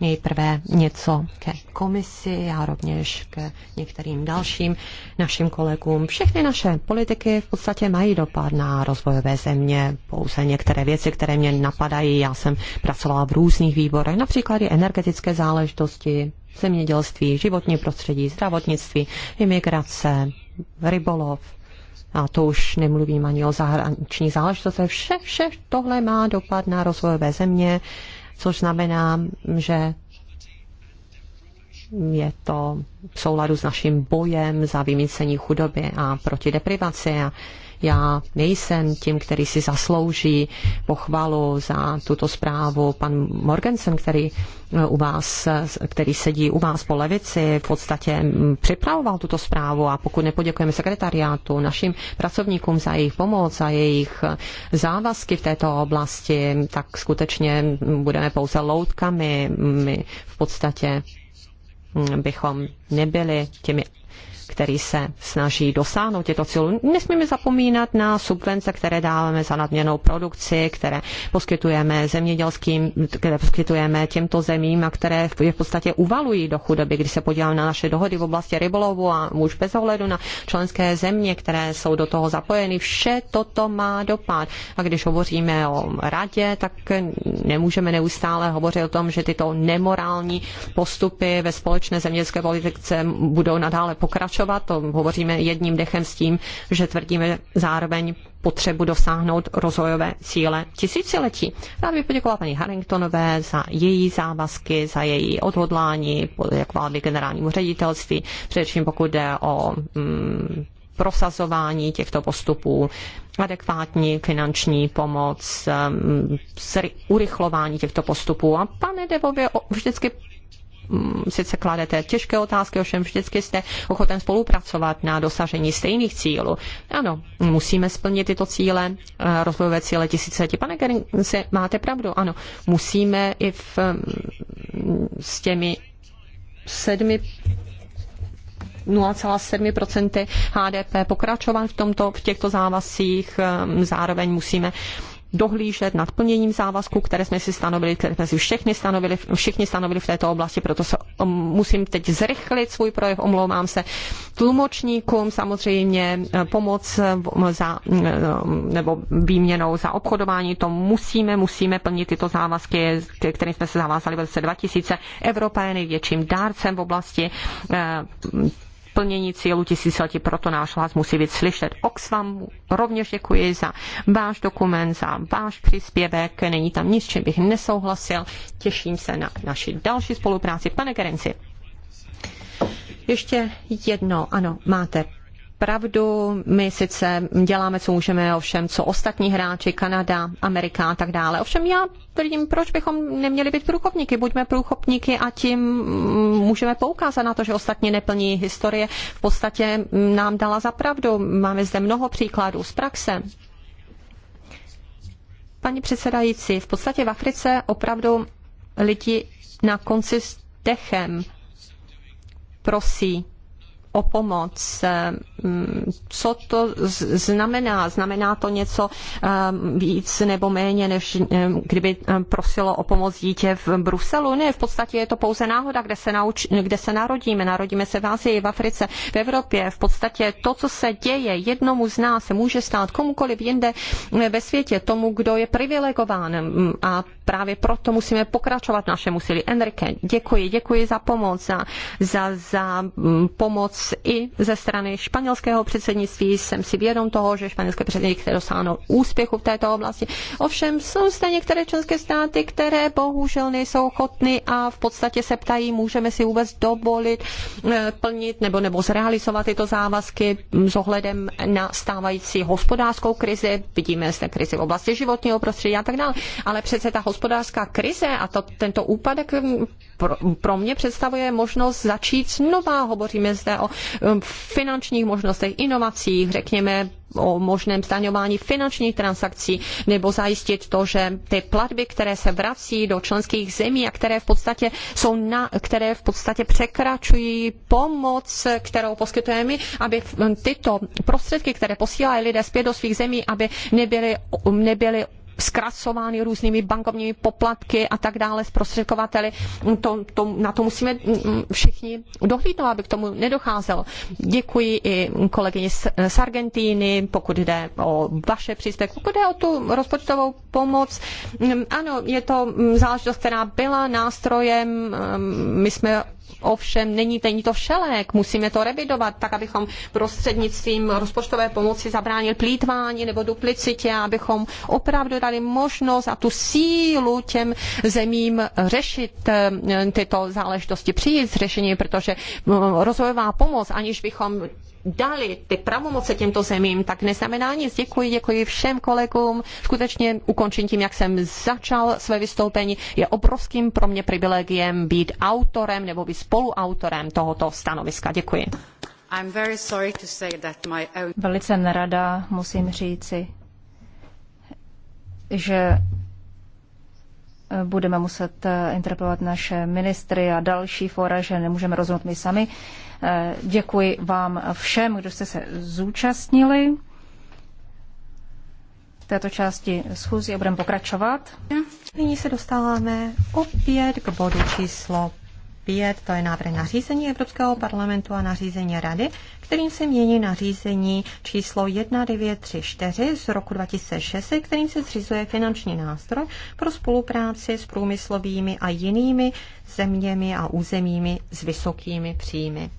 nejprve něco ke komisi a rovněž k některým dalším našim kolegům. Všechny naše politiky v podstatě mají dopad na rozvojové země. Pouze některé věci, které mě napadají, já jsem pracovala v různých výborech, například i energetické záležitosti, zemědělství, životní prostředí, zdravotnictví, imigrace, rybolov, a to už nemluvím ani o zahraničních záležitostech. Vše, vše tohle má dopad na rozvojové země, což znamená, že je to v souladu s naším bojem za vymícení chudoby a proti deprivaci. A já nejsem tím, který si zaslouží pochvalu za tuto zprávu. Pan Morgensen, který eh, u vás, který sedí u vás po levici, v podstatě mm, připravoval tuto zprávu a pokud nepoděkujeme sekretariátu, našim pracovníkům za jejich pomoc, za jejich eh, závazky v této oblasti, tak skutečně mm, budeme pouze loutkami. My v podstatě mm, bychom nebyli těmi který se snaží dosáhnout těchto cílů. Nesmíme zapomínat na subvence, které dáváme za nadměrnou produkci, které poskytujeme zemědělským, které poskytujeme těmto zemím a které v podstatě uvalují do chudoby. Když se podíváme na naše dohody v oblasti rybolovu a už bez ohledu na členské země, které jsou do toho zapojeny, vše toto má dopad. A když hovoříme o radě, tak nemůžeme neustále hovořit o tom, že tyto nemorální postupy ve společné zemědělské politice budou nadále pokračovat pokračovat. To hovoříme jedním dechem s tím, že tvrdíme zároveň potřebu dosáhnout rozvojové cíle tisíciletí. Rád bych poděkovala paní Harringtonové za její závazky, za její odhodlání, jak vládli generálnímu ředitelství, především pokud jde o mm, prosazování těchto postupů, adekvátní finanční pomoc, mm, urychlování těchto postupů. A pane Devově vždycky Mm, sice kladete těžké otázky, ovšem vždycky jste ochoten spolupracovat na dosažení stejných cílů. Ano, musíme splnit tyto cíle, eh, rozvojové cíle tisíciletí. Pane Gerince, máte pravdu, ano, musíme i v, mm, s těmi sedmi 0,7 HDP pokračovat v, tomto, v těchto závazcích. Ehm, zároveň musíme dohlížet nad plněním závazků, které jsme si stanovili, které jsme si všechny stanovili, všichni stanovili v této oblasti, proto se um, musím teď zrychlit svůj projev, omlouvám se tlumočníkům, samozřejmě eh, pomoc eh, za, eh, nebo výměnou za obchodování, to musíme, musíme plnit tyto závazky, kterým jsme se zavázali v roce 2000. Evropa je největším dárcem v oblasti plnění cílu tisíciletí, proto náš hlas musí být slyšet. Oxfam rovněž děkuji za váš dokument, za váš příspěvek, není tam nic, čím bych nesouhlasil. Těším se na naši další spolupráci. Pane Gerenci, ještě jedno, ano, máte pravdu. My sice děláme, co můžeme, ovšem, co ostatní hráči, Kanada, Amerika a tak dále. Ovšem já tvrdím, proč bychom neměli být průkopníky. Buďme průkopníky a tím můžeme poukázat na to, že ostatní neplní historie. V podstatě nám dala za pravdu. Máme zde mnoho příkladů z praxe. Paní předsedající, v podstatě v Africe opravdu lidi na konci s dechem prosí o pomoc. Eh, mm, co to znamená? Znamená to něco eh, víc nebo méně, než eh, kdyby prosilo o pomoc dítě v Bruselu? Ne, v podstatě je to pouze náhoda, kde se, nauč, kde se narodíme. Narodíme se v Ázii, v Africe, v Evropě. V podstatě to, co se děje jednomu z nás, se může stát komukoliv jinde ve světě, tomu, kdo je privilegován. Mm, a právě proto musíme pokračovat naše úsilí. Enrique, děkuji, děkuji za pomoc, za, za, za mm, pomoc i ze strany španělského předsednictví. Jsem si vědom toho, že španělské předsednictví dosáhnou úspěchu v této oblasti. Ovšem jsou zde některé členské státy, které bohužel nejsou ochotny a v podstatě se ptají, můžeme si vůbec dovolit eh, plnit nebo, nebo zrealizovat tyto závazky mm, s ohledem na stávající hospodářskou krizi. Vidíme zde krizi v oblasti životního prostředí a tak dále. Ale přece ta hospodářská hospodářská krize a to, tento úpadek pro, pro mě představuje možnost začít znova. Hovoříme zde o finančních možnostech, inovacích, řekněme o možném zdaňování finančních transakcí nebo zajistit to, že ty platby, které se vrací do členských zemí a které v podstatě, jsou na, které v podstatě překračují pomoc, kterou poskytujeme aby tyto prostředky, které posílají lidé zpět do svých zemí, aby nebyly, nebyly zkracovány různými bankovními poplatky a tak dále zprostředkovateli. To, to, na to musíme mm, mm, všichni dohlídnout, aby k tomu nedocházelo. Děkuji i kolegyně z Argentíny, pokud jde o vaše příspěvky, pokud jde o tu rozpočtovou pomoc. Mm, ano, je to záležitost, která byla nástrojem, my jsme Ovšem není, není to všelék, musíme to revidovat, tak abychom prostřednictvím rozpočtové pomoci zabránili plítvání nebo duplicitě, abychom opravdu dali možnost a tu sílu těm zemím řešit eh, tyto záležitosti, přijít s řešením, protože mm, rozvojová pomoc, aniž bychom dali ty pravomoce těmto zemím, tak neznamená nic. Děkuji, děkuji všem kolegům. Skutečně ukončím tím, jak jsem začal své vystoupení. Je obrovským pro mě privilegiem být autorem nebo být spoluautorem tohoto stanoviska. Děkuji. I'm very sorry to say that my own... Velice nerada musím říci, že eh, budeme muset eh, interpelovat naše ministry a další fora, že nemůžeme rozhodnout my sami. Eh, děkuji vám všem, kdo jste se zúčastnili této části schůzi a budeme pokračovat. Nyní se dostáváme opět k bodu číslo 5, to je návrh nařízení Evropského parlamentu a nařízení Rady, kterým se mění nařízení číslo 1934 z roku 2006, kterým se zřizuje finanční nástroj pro spolupráci s průmyslovými a jinými zeměmi a územími s vysokými příjmy.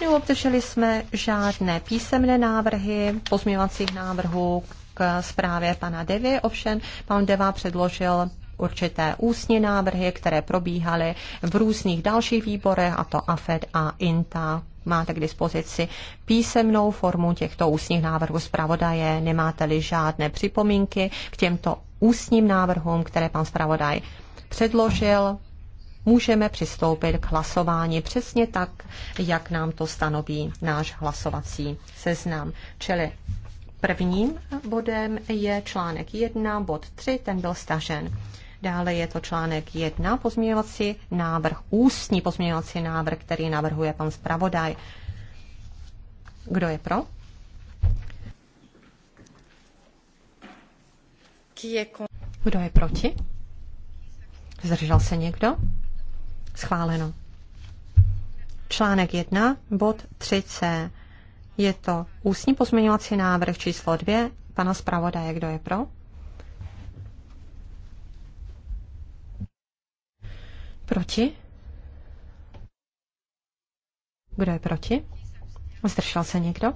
Neobdrželi jsme žádné písemné návrhy pozměňovacích návrhů k zprávě pana Devy, ovšem pan Deva předložil určité ústní návrhy, které probíhaly v různých dalších výborech, a to AFED a INTA. Máte k dispozici písemnou formu těchto ústních návrhů zpravodaje, nemáte-li žádné připomínky k těmto ústním návrhům, které pan zpravodaj předložil, můžeme přistoupit k hlasování přesně tak, jak nám to stanoví náš hlasovací seznam. Čili prvním bodem je článek 1, bod 3, ten byl stažen. Dále je to článek 1, pozměňovací návrh, ústní pozměňovací návrh, který navrhuje pan zpravodaj. Kdo je pro? Kdo je proti? Zdržel se někdo? Schváleno. Článek 1, bod 3c. Je to ústní pozměňovací návrh číslo 2 pana zpravodaje. Kdo je pro? Proti? Kdo je proti? Zdržel se někdo?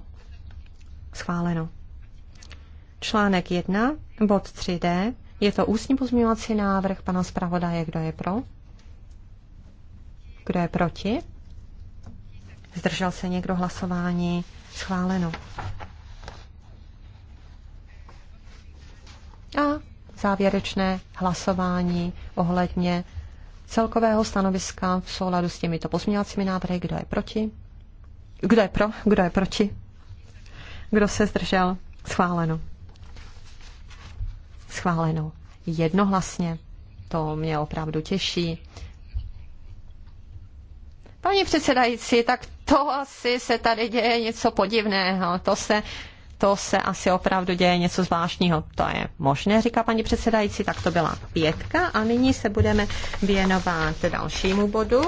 Schváleno. Článek 1, bod 3d. Je to ústní pozměňovací návrh pana zpravodaje. Kdo je pro? Kdo je proti? Zdržel se někdo hlasování? Schváleno. A závěrečné hlasování ohledně celkového stanoviska v souladu s těmito pozměňovacími návrhy. Kdo je proti? Kdo je pro? Kdo je proti? Kdo se zdržel? Schváleno. Schváleno. Jednohlasně. To mě opravdu těší. Paní předsedající, tak to asi se tady děje něco podivného. To se, to se asi opravdu děje něco zvláštního. To je možné, říká paní předsedající, tak to byla pětka a nyní se budeme věnovat dalšímu bodu.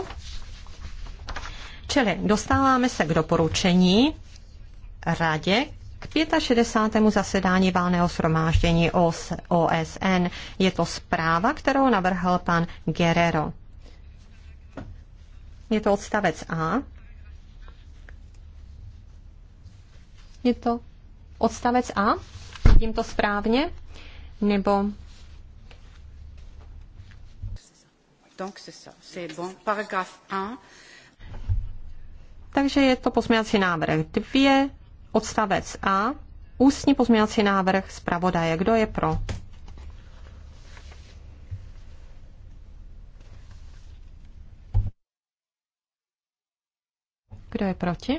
Čili dostáváme se k doporučení radě k 65. zasedání válného shromáždění OSN. Je to zpráva, kterou navrhl pan Guerrero. Je to odstavec A. Je to odstavec A? Vidím to správně? Nebo Takže je to pozměňovací návrh 2, odstavec A, ústní pozměňovací návrh zpravodaje. Kdo je pro? Kdo je proti?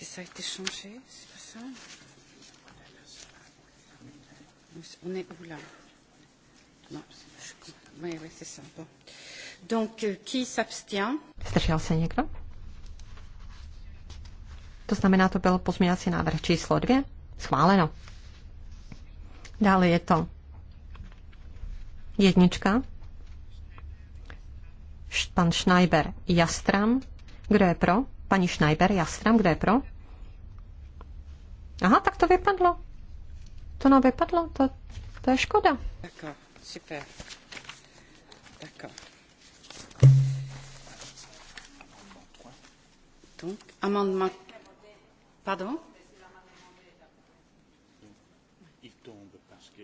est eh, Zdržel se někdo? To znamená, to byl pozměňovací návrh číslo 2. Schváleno. Dále je to jednička. Pan Schneiber Jastram. Kdo je pro? Paní Schneiber Jastram, kdo je pro? Aha, tak to vypadlo. To nám vypadlo, to, to je škoda. Tak, super. Tak. amendement Pardon Il tombe parce que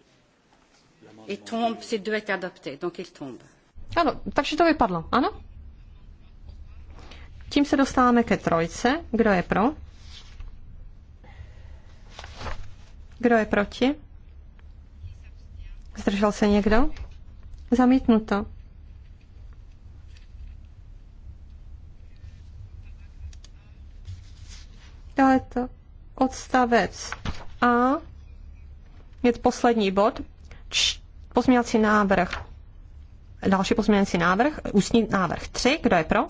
Il tombe, ces deux être adoptés, donc il tombe. Ano, takže to vypadlo, ano? Tím se dostáváme ke trojce. Kdo je pro? Kdo je proti? Zdržel se někdo? Zamítnuto. Dále to odstavec A, je to poslední bod, Č, pozměňovací návrh, další pozměňovací návrh, ústní návrh 3, kdo je pro,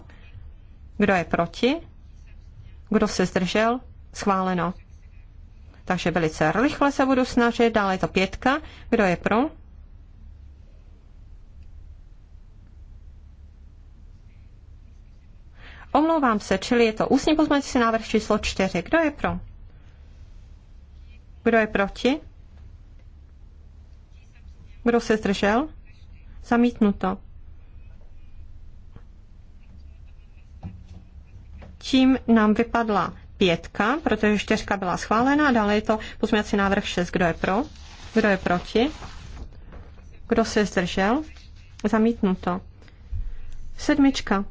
kdo je proti, kdo se zdržel, schváleno. Takže velice rychle se budu snažit, dále je to pětka, kdo je pro, Omlouvám se, čili je to ústní pozměňovací návrh číslo 4. Kdo je pro? Kdo je proti? Kdo se zdržel? Zamítnuto. Tím nám vypadla pětka, protože čtyřka byla schválena. Dále je to pozměňovací návrh 6. Kdo je pro? Kdo je proti? Kdo se zdržel? Zamítnuto. Sedmička.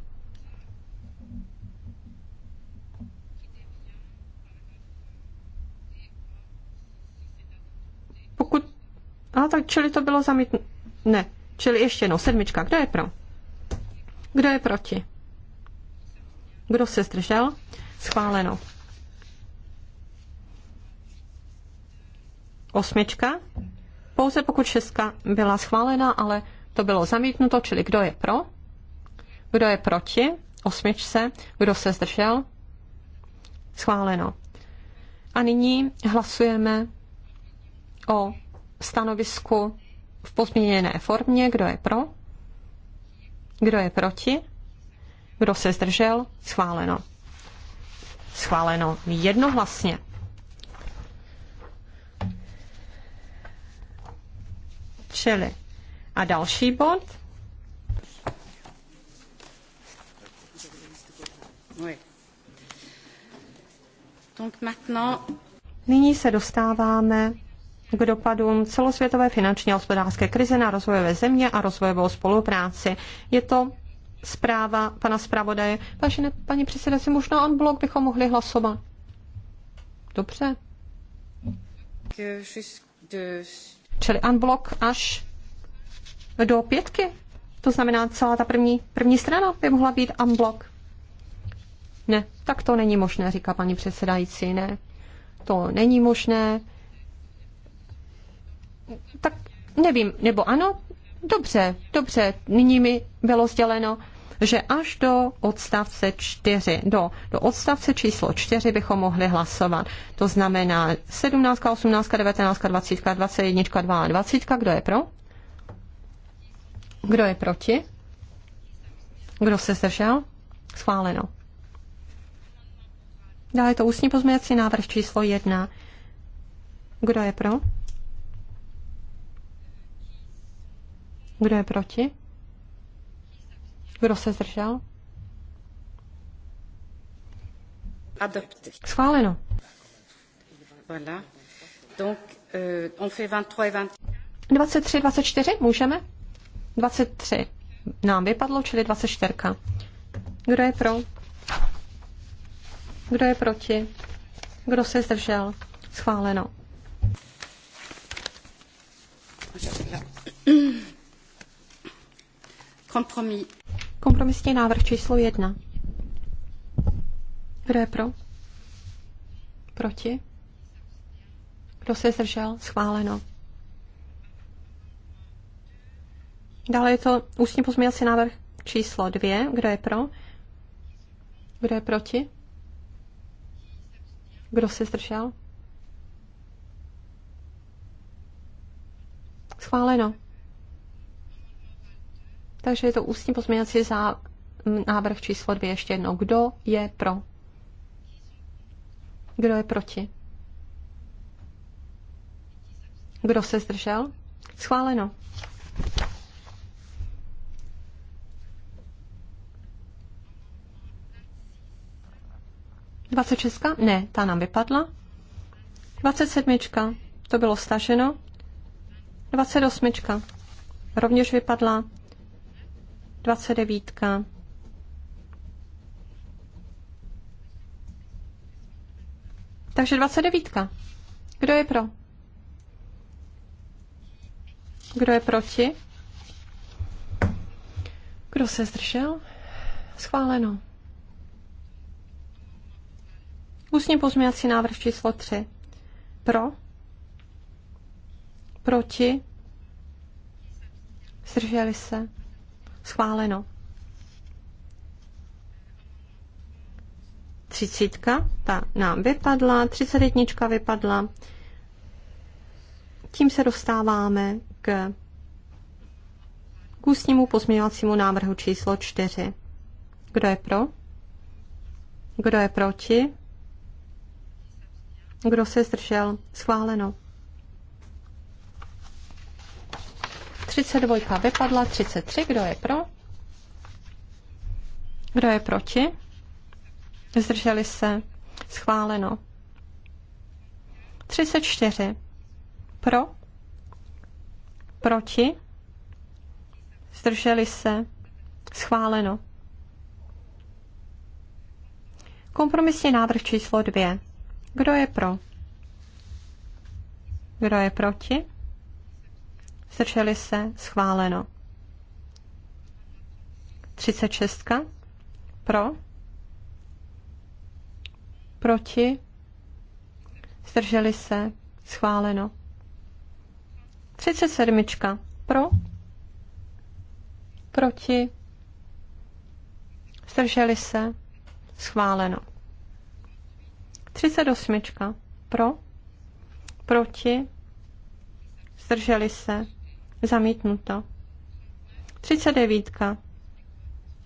A tak, čili to bylo zamítnuto. Ne, čili ještě jednou, sedmička. Kdo je pro? Kdo je proti? Kdo se zdržel? Schváleno. Osmička. Pouze pokud šestka byla schválena, ale to bylo zamítnuto, čili kdo je pro? Kdo je proti? Osmičce. Kdo se zdržel? Schváleno. A nyní hlasujeme o stanovisku v pozměněné formě. Kdo je pro? Kdo je proti? Kdo se zdržel? Schváleno. Schváleno jednohlasně. Čili. A další bod? Nyní se dostáváme k dopadům celosvětové finanční a hospodářské krize na rozvojové země a rozvojovou spolupráci. Je to zpráva pana zpravodaje. Vážené paní předsedající, možná on blok bychom mohli hlasovat. Dobře. Čili unblock až do pětky. To znamená, celá ta první, první strana by mohla být unblock. Ne, tak to není možné, říká paní předsedající, ne. To není možné tak nevím, nebo ano, dobře, dobře, nyní mi bylo sděleno, že až do odstavce 4, do, do odstavce číslo 4 bychom mohli hlasovat. To znamená 17, 18, 19, 20, 21, 22, Kdo je pro? Kdo je proti? Kdo se zdržel? Schváleno. Dále je to ústní pozměňovací návrh číslo 1. Kdo je pro? Kdo je proti? Kdo se zdržel? Adopté. Schváleno. Voilà. Donc, euh, on fait 23 et 23, 24 můžeme? 23 nám vypadlo, čili 24. Kdo je pro? Kdo je proti? Kdo se zdržel? Schváleno. Kompromis. Kompromisní návrh číslo jedna. Kdo je pro? Proti? Kdo se zdržel? Schváleno. Dále je to ústní pozměňovací návrh číslo dvě. Kdo je pro? Kdo je proti? Kdo se zdržel? Schváleno. Takže je to ústní pozměňovací za návrh číslo dvě. Ještě jednou. Kdo je pro? Kdo je proti? Kdo se zdržel? Schváleno. Dvacet česka? Ne, ta nám vypadla. Dvacet sedmička? To bylo staženo. Dvacet osmička? Rovněž vypadla. 29. Takže 29. Kdo je pro? Kdo je proti? Kdo se zdržel? Schváleno. Ústní pozměňovací návrh číslo 3. Pro? Proti? Zdrželi se? Schváleno. Třicítka, ta nám vypadla, třicet vypadla. Tím se dostáváme k, k ústnímu pozměňovacímu návrhu číslo čtyři. Kdo je pro? Kdo je proti? Kdo se zdržel? Schváleno. 32 vypadla, 33, kdo je pro? Kdo je proti? Zdrželi se. Schváleno. 34. Pro. Proti. Zdrželi se. Schváleno. Kompromisní návrh číslo 2. Kdo je pro? Kdo je proti? zdrželi se, schváleno. 36. Pro, proti, zdrželi se, schváleno. 37. Pro, proti, zdrželi se, schváleno. 38. Pro, proti, zdrželi se, Zamítnuto. 39.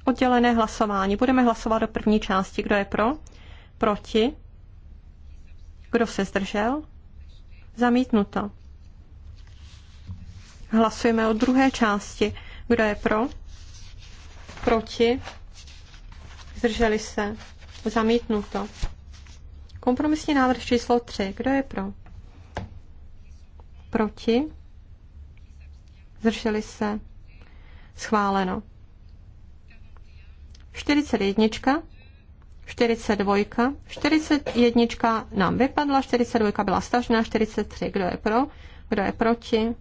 Oddělené hlasování. Budeme hlasovat do první části. Kdo je pro? Proti? Kdo se zdržel? Zamítnuto. Hlasujeme o druhé části. Kdo je pro? Proti? Zdrželi se? Zamítnuto. Kompromisní návrh číslo 3. Kdo je pro? Proti? zdrželi se, schváleno. 41, 42, 41 nám vypadla, 42 byla stažná, 43, kdo je pro, kdo je proti,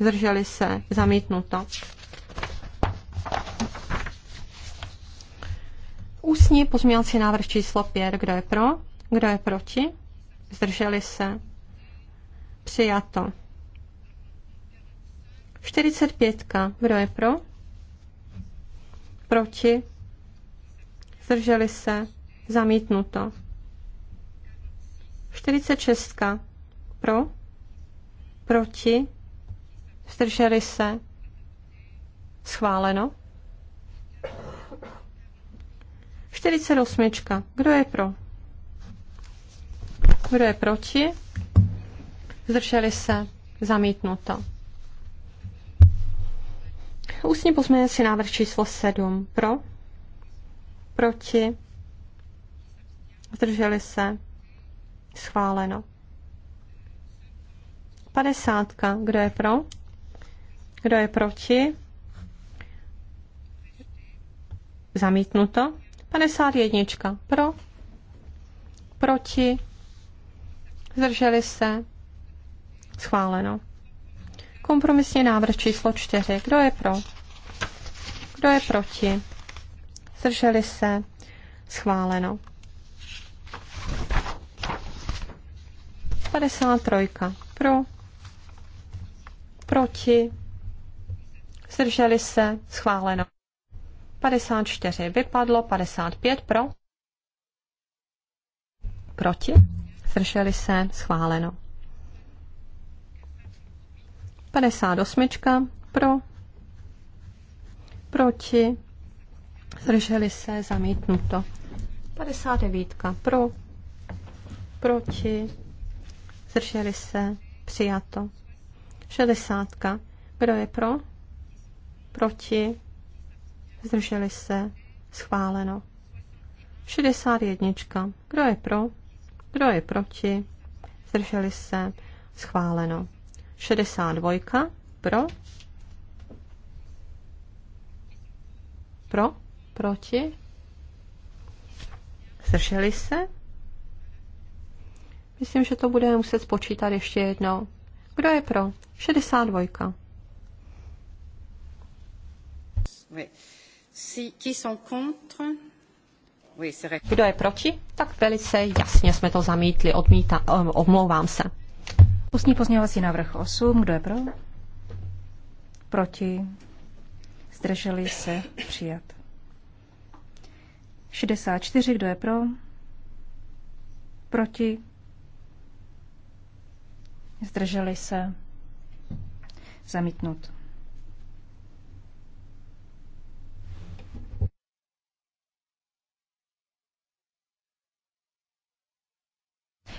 zdrželi se, zamítnuto. Ústní pozměňovací návrh číslo 5, kdo je pro, kdo je proti, zdrželi se, přijato. 45. Kdo je pro? Proti? Zdrželi se? Zamítnuto. 46. Pro? Proti? Zdrželi se? Schváleno. 48. Kdo je pro? Kdo je proti? Zdrželi se? Zamítnuto ústní pozměňovací návrh číslo 7. Pro? Proti? Zdrželi se? Schváleno. 50. Kdo je pro? Kdo je proti? Zamítnuto. 51. Pro? Proti? Zdrželi se? Schváleno. Kompromisní návrh číslo 4. Kdo je pro? Kdo je proti? Zdrželi se? Schváleno. 53. Pro. Proti. Zdrželi se? Schváleno. 54. Vypadlo. 55. Pro. Proti. Zdrželi se? Schváleno. 58. Pro proti, zdrželi se, zamítnuto. 59 pro, proti, zdrželi se, přijato. 60. Kdo je pro? Proti? Zdrželi se? Schváleno. 61. Kdo je pro? Kdo je proti? Zdrželi se? Schváleno. 62. Pro? Pro? Proti? Zdrželi se? Myslím, že to budeme muset spočítat ještě jednou. Kdo je pro? 62. Kdo je proti? Tak velice jasně jsme to zamítli. Odmítá, eh, omlouvám se. Pustní pozměňovací návrh 8. Kdo je pro? Proti? zdrželi se přijat. 64, kdo je pro? Proti? Zdrželi se? Zamítnut.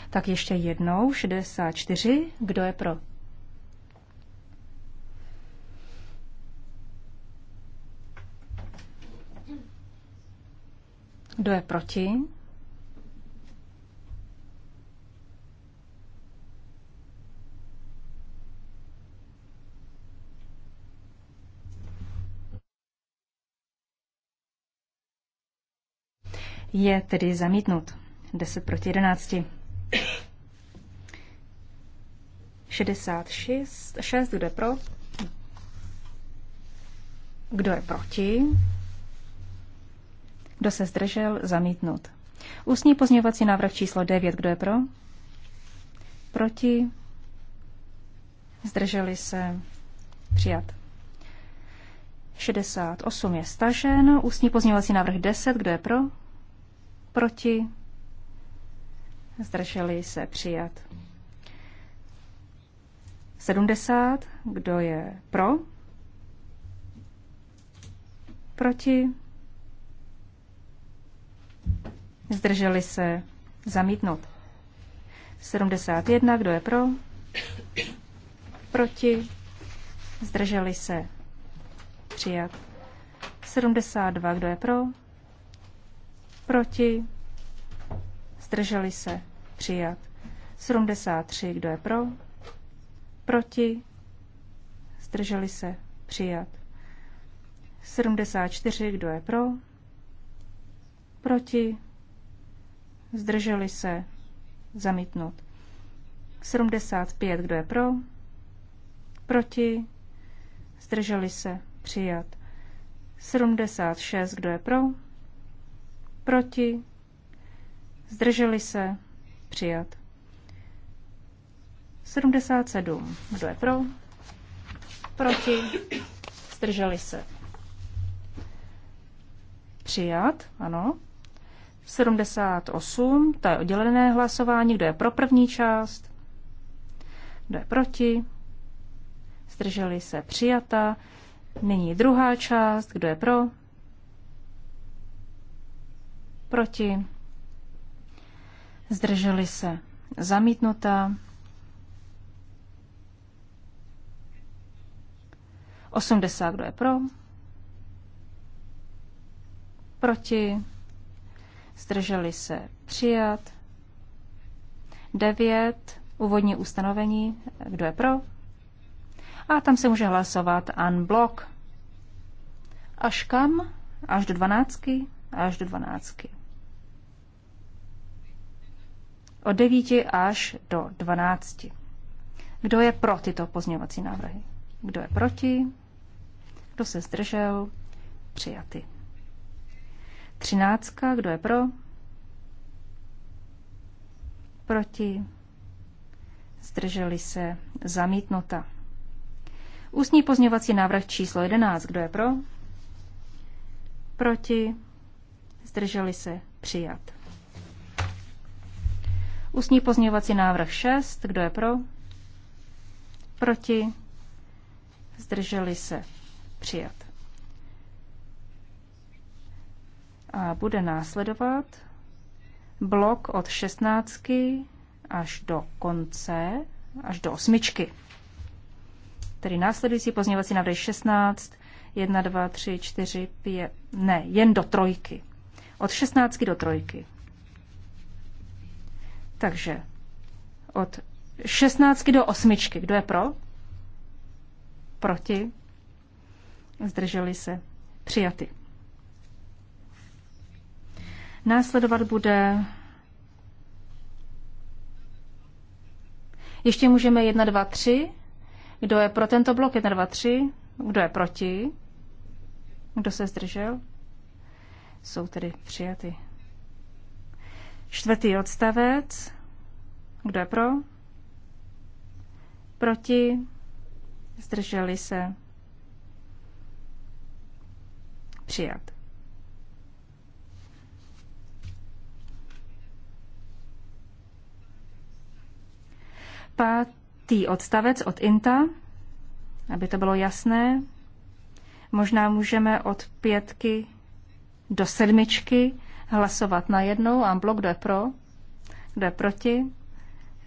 Tak ještě jednou, 64, kdo je pro? Kdo je proti? je tedy zamítnut. 10 proti 11. 66, 6, kdo je pro? Kdo je proti? Kdo se zdržel? Zamítnut. Ústní pozměňovací návrh číslo 9. Kdo je pro? Proti? Zdrželi se? Přijat. 68 je stažen. Ústní pozměňovací návrh 10. Kdo je pro? Proti? Zdrželi se? Přijat. 70. Kdo je pro? Proti? Zdrželi se zamítnout. 71. Kdo je pro? Proti? Zdrželi se přijat. 72. Kdo je pro? Proti? Zdrželi se přijat. 73. Kdo je pro? Proti? Zdrželi se přijat. 74. Kdo je pro? Proti? zdrželi se, zamítnut. 75, kdo je pro, proti, zdrželi se, přijat. 76, kdo je pro, proti, zdrželi se, přijat. 77, kdo je pro, proti, zdrželi se. Přijat, ano. 78, to je oddělené hlasování, kdo je pro první část, kdo je proti, zdrželi se přijata. Nyní druhá část, kdo je pro, proti, zdrželi se zamítnuta. 80, kdo je pro, proti, zdrželi se přijat. 9. Úvodní ustanovení, kdo je pro. A tam se může hlasovat unblock. Až kam? Až do 12. Až do 12. Od 9 až do 12. Kdo je pro tyto pozměňovací návrhy? Kdo je proti? Kdo se zdržel? Přijaty. Třináctka, kdo je pro? Proti? Zdrželi se? Zamítnuta. Ústní pozměňovací návrh číslo 11. Kdo je pro? Proti? Zdrželi se? Přijat. Ústní pozměňovací návrh 6. Kdo je pro? Proti? Zdrželi se? Přijat. A bude následovat blok od šestnáctky až do konce, až do osmičky. Tedy následující pozměňovací návrh 16, 1, 2, 3, 4, 5, ne, jen do trojky. Od 16 do trojky. Takže od 16 do osmičky. Kdo je pro? Proti? Zdrželi se. Přijaty. Následovat bude Ještě můžeme 1, 2, 3. Kdo je pro tento blok? 1, 2, 3. Kdo je proti? Kdo se zdržel? Jsou tedy přijaty. Čtvrtý odstavec. Kdo je pro? Proti? Zdrželi se? Přijat. Pátý odstavec od INTA, aby to bylo jasné. Možná můžeme od pětky do sedmičky hlasovat na jednou a blok, kdo je pro, kdo je proti,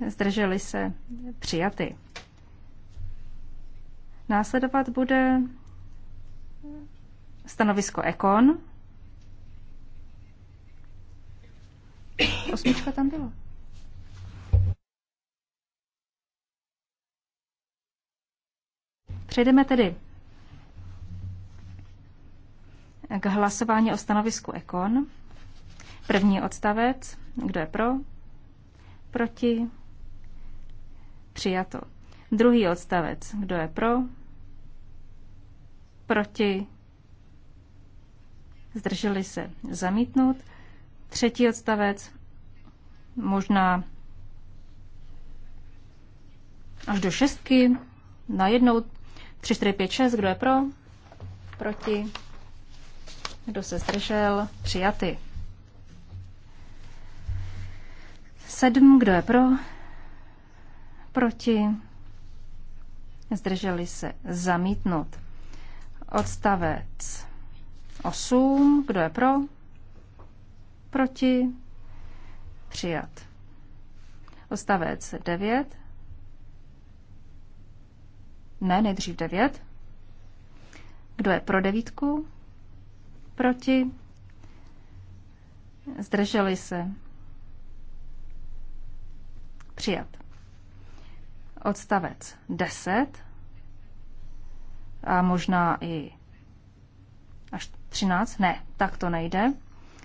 zdrželi se přijaty. Následovat bude stanovisko Ekon. Osmička tam byla. Přejdeme tedy k hlasování o stanovisku Ekon. První odstavec. Kdo je pro? Proti? Přijato. Druhý odstavec. Kdo je pro? Proti? Zdrželi se zamítnout. Třetí odstavec. Možná až do šestky. Najednou 3, 4, 5, 6, kdo je pro? Proti? Kdo se zdržel? Přijaty. 7, kdo je pro? Proti? Zdrželi se zamítnout. Odstavec 8, kdo je pro? Proti? Přijat. Odstavec 9, ne, nejdřív devět. Kdo je pro devítku? Proti? Zdrželi se? Přijat. Odstavec 10 a možná i až 13. Ne, tak to nejde.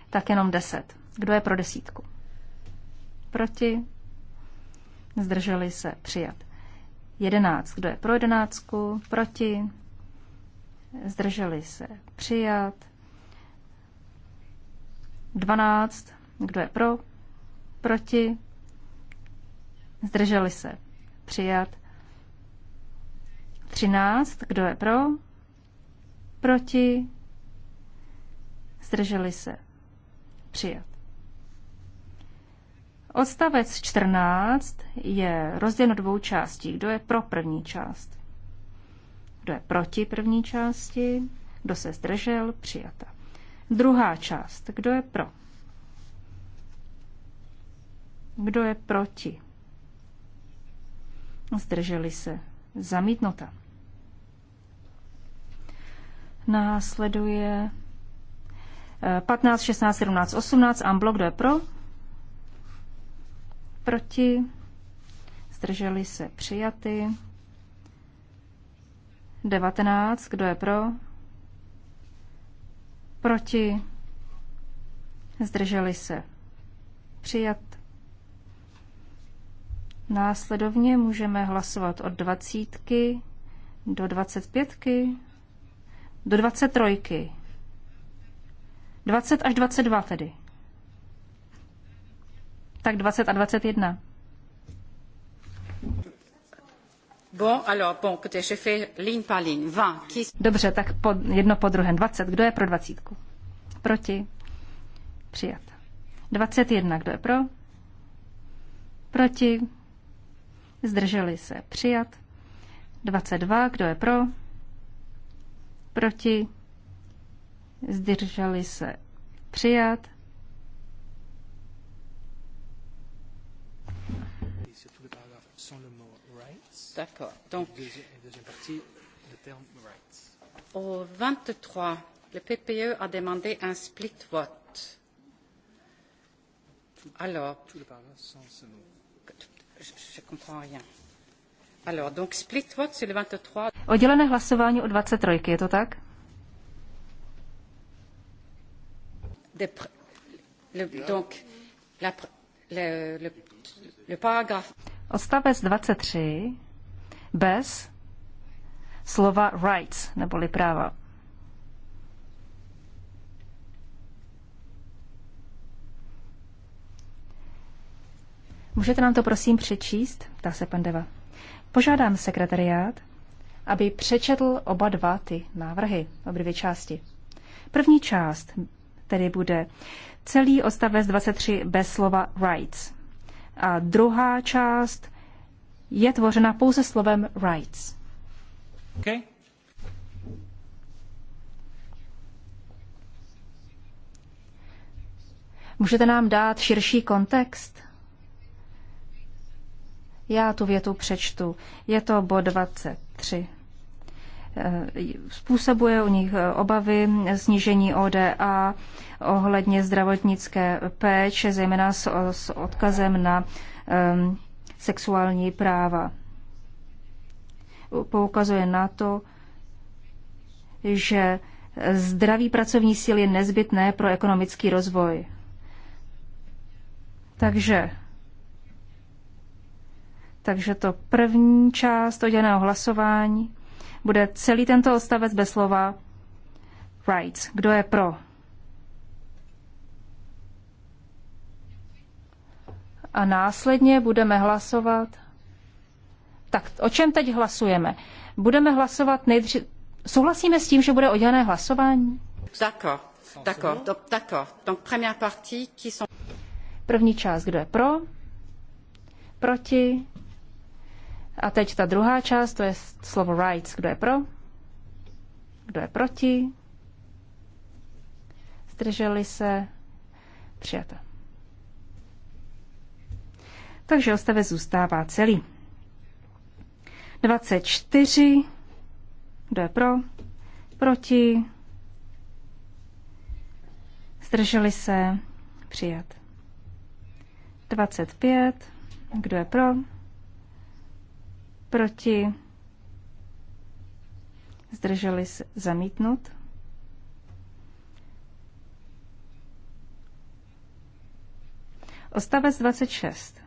Tak jenom 10. Kdo je pro desítku? Proti? Zdrželi se? Přijat. 11. Kdo je pro 11? Proti? Zdrželi se přijat. 12. Kdo je pro? Proti? Zdrželi se přijat. 13. Kdo je pro? Proti? Zdrželi se přijat. Odstavec 14 je rozděleno dvou částí. Kdo je pro první část? Kdo je proti první části? Kdo se zdržel? Přijata. Druhá část. Kdo je pro? Kdo je proti? Zdrželi se. Zamítnuta. Následuje 15, 16, 17, 18. Amblo, kdo je pro? proti, zdrželi se přijaty. 19, kdo je pro, proti, zdrželi se přijat. Následovně můžeme hlasovat od dvacítky do dvacet pětky, do dvacet trojky. 20 až 22 tedy. Tak 20 a 21. Dobře, tak po, jedno po druhém. 20. Kdo je pro 20? Proti? Přijat. 21. Kdo je pro? Proti? Zdrželi se. Přijat. 22. Kdo je pro? Proti? Zdrželi se. Přijat. D'accord. Donc, deuxième partie, le terme rights. Au 23, le PPE a demandé un split vote. Tout, Alors, tout le sans ce mot. Je, ne comprends rien. Alors, donc split vote sur le 23. Oddělené hlasování o 23, je to tak? De pr- le, donc, la, pr- le, le, le paragraphe. Odstavec 23 bez slova rights, neboli práva. Můžete nám to prosím přečíst? Ptá se pan Deva. Požádám sekretariát, aby přečetl oba dva ty návrhy, obě dvě části. První část tedy bude celý odstavec 23 bez slova rights. A druhá část je tvořena pouze slovem rights. Okay. Můžete nám dát širší kontext? Já tu větu přečtu. Je to bod 23. Eh, způsobuje u nich eh, obavy snížení ODA ohledně zdravotnické péče, zejména s, s odkazem na um, sexuální práva. Poukazuje na to, že zdraví pracovní síl je nezbytné pro ekonomický rozvoj. Takže, takže to první část odděleného hlasování bude celý tento odstavec bez slova rights. Kdo je pro? a následně budeme hlasovat. Tak o čem teď hlasujeme? Budeme hlasovat nejdřív. Souhlasíme s tím, že bude oddělené hlasování? První část, kdo je pro? Proti? A teď ta druhá část, to je slovo rights. Kdo je pro? Kdo je proti? Zdrželi se? Přijata takže ostavec zůstává celý. 24, kdo je pro, proti, zdrželi se, přijat. 25, kdo je pro, proti, zdrželi se, zamítnut. Ostavec 26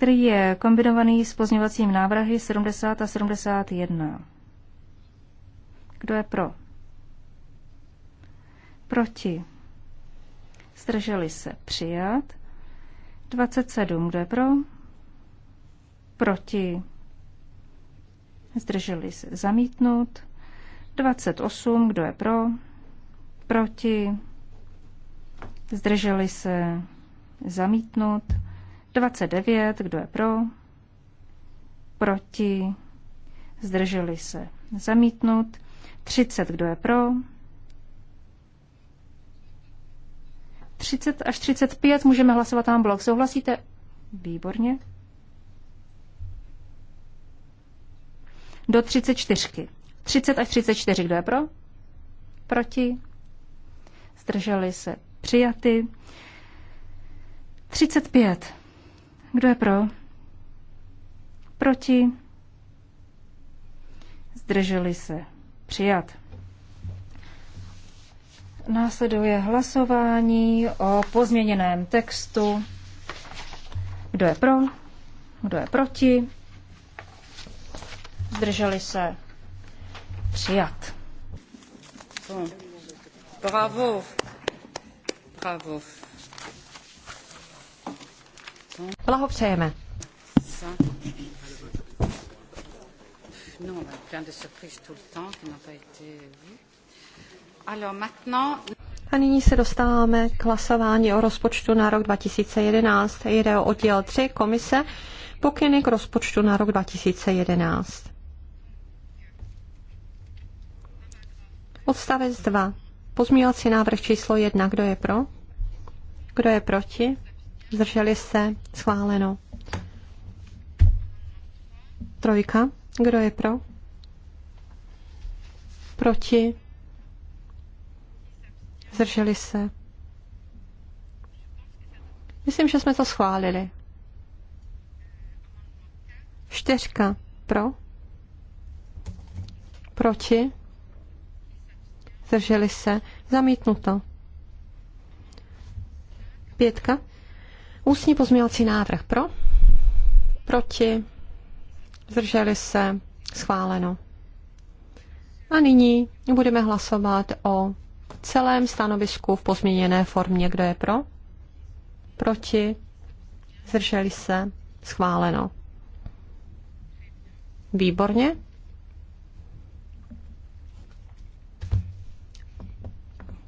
který je kombinovaný s pozněvacím návrhy 70 a 71. Kdo je pro? Proti? Zdrželi se přijat. 27. Kdo je pro? Proti? Zdrželi se zamítnout. 28. Kdo je pro? Proti? Zdrželi se zamítnout. 29, kdo je pro? Proti? Zdrželi se. Zamítnut. 30, kdo je pro? 30 až 35 můžeme hlasovat tam blok. Souhlasíte? Výborně. Do 34. 30 až 34, kdo je pro? Proti? Zdrželi se. Přijaty. 35. Kdo je pro? Proti? Zdrželi se. Přijat. Následuje hlasování o pozměněném textu. Kdo je pro? Kdo je proti? Zdrželi se. Přijat. Bravo. Bravo. Blahopřejeme. A nyní se dostáváme k hlasování o rozpočtu na rok 2011. Jde o oddíl 3 komise pokyny k rozpočtu na rok 2011. Odstavec 2. Pozmívací návrh číslo 1. Kdo je pro? Kdo je proti? zdrželi se, schváleno. Trojka, kdo je pro? Proti, zdrželi se. Myslím, že jsme to schválili. Čtyřka, pro? Proti, zdrželi se, zamítnuto. Pětka, Ústní pozměňovací návrh pro, proti, zdrželi se, schváleno. A nyní budeme hlasovat o celém stanovisku v pozměněné formě. Kdo je pro? Proti? Zdrželi se? Schváleno. Výborně.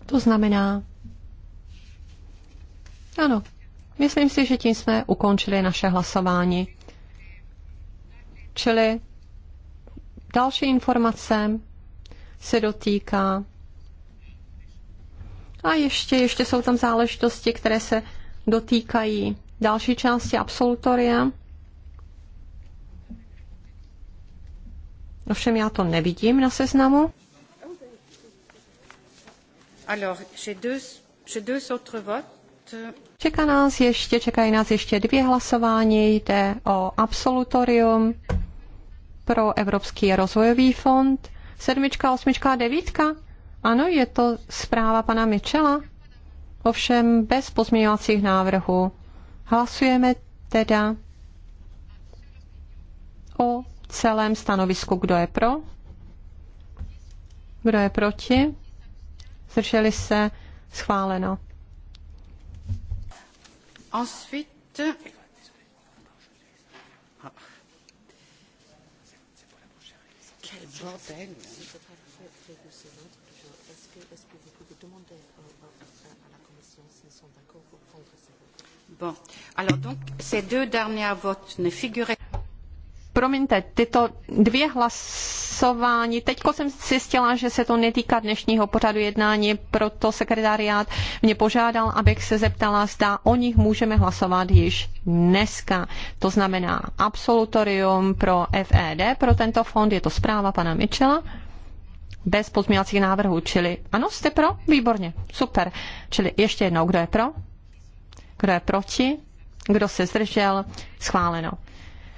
To znamená, ano, Myslím si, že tím jsme ukončili naše hlasování. Čili další informace se dotýká. A ještě, ještě jsou tam záležitosti, které se dotýkají další části absolutoria. Ovšem já to nevidím na seznamu. Alors, j'ai deux, deux autres votes. Čeká nás ještě, čekají nás ještě dvě hlasování. Jde o absolutorium pro Evropský rozvojový fond. Sedmička, osmička a devítka. Ano, je to zpráva pana Michela. Ovšem bez pozměňovacích návrhů. Hlasujeme teda o celém stanovisku. Kdo je pro? Kdo je proti? Zdrželi se? Schváleno. Ensuite, quel bordel Bon, alors donc ces deux derniers votes ne figuraient Promiňte, tyto dvě hlasování, teďko jsem zjistila, že se to netýká dnešního pořadu jednání, proto sekretariát mě požádal, abych se zeptala, zda o nich můžeme hlasovat již dneska. To znamená absolutorium pro FED, pro tento fond, je to zpráva pana Michela bez pozměňovacích návrhů, čili ano, jste pro? Výborně, super. Čili ještě jednou, kdo je pro? Kdo je proti? Kdo se zdržel? Schváleno.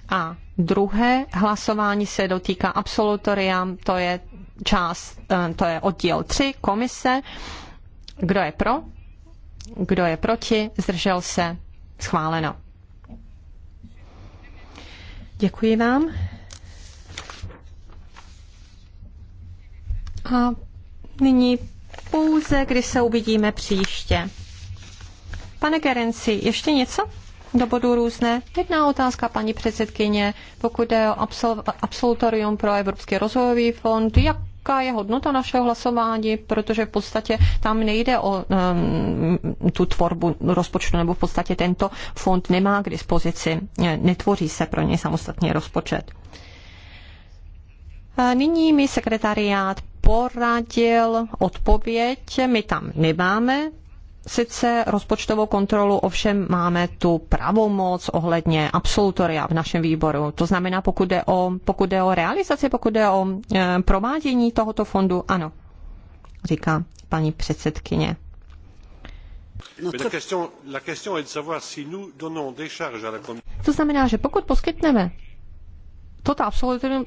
A Druhé hlasování se dotýká absolutoria, to je část, eh, to je oddíl 3 komise. Kdo je pro? Kdo je proti? Zdržel se? Schváleno. Děkuji vám. A nyní pouze, kdy se uvidíme příště. Pane Gerenci, ještě něco? do bodu různé. Jedna otázka, paní předsedkyně, pokud je o absol- absolutorium pro Evropský rozvojový fond, jak jaká je hodnota našeho hlasování, protože v podstatě tam nejde o um, tu tvorbu rozpočtu, nebo v podstatě tento fond nemá k dispozici, netvoří se pro něj samostatný rozpočet. Nyní mi sekretariát poradil odpověď, my tam nemáme sice rozpočtovou kontrolu, ovšem máme tu pravomoc ohledně absolutoria v našem výboru. To znamená, pokud jde o, pokud jde o realizaci, pokud jde o e, provádění tohoto fondu, ano, říká paní předsedkyně. No to znamená, že pokud poskytneme toto absolutorium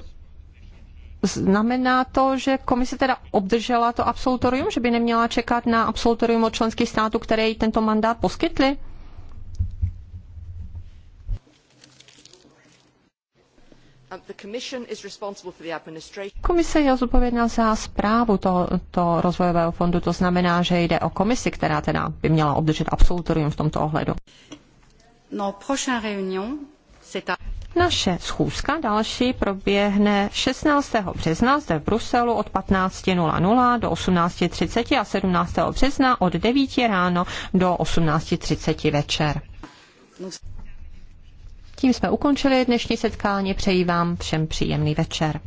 Znamená to, že komise teda obdržela to absolutorium, že by neměla čekat na absolutorium od členských států, které jí tento mandát poskytly? Um, komise je zodpovědná za zprávu tohoto rozvojového fondu, to znamená, že jde o komisi, která teda by měla obdržet absolutorium v tomto ohledu. No, réunion, naše schůzka další proběhne 16. března zde v Bruselu od 15.00 do 18.30 a 17. března od 9 ráno do 18.30 večer. Tím jsme ukončili dnešní setkání. Přeji vám všem příjemný večer.